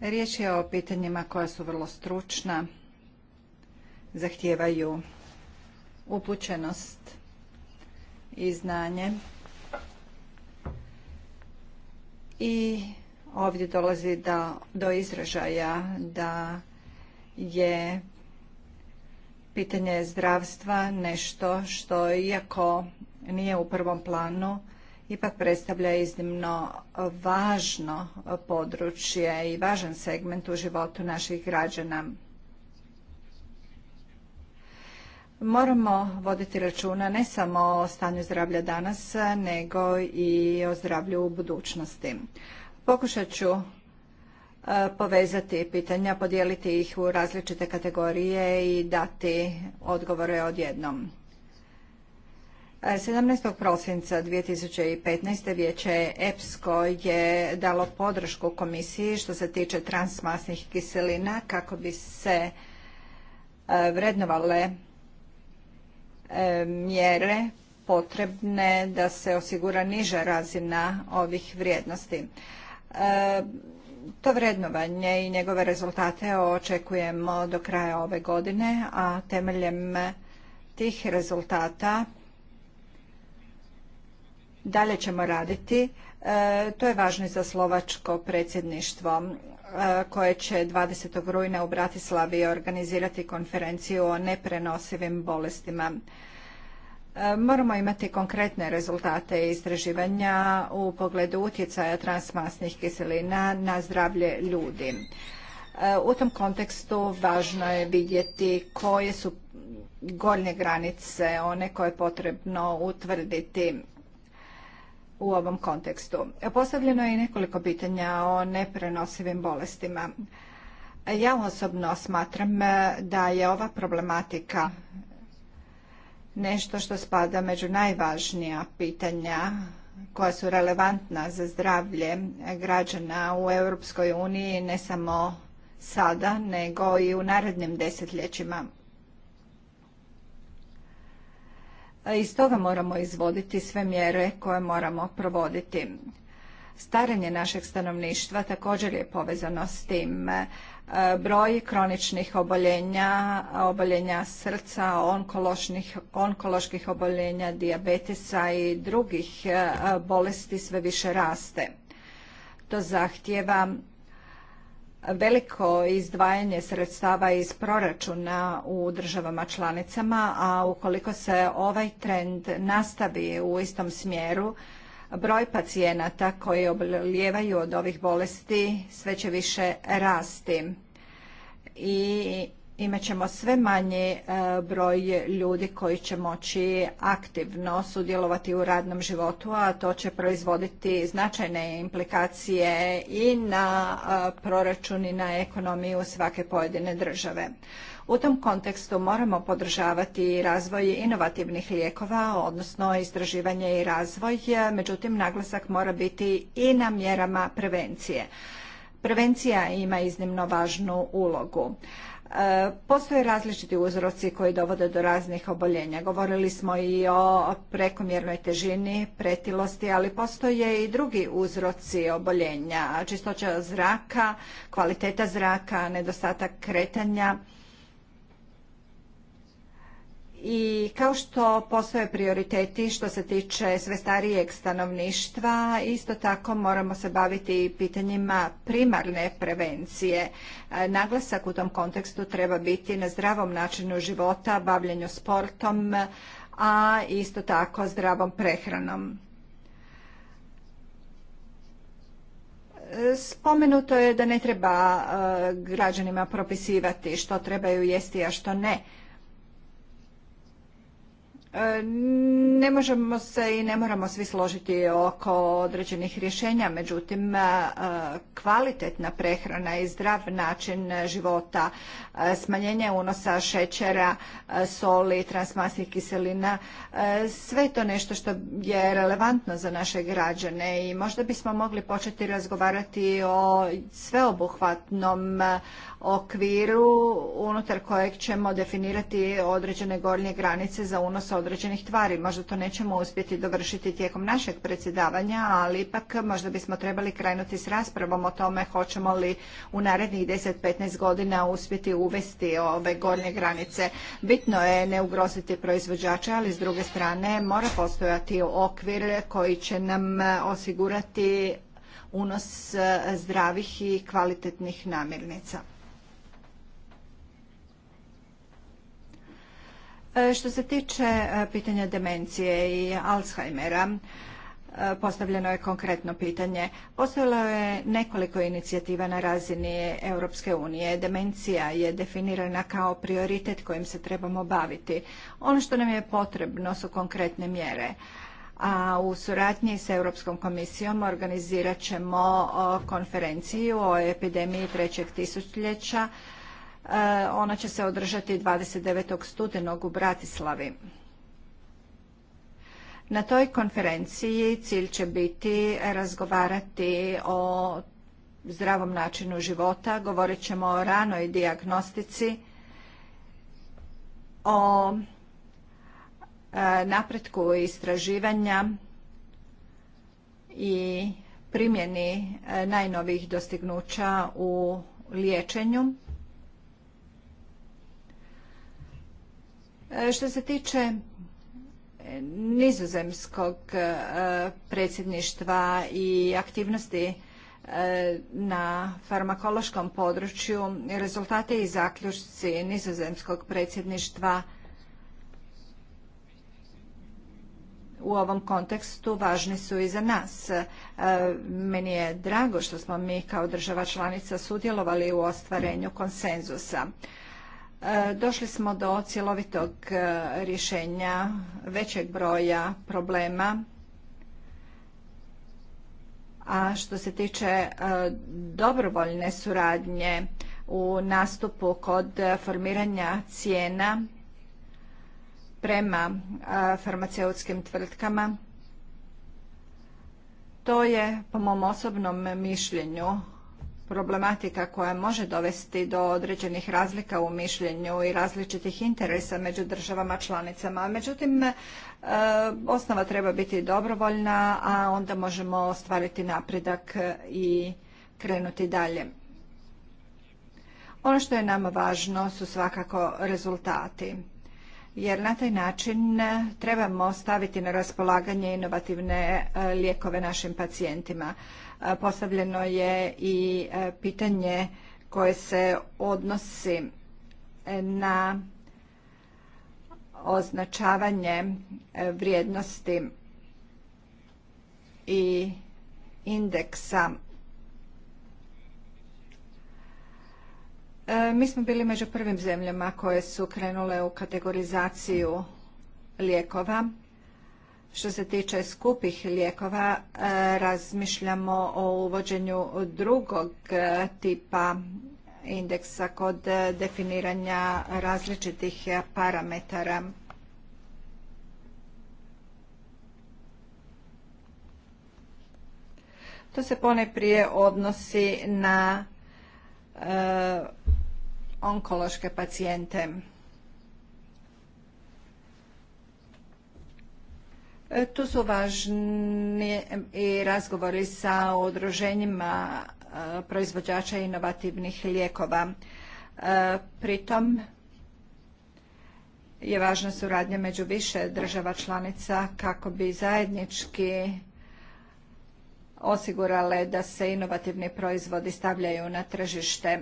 Riječ je o pitanjima koja su vrlo stručna, zahtijevaju upućenost i znanje. I ovdje dolazi da, do izražaja da je pitanje zdravstva nešto što iako nije u prvom planu ipak predstavlja iznimno važno područje i važan segment u životu naših građana. Moramo voditi računa ne samo o stanju zdravlja danas, nego i o zdravlju u budućnosti. Pokušat ću e, povezati pitanja, podijeliti ih u različite kategorije i dati odgovore odjednom. 17. E, prosinca 2015. vijeće EPSKO je dalo podršku komisiji što se tiče transmasnih kiselina kako bi se e, vrednovale E, mjere potrebne da se osigura niža razina ovih vrijednosti. E, to vrednovanje i njegove rezultate očekujemo do kraja ove godine, a temeljem tih rezultata dalje ćemo raditi. E, to je važno i za slovačko predsjedništvo. E, koje će 20. rujna u Bratislavi organizirati konferenciju o neprenosivim bolestima. E, moramo imati konkretne rezultate istraživanja u pogledu utjecaja transmasnih kiselina na zdravlje ljudi. E, u tom kontekstu važno je vidjeti koje su gornje granice, one koje je potrebno utvrditi u ovom kontekstu. Postavljeno je i nekoliko pitanja o neprenosivim bolestima. Ja osobno smatram e, da je ova problematika nešto što spada među najvažnija pitanja koja su relevantna za zdravlje građana u Europskoj uniji ne samo sada nego i u narednim desetljećima. Iz toga moramo izvoditi sve mjere koje moramo provoditi. Starenje našeg stanovništva također je povezano s tim. E, broj kroničnih oboljenja, oboljenja srca, onkoloških oboljenja, dijabetesa i drugih e, bolesti sve više raste. To zahtjeva veliko izdvajanje sredstava iz proračuna u državama članicama, a ukoliko se ovaj trend nastavi u istom smjeru, broj pacijenata koji obolijevaju od ovih bolesti sve će više rasti i imat ćemo sve manji e, broj ljudi koji će moći aktivno sudjelovati u radnom životu, a to će proizvoditi značajne implikacije i na e, proračun i na ekonomiju svake pojedine države. U tom kontekstu moramo podržavati razvoj inovativnih lijekova, odnosno istraživanje i razvoj, međutim naglasak mora biti i na mjerama prevencije. Prevencija ima iznimno važnu ulogu. Postoje različiti uzroci koji dovode do raznih oboljenja. Govorili smo i o prekomjernoj težini, pretilosti, ali postoje i drugi uzroci oboljenja. Čistoća zraka, kvaliteta zraka, nedostatak kretanja i kao što postoje prioriteti što se tiče sve starijeg stanovništva, isto tako moramo se baviti pitanjima primarne prevencije. E, naglasak u tom kontekstu treba biti na zdravom načinu života, bavljenju sportom, a isto tako zdravom prehranom. Spomenuto je da ne treba e, građanima propisivati što trebaju jesti, a što ne E, ne možemo se i ne moramo svi složiti oko određenih rješenja, međutim e, kvalitetna prehrana i zdrav način života, e, smanjenje unosa šećera, soli, transmasnih kiselina, sve to nešto što je relevantno za naše građane i možda bismo mogli početi razgovarati o sveobuhvatnom okviru unutar kojeg ćemo definirati određene gornje granice za unos određenih tvari. Možda to nećemo uspjeti dovršiti tijekom našeg predsjedavanja, ali ipak možda bismo trebali krenuti s raspravom o tome hoćemo li u narednih 10-15 godina uspjeti uvesti ove gornje granice. Bitno je ne ugroziti proizvođače, ali s druge strane mora postojati okvir koji će nam osigurati unos zdravih i kvalitetnih namirnica. E, što se tiče e, pitanja demencije i Alzheimera, e, postavljeno je konkretno pitanje. Postojalo je nekoliko inicijativa na razini Europske unije. Demencija je definirana kao prioritet kojim se trebamo baviti. Ono što nam je potrebno su konkretne mjere. A u suradnji s Europskom komisijom organizirat ćemo konferenciju o epidemiji trećeg tisućljeća Eh, ona će se održati 29. studenog u Bratislavi. Na toj konferenciji cilj će biti razgovarati o zdravom načinu života, govorit ćemo o ranoj dijagnostici, o eh, napretku istraživanja i primjeni eh, najnovijih dostignuća u liječenju E, što se tiče e, nizozemskog e, predsjedništva i aktivnosti na farmakološkom području, rezultati i zaključci nizozemskog predsjedništva u ovom kontekstu važni su i za nas. Meni je drago što smo mi kao država članica sudjelovali u ostvarenju konsenzusa. E, došli smo do cjelovitog e, rješenja većeg broja problema. A što se tiče e, dobrovoljne suradnje u nastupu kod formiranja cijena prema farmaceutskim tvrtkama, to je po mom osobnom mišljenju problematika koja može dovesti do određenih razlika u mišljenju i različitih interesa među državama članicama. Međutim, e, osnova treba biti dobrovoljna, a onda možemo ostvariti napredak i krenuti dalje. Ono što je nama važno su svakako rezultati jer na taj način trebamo staviti na raspolaganje inovativne e, lijekove našim pacijentima. Postavljeno je i e, pitanje koje se odnosi na označavanje e, vrijednosti i indeksa. E, mi smo bili među prvim zemljama koje su krenule u kategorizaciju lijekova što se tiče skupih lijekova, e, razmišljamo o uvođenju drugog e, tipa indeksa kod definiranja različitih parametara. To se pone prije odnosi na e, onkološke pacijente. E, tu su važni i razgovori sa odruženjima e, proizvođača inovativnih lijekova. E, pritom je važna suradnja među više država članica kako bi zajednički osigurale da se inovativni proizvodi stavljaju na tržište.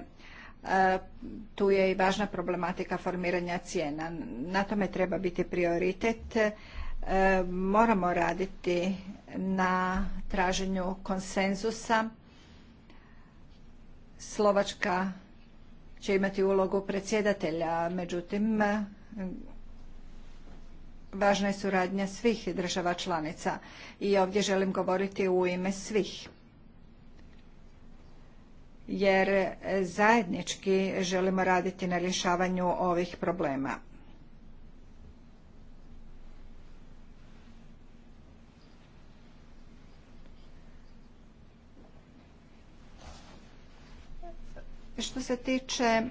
Tu je i važna problematika formiranja cijena. Na tome treba biti prioritet E, moramo raditi na traženju konsenzusa. Slovačka će imati ulogu predsjedatelja, međutim važna je suradnja svih država članica i ovdje želim govoriti u ime svih. Jer zajednički želimo raditi na rješavanju ovih problema. Što se tiče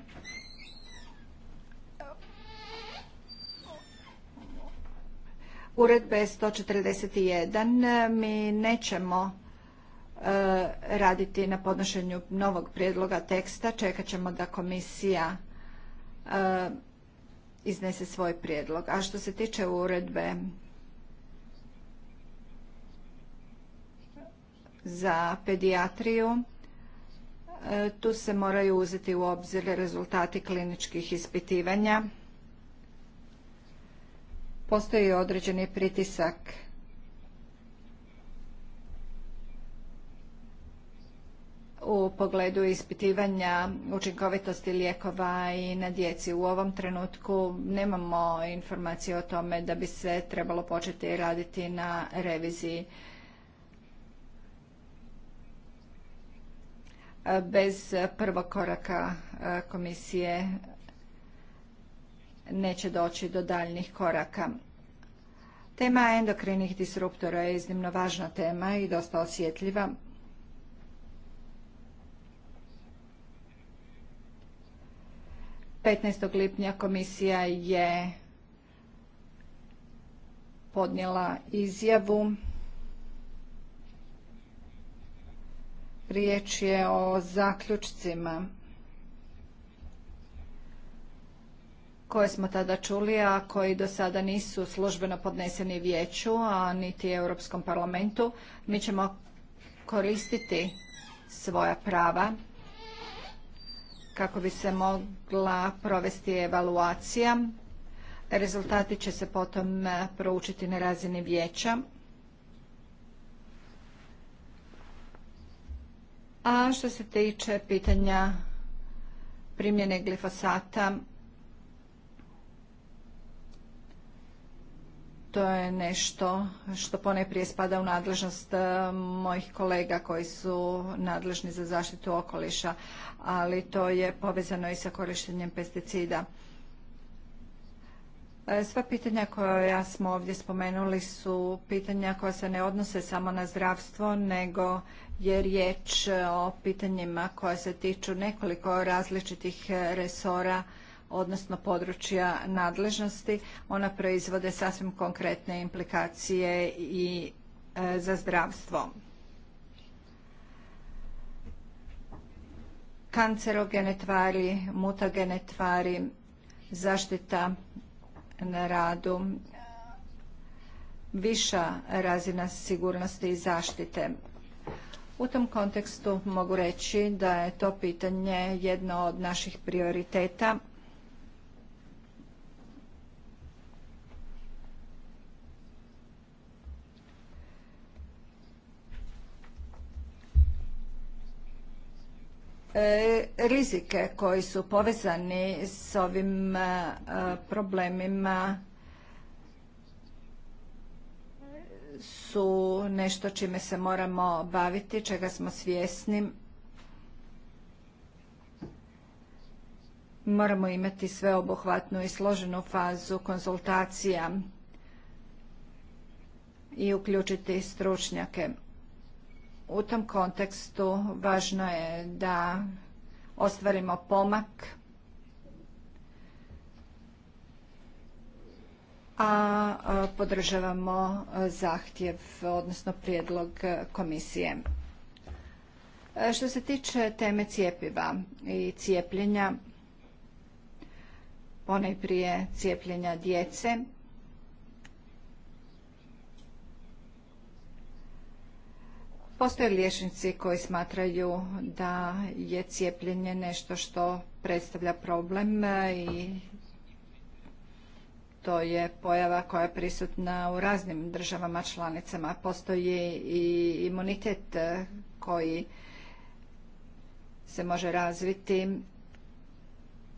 uredbe 141, mi nećemo e, raditi na podnošenju novog prijedloga teksta. Čekat ćemo da komisija e, iznese svoj prijedlog. A što se tiče uredbe za pedijatriju, tu se moraju uzeti u obzir rezultati kliničkih ispitivanja. Postoji određeni pritisak u pogledu ispitivanja učinkovitosti lijekova i na djeci. U ovom trenutku nemamo informacije o tome da bi se trebalo početi raditi na reviziji bez prvog koraka e, komisije neće doći do daljnjih koraka. Tema endokrinih disruptora je iznimno važna tema i dosta osjetljiva. petnaest lipnja komisija je podnijela izjavu Riječ je o zaključcima koje smo tada čuli, a koji do sada nisu službeno podneseni vijeću, a niti Europskom parlamentu. Mi ćemo koristiti svoja prava kako bi se mogla provesti evaluacija. Rezultati će se potom proučiti na razini vijeća. A što se tiče pitanja primjene glifosata, to je nešto što prije spada u nadležnost e, mojih kolega koji su nadležni za zaštitu okoliša, ali to je povezano i sa korištenjem pesticida. E, sva pitanja koja smo ovdje spomenuli su pitanja koja se ne odnose samo na zdravstvo, nego je riječ o pitanjima koja se tiču nekoliko različitih resora, odnosno područja nadležnosti. Ona proizvode sasvim konkretne implikacije i e, za zdravstvo. Kancerogene tvari, mutagene tvari, zaštita na radu, viša razina sigurnosti i zaštite. U tom kontekstu mogu reći da je to pitanje jedno od naših prioriteta E, rizike koji su povezani s ovim e, problemima su nešto čime se moramo baviti, čega smo svjesni. Moramo imati sveobuhvatnu i složenu fazu konzultacija i uključiti stručnjake. U tom kontekstu važno je da ostvarimo pomak, a podržavamo zahtjev, odnosno prijedlog komisije. E, što se tiče teme cijepiva i cijepljenja, ponajprije cijepljenja djece, Postoje liječnici koji smatraju da je cijepljenje nešto što predstavlja problem i to je pojava koja je prisutna u raznim državama članicama. Postoji i imunitet koji se može razviti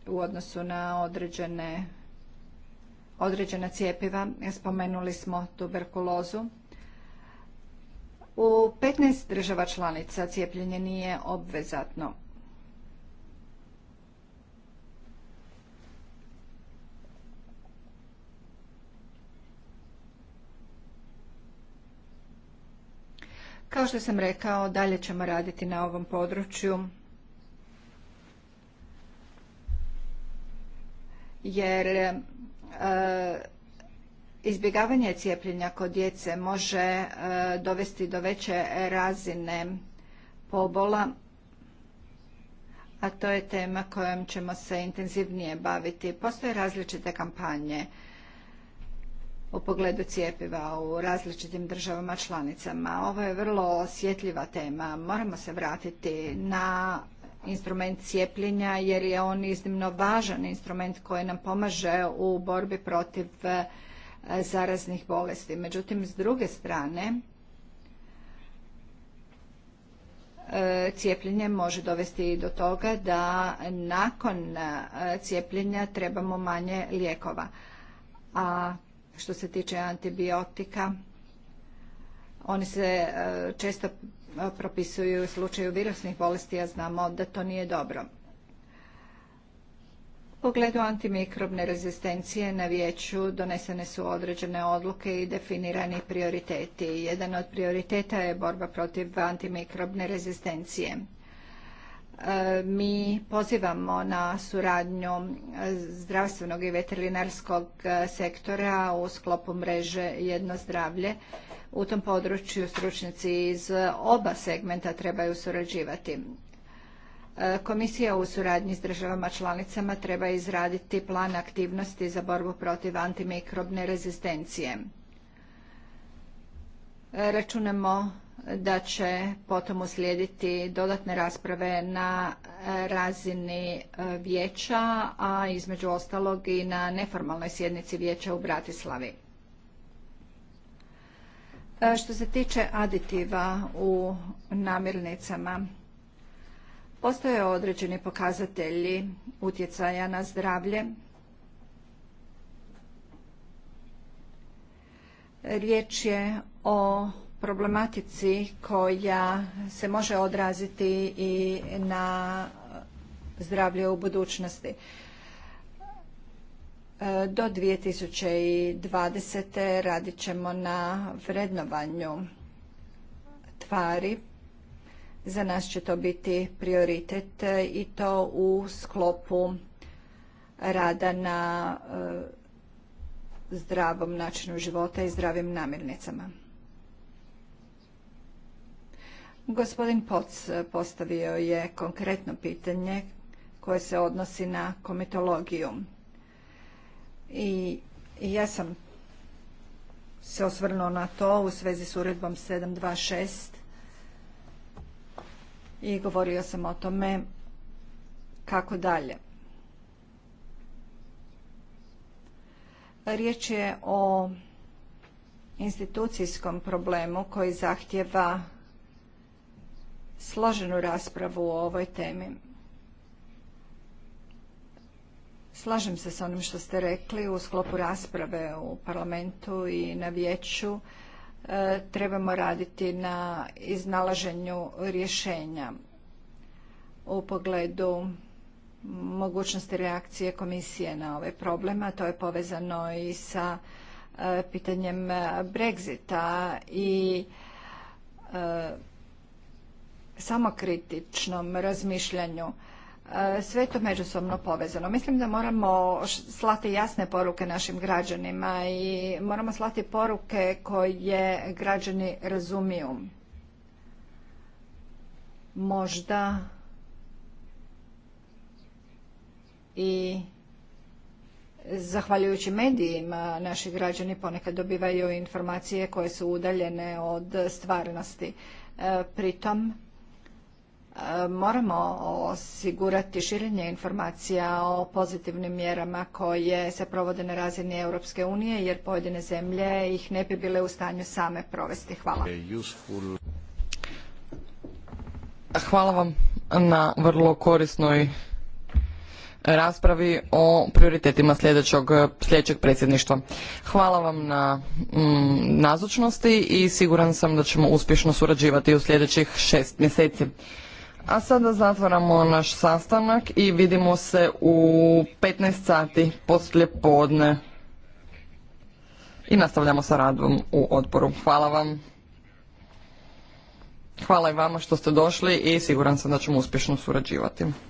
u odnosu na određene, određena cijepiva. Spomenuli smo tuberkulozu. U 15 država članica cijepljenje nije obvezatno. Kao što sam rekao, dalje ćemo raditi na ovom području. Jer e, Izbjegavanje cijepljenja kod djece može e, dovesti do veće razine pobola, a to je tema kojom ćemo se intenzivnije baviti. Postoje različite kampanje u pogledu cijepiva u različitim državama članicama. Ovo je vrlo osjetljiva tema. Moramo se vratiti na instrument cijepljenja jer je on iznimno važan instrument koji nam pomaže u borbi protiv E, zaraznih bolesti. Međutim, s druge strane, e, cijepljenje može dovesti i do toga da nakon e, cijepljenja trebamo manje lijekova. A što se tiče antibiotika, oni se često propisuju u slučaju virusnih bolesti, a znamo da to nije dobro pogledu antimikrobne rezistencije na vijeću donesene su određene odluke i definirani prioriteti. Jedan od prioriteta je borba protiv antimikrobne rezistencije. E, mi pozivamo na suradnju zdravstvenog i veterinarskog sektora u sklopu mreže Jedno zdravlje. U tom području stručnjaci iz oba segmenta trebaju surađivati. Komisija u suradnji s državama članicama treba izraditi plan aktivnosti za borbu protiv antimikrobne rezistencije. Računamo da će potom uslijediti dodatne rasprave na razini e, vijeća, a između ostalog i na neformalnoj sjednici vijeća u Bratislavi. E, što se tiče aditiva u namirnicama, Postoje određeni pokazatelji utjecaja na zdravlje. Riječ je o problematici koja se može odraziti i na zdravlje u budućnosti. Do 2020. radit ćemo na vrednovanju tvari za nas će to biti prioritet e, i to u sklopu rada na e, zdravom načinu života i zdravim namirnicama. Gospodin Poc postavio je konkretno pitanje koje se odnosi na komitologiju. I ja sam se osvrnuo na to u svezi s uredbom 726 i govorio sam o tome kako dalje. Riječ je o institucijskom problemu koji zahtjeva složenu raspravu o ovoj temi. Slažem se s onim što ste rekli u sklopu rasprave u parlamentu i na vijeću E, trebamo raditi na iznalaženju rješenja u pogledu mogućnosti reakcije komisije na ove problem, to je povezano i sa e, pitanjem e, Brexita i samokritičnom razmišljanju E, sve to međusobno povezano. Mislim da moramo slati jasne poruke našim građanima i moramo slati poruke koje građani razumiju. Možda i zahvaljujući medijima naši građani ponekad dobivaju informacije koje su udaljene od stvarnosti. E, pritom moramo osigurati širenje informacija o pozitivnim mjerama koje se provode na razini Europske unije jer pojedine zemlje ih ne bi bile u stanju same provesti. Hvala. Hvala vam na vrlo korisnoj raspravi o prioritetima sljedećeg, sljedećeg predsjedništva. Hvala vam na mm, nazočnosti i siguran sam da ćemo uspješno surađivati u sljedećih šest mjeseci. A sada zatvaramo naš sastanak i vidimo se u 15 sati poslije podne. I nastavljamo sa radom u odboru. Hvala vam. Hvala i vama što ste došli i siguran sam da ćemo uspješno surađivati.